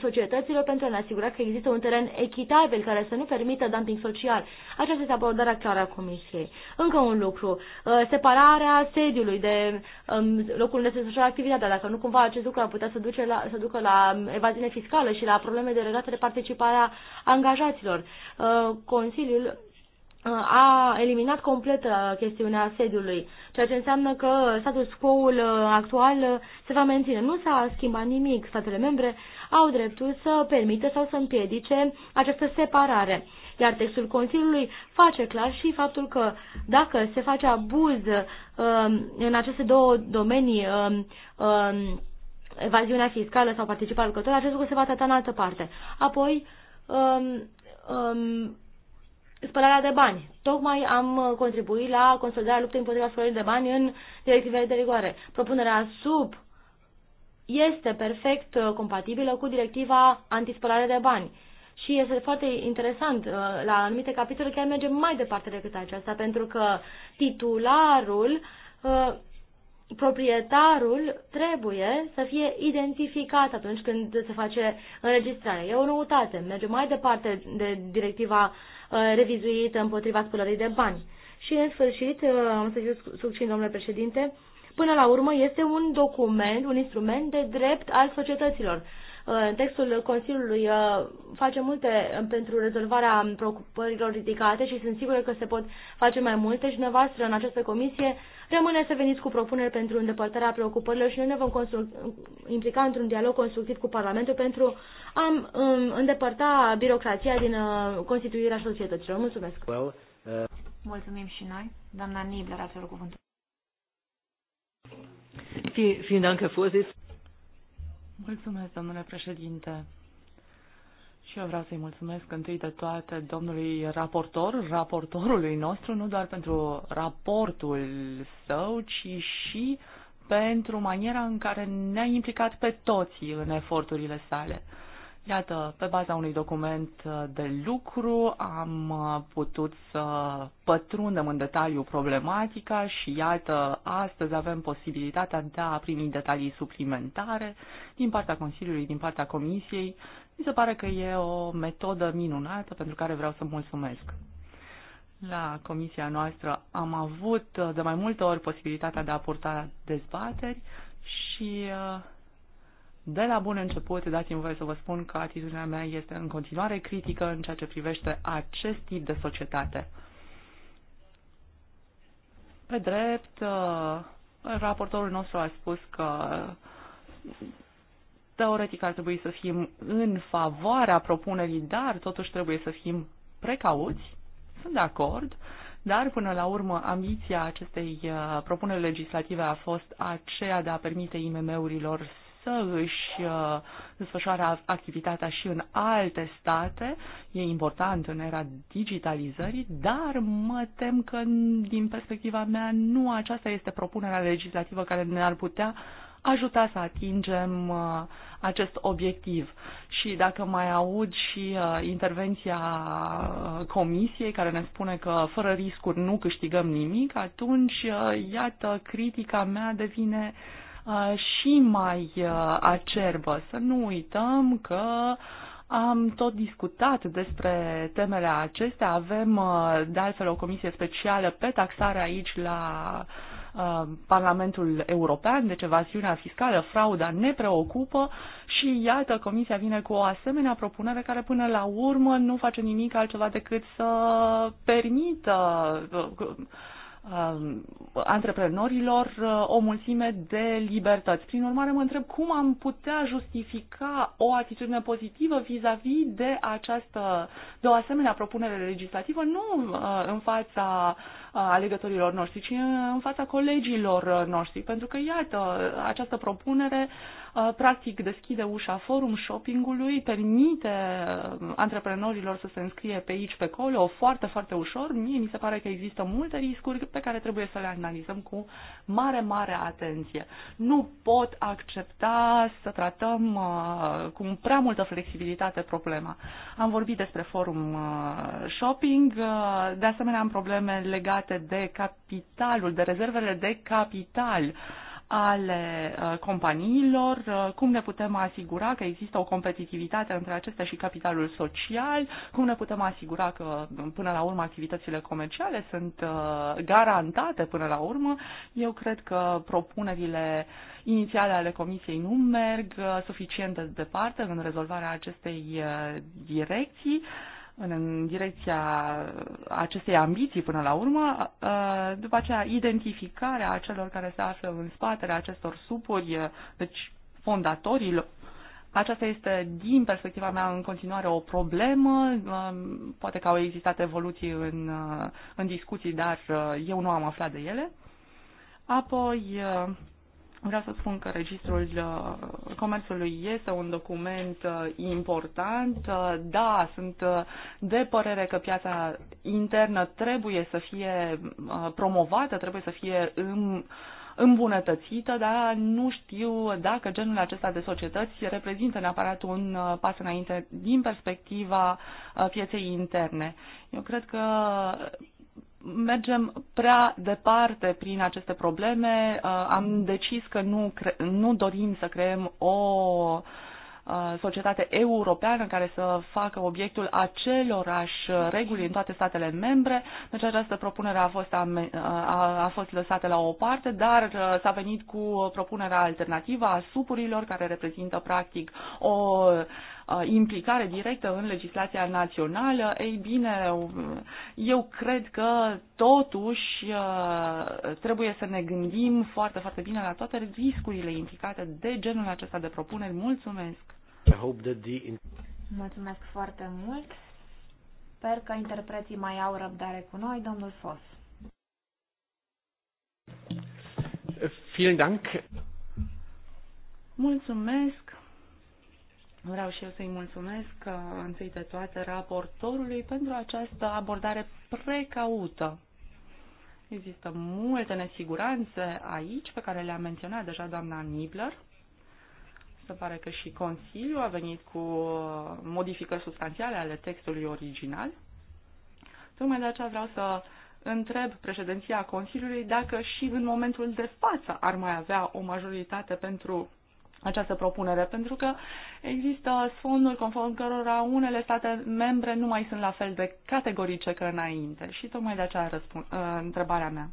societăților pentru a ne asigura că există un teren echitabil care să nu permită dumping social. Aceasta este abordarea clară a Comisiei. Încă un lucru, uh, separarea sediului de um, locul unde se desfășoară activitatea, dacă nu cumva acest lucru ar putea să, duce la, să ducă la evaziune fiscală și la probleme de legate de participarea angajaților. Uh, Consiliul a eliminat complet uh, chestiunea sediului, ceea ce înseamnă că status quo-ul uh, actual uh, se va menține. Nu s-a schimbat nimic. Statele membre au dreptul să permită sau să împiedice această separare. Iar textul Consiliului face clar și faptul că dacă se face abuz um, în aceste două domenii, um, um, evaziunea fiscală sau participarea lucrătorilor, acest lucru se va trata în altă parte. Apoi, spălarea de bani. Tocmai am uh, contribuit la consolidarea luptei împotriva spălării de bani în directivele de rigoare. Propunerea sub este perfect uh, compatibilă cu directiva antispălare de bani. Și este foarte interesant, uh, la anumite capitole chiar merge mai departe decât aceasta, pentru că titularul, proprietarul trebuie să fie identificat atunci când se face înregistrare. E o noutate, merge mai departe de directiva Uh, revizuită împotriva spălării de bani. Și, în sfârșit, uh, am să fiu succint, domnule președinte, până la urmă este un document, un instrument de drept al societăților. În textul Consiliului uh, face multe uh, pentru rezolvarea preocupărilor ridicate și sunt sigură că se pot face mai multe și dumneavoastră în această comisie rămâne să veniți cu propuneri pentru îndepărtarea preocupărilor și noi ne vom implica într-un dialog constructiv cu Parlamentul pentru a um, îndepărta birocrația din uh, constituirea societăților. Mulțumesc! Well, uh... Mulțumim și noi. Doamna Nibler, ați cuvântul. Vielen Dank, Herr Vorsitzender. Mulțumesc, domnule președinte. Și eu vreau să-i mulțumesc întâi de toate domnului raportor, raportorului nostru, nu doar pentru raportul său, ci și pentru maniera în care ne-a implicat pe toți în eforturile sale. Uh, Iată, pe baza unui document de lucru am putut să pătrundem în detaliu problematica și iată, astăzi avem posibilitatea de a primi detalii suplimentare din partea Consiliului, din partea Comisiei. Mi se pare că e o metodă minunată pentru care vreau să mulțumesc. La comisia noastră am avut de mai multe ori posibilitatea de a purta dezbateri și uh, de la bun început, dați-mi voie să vă spun că atitudinea mea este în continuare critică în ceea ce privește acest tip de societate. Pe drept, uh, raportorul nostru a spus că teoretic ar trebui să fim în favoarea propunerii, dar totuși trebuie să fim precauți. Sunt de acord, dar până la urmă ambiția acestei uh, propuneri legislative a fost aceea de a permite IMM-urilor să își uh, desfășoare activitatea și în alte state. E important în era digitalizării, dar mă tem că, din perspectiva mea, nu aceasta este propunerea legislativă care ne-ar putea ajuta să atingem uh, acest obiectiv. Și dacă mai aud și uh, intervenția comisiei care ne spune că fără riscuri nu câștigăm nimic, atunci, iată, critica mea devine uh, Uh, și mai uh, acerbă. Să nu uităm că am tot discutat despre temele acestea. Avem, uh, de altfel, o comisie specială pe taxare aici la Parlamentul European, deci evaziunea fiscală, frauda ne preocupă și iată, Comisia vine cu o asemenea propunere care până la urmă nu face nimic altceva decât să permită Um, antreprenorilor uh, o mulțime de libertăți. Prin urmare, mă întreb cum am putea justifica o atitudine pozitivă vis-a-vis -vis de această, de o asemenea propunere legislativă, nu uh, în fața uh, alegătorilor noștri, ci în fața colegilor noștri, pentru că, iată, această propunere uh, Uh, practic deschide ușa forum shoppingului, permite uh, antreprenorilor să se înscrie pe aici, pe acolo, foarte, foarte ușor. Mie mi se pare că există multe riscuri pe care trebuie să le analizăm cu mare, mare atenție. Nu pot accepta să tratăm uh, cu prea multă flexibilitate problema. Am vorbit despre forum shopping, de asemenea am probleme legate de capitalul, de rezervele de capital. Uh, ale uh, companiilor, uh, cum ne putem asigura că există o competitivitate între acestea și capitalul social, cum ne putem asigura că uh, până la urmă activitățile comerciale sunt garantate până la urmă. Eu cred că propunerile inițiale ale Comisiei nu merg suficient de departe în rezolvarea acestei direcții în direcția acestei ambiții până la urmă, după aceea identificarea celor care se află în spatele acestor supuri, deci fondatorilor, aceasta este, din perspectiva mea, în continuare o problemă. Poate că au existat evoluții în, în discuții, dar eu nu am aflat de ele. Apoi, Vreau să spun că registrul uh, comerțului este un document uh, important. Uh, da, sunt de părere că piața internă trebuie să fie promovată, trebuie să fie îmbunătățită, dar nu știu dacă genul acesta de societăți reprezintă neapărat un pas înainte din perspectiva pieței interne. Eu cred că mergem prea departe prin aceste probleme. Uh, am decis că nu, nu dorim să creăm o uh, societate europeană care să facă obiectul acelorași reguli în toate statele membre. Deci această propunere a fost, a, a fost lăsată la o parte, dar uh, s-a venit cu propunerea alternativă a supurilor, care reprezintă practic o Uh, implicare directă în legislația națională, ei bine, uh, eu cred că totuși uh, trebuie să ne gândim foarte, foarte bine la toate riscurile implicate de genul acesta de propuneri. Mulțumesc! I hope that the... Mulțumesc foarte mult! Sper că interpreții mai au răbdare cu noi, domnul Fos. Vielen Dank. Mulțumesc. Vreau și eu să-i mulțumesc uh, întâi de toate raportorului pentru această abordare precaută. Există multe nesiguranțe aici pe care le-a menționat deja doamna Nibler. Se pare că și Consiliul a venit cu uh, modificări substanțiale ale textului original. Tocmai de aceea vreau să întreb președinția Consiliului dacă și în momentul de față ar mai avea o majoritate pentru această propunere, pentru că există sfonduri conform cărora unele state membre nu mai sunt la fel de categorice ca înainte și tocmai de aceea răspund, uh, întrebarea mea.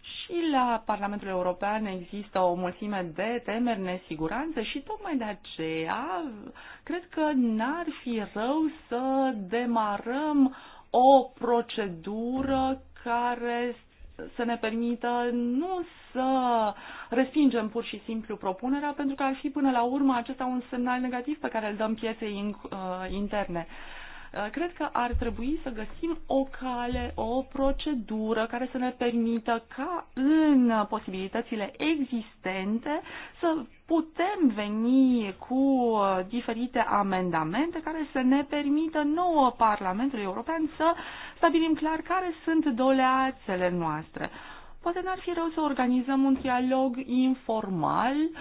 Și la Parlamentul European există o mulțime de temeri, nesiguranțe și tocmai de aceea cred că n-ar fi rău să demarăm o procedură care să ne permită nu să respingem pur și simplu propunerea, pentru că ar fi până la urmă acesta un semnal negativ pe care îl dăm pieței uh, interne. Uh, cred că ar trebui să găsim o cale, o procedură care să ne permită ca în posibilitățile existente să putem veni cu uh, diferite amendamente care să ne permită nouă Parlamentului European să stabilim clar care sunt doleațele noastre. Poate n-ar fi rău să organizăm un dialog informal uh,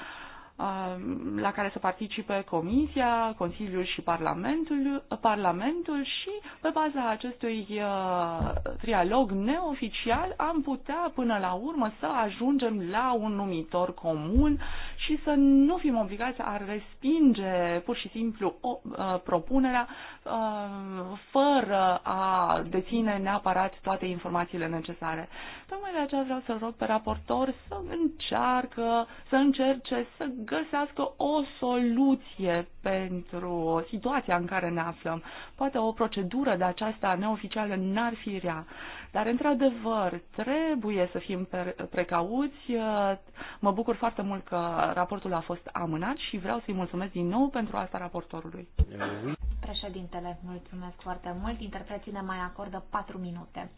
Um, la care să participe Comisia, Consiliul și Parlamentul, Parlamentul și pe baza acestui uh, trialog neoficial am putea până la urmă să ajungem la un numitor comun și să nu fim obligați a respinge pur și simplu o, uh, propunerea uh, fără a deține neapărat toate informațiile necesare. Tocmai de aceea vreau să rog pe raportor să încearcă, să încerce să găsească o soluție pentru situația în care ne aflăm. Poate o procedură de aceasta neoficială n-ar fi rea, dar într-adevăr trebuie să fim precauți. Mă bucur foarte mult că raportul a fost amânat și vreau să-i mulțumesc din nou pentru asta raportorului. Președintele, mulțumesc foarte mult. Interpreții ne mai acordă patru minute.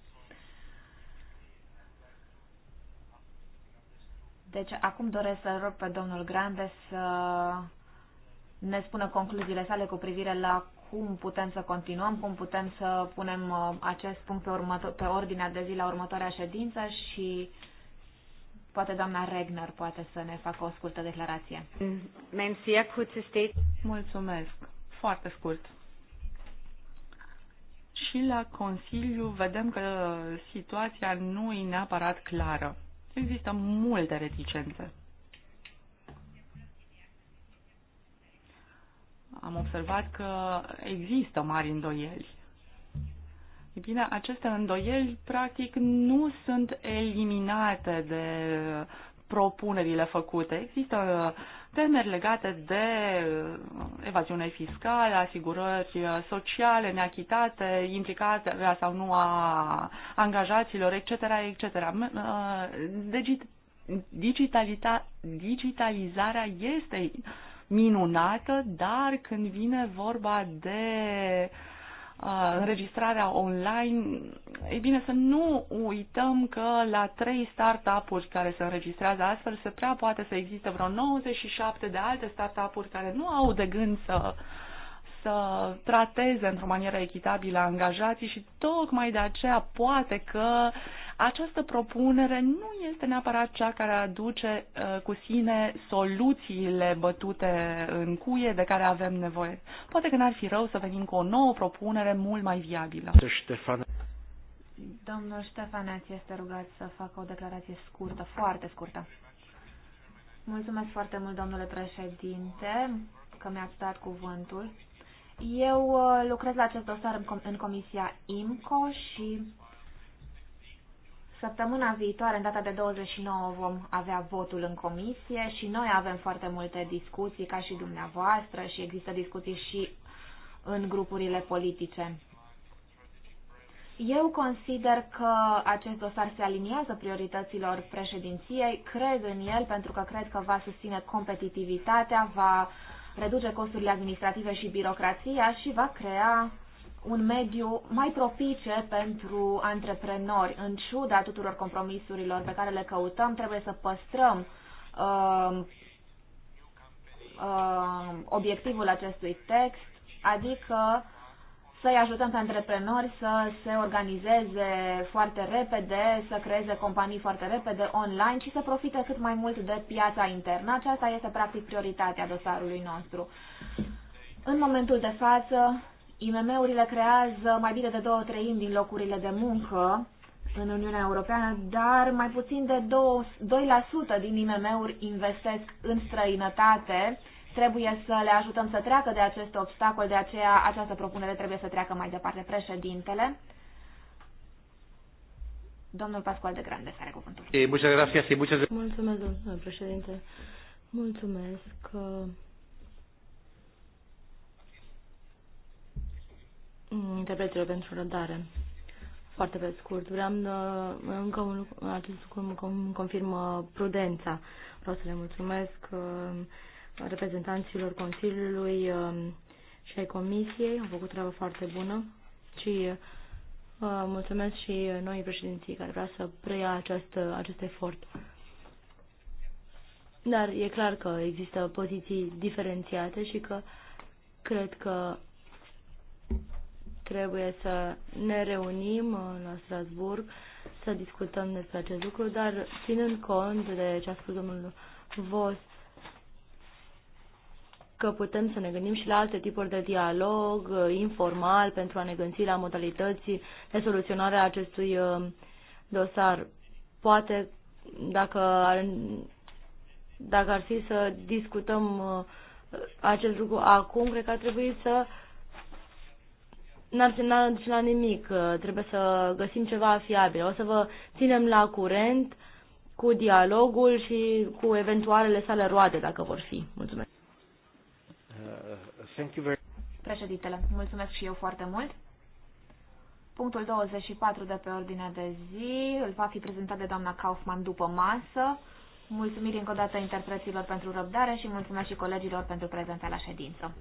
Deci acum doresc să rog pe domnul Grande să ne spună concluziile sale cu privire la cum putem să continuăm, cum putem să punem uh, acest punct pe, următo- pe ordinea de zi la următoarea ședință și poate doamna Regner poate să ne facă o scurtă declarație. Mulțumesc. Foarte scurt. Și la Consiliu vedem că situația nu e neapărat clară. Există multe reticențe. Am observat că există mari îndoieli. E bine, aceste îndoieli practic nu sunt eliminate de propunerile făcute. Există uh, temeri legate de uh, evaziune fiscală, asigurări uh, sociale neachitate, implicarea sau nu a angajaților, etc., etc. Uh, Digitalita- digitalizarea este minunată, dar când vine vorba de uh, Uh, înregistrarea online, e bine să nu uităm că la trei startup-uri care se înregistrează astfel se prea poate să existe vreo 97 de alte startup-uri care nu au de gând să să trateze într-o manieră echitabilă angajații și tocmai de aceea poate că această propunere nu este neapărat cea care aduce uh, cu sine soluțiile bătute în cuie de care avem nevoie. Poate că n-ar fi rău să venim cu o nouă propunere mult mai viabilă. Ștefan. Domnul ați este rugat să facă o declarație scurtă, foarte scurtă. Mulțumesc foarte mult, domnule președinte, că mi-ați dat cuvântul. Eu uh, lucrez la acest dosar în, com în Comisia IMCO și Săptămâna viitoare, în data de 29, vom avea votul în comisie și noi avem foarte multe discuții, ca și dumneavoastră, și există discuții și în grupurile politice. Eu consider că acest dosar se aliniază priorităților președinției, cred în el pentru că cred că va susține competitivitatea, va reduce costurile administrative și birocrația și va crea un mediu mai propice pentru antreprenori. În ciuda tuturor compromisurilor pe care le căutăm, trebuie să păstrăm uh, uh, obiectivul acestui text, adică să-i ajutăm pe antreprenori să se organizeze foarte repede, să creeze companii foarte repede online și să profite cât mai mult de piața internă. Aceasta este practic prioritatea dosarului nostru. În momentul de față, IMM-urile creează mai bine de două treimi din locurile de muncă în Uniunea Europeană, dar mai puțin de 2% din IMM-uri investesc în străinătate. Trebuie să le ajutăm să treacă de acest obstacol, de aceea această propunere trebuie să treacă mai departe președintele. Domnul Pascual de Grande, are cuvântul. Eh, Mulțumesc, domnule președinte. Mulțumesc. Uh, Mm, interpreților pentru rădare. Foarte pe scurt. Vreau uh, încă un, acest lucru confirmă prudența. Vreau să le mulțumesc uh, reprezentanților Consiliului uh, și ai Comisiei. Au făcut treabă foarte bună și mulțumesc și noi președinții care vrea să preia acest, acest efort. Dar e clar că există poziții diferențiate și că cred că trebuie să ne reunim la Strasburg să discutăm despre acest lucru, dar ținând cont de ce a spus domnul Vos, că putem să ne gândim și la alte tipuri de dialog uh, informal pentru a ne gândi la modalități de soluționare a acestui uh, dosar. Poate dacă ar, dacă ar fi să discutăm uh, acest lucru acum, cred că ar trebui să uh, n-ar la nimic, uh, trebuie să găsim ceva fiabil. O să vă ținem la curent cu dialogul și cu eventualele sale roade, dacă vor fi. Mulțumesc. Uh, very... Președintele, mulțumesc și eu foarte mult. Punctul 24 de pe ordinea de zi îl va fi prezentat de doamna Kaufman după masă. Mulțumiri încă o dată interpreților pentru răbdare și mulțumesc și colegilor pentru prezența la ședință.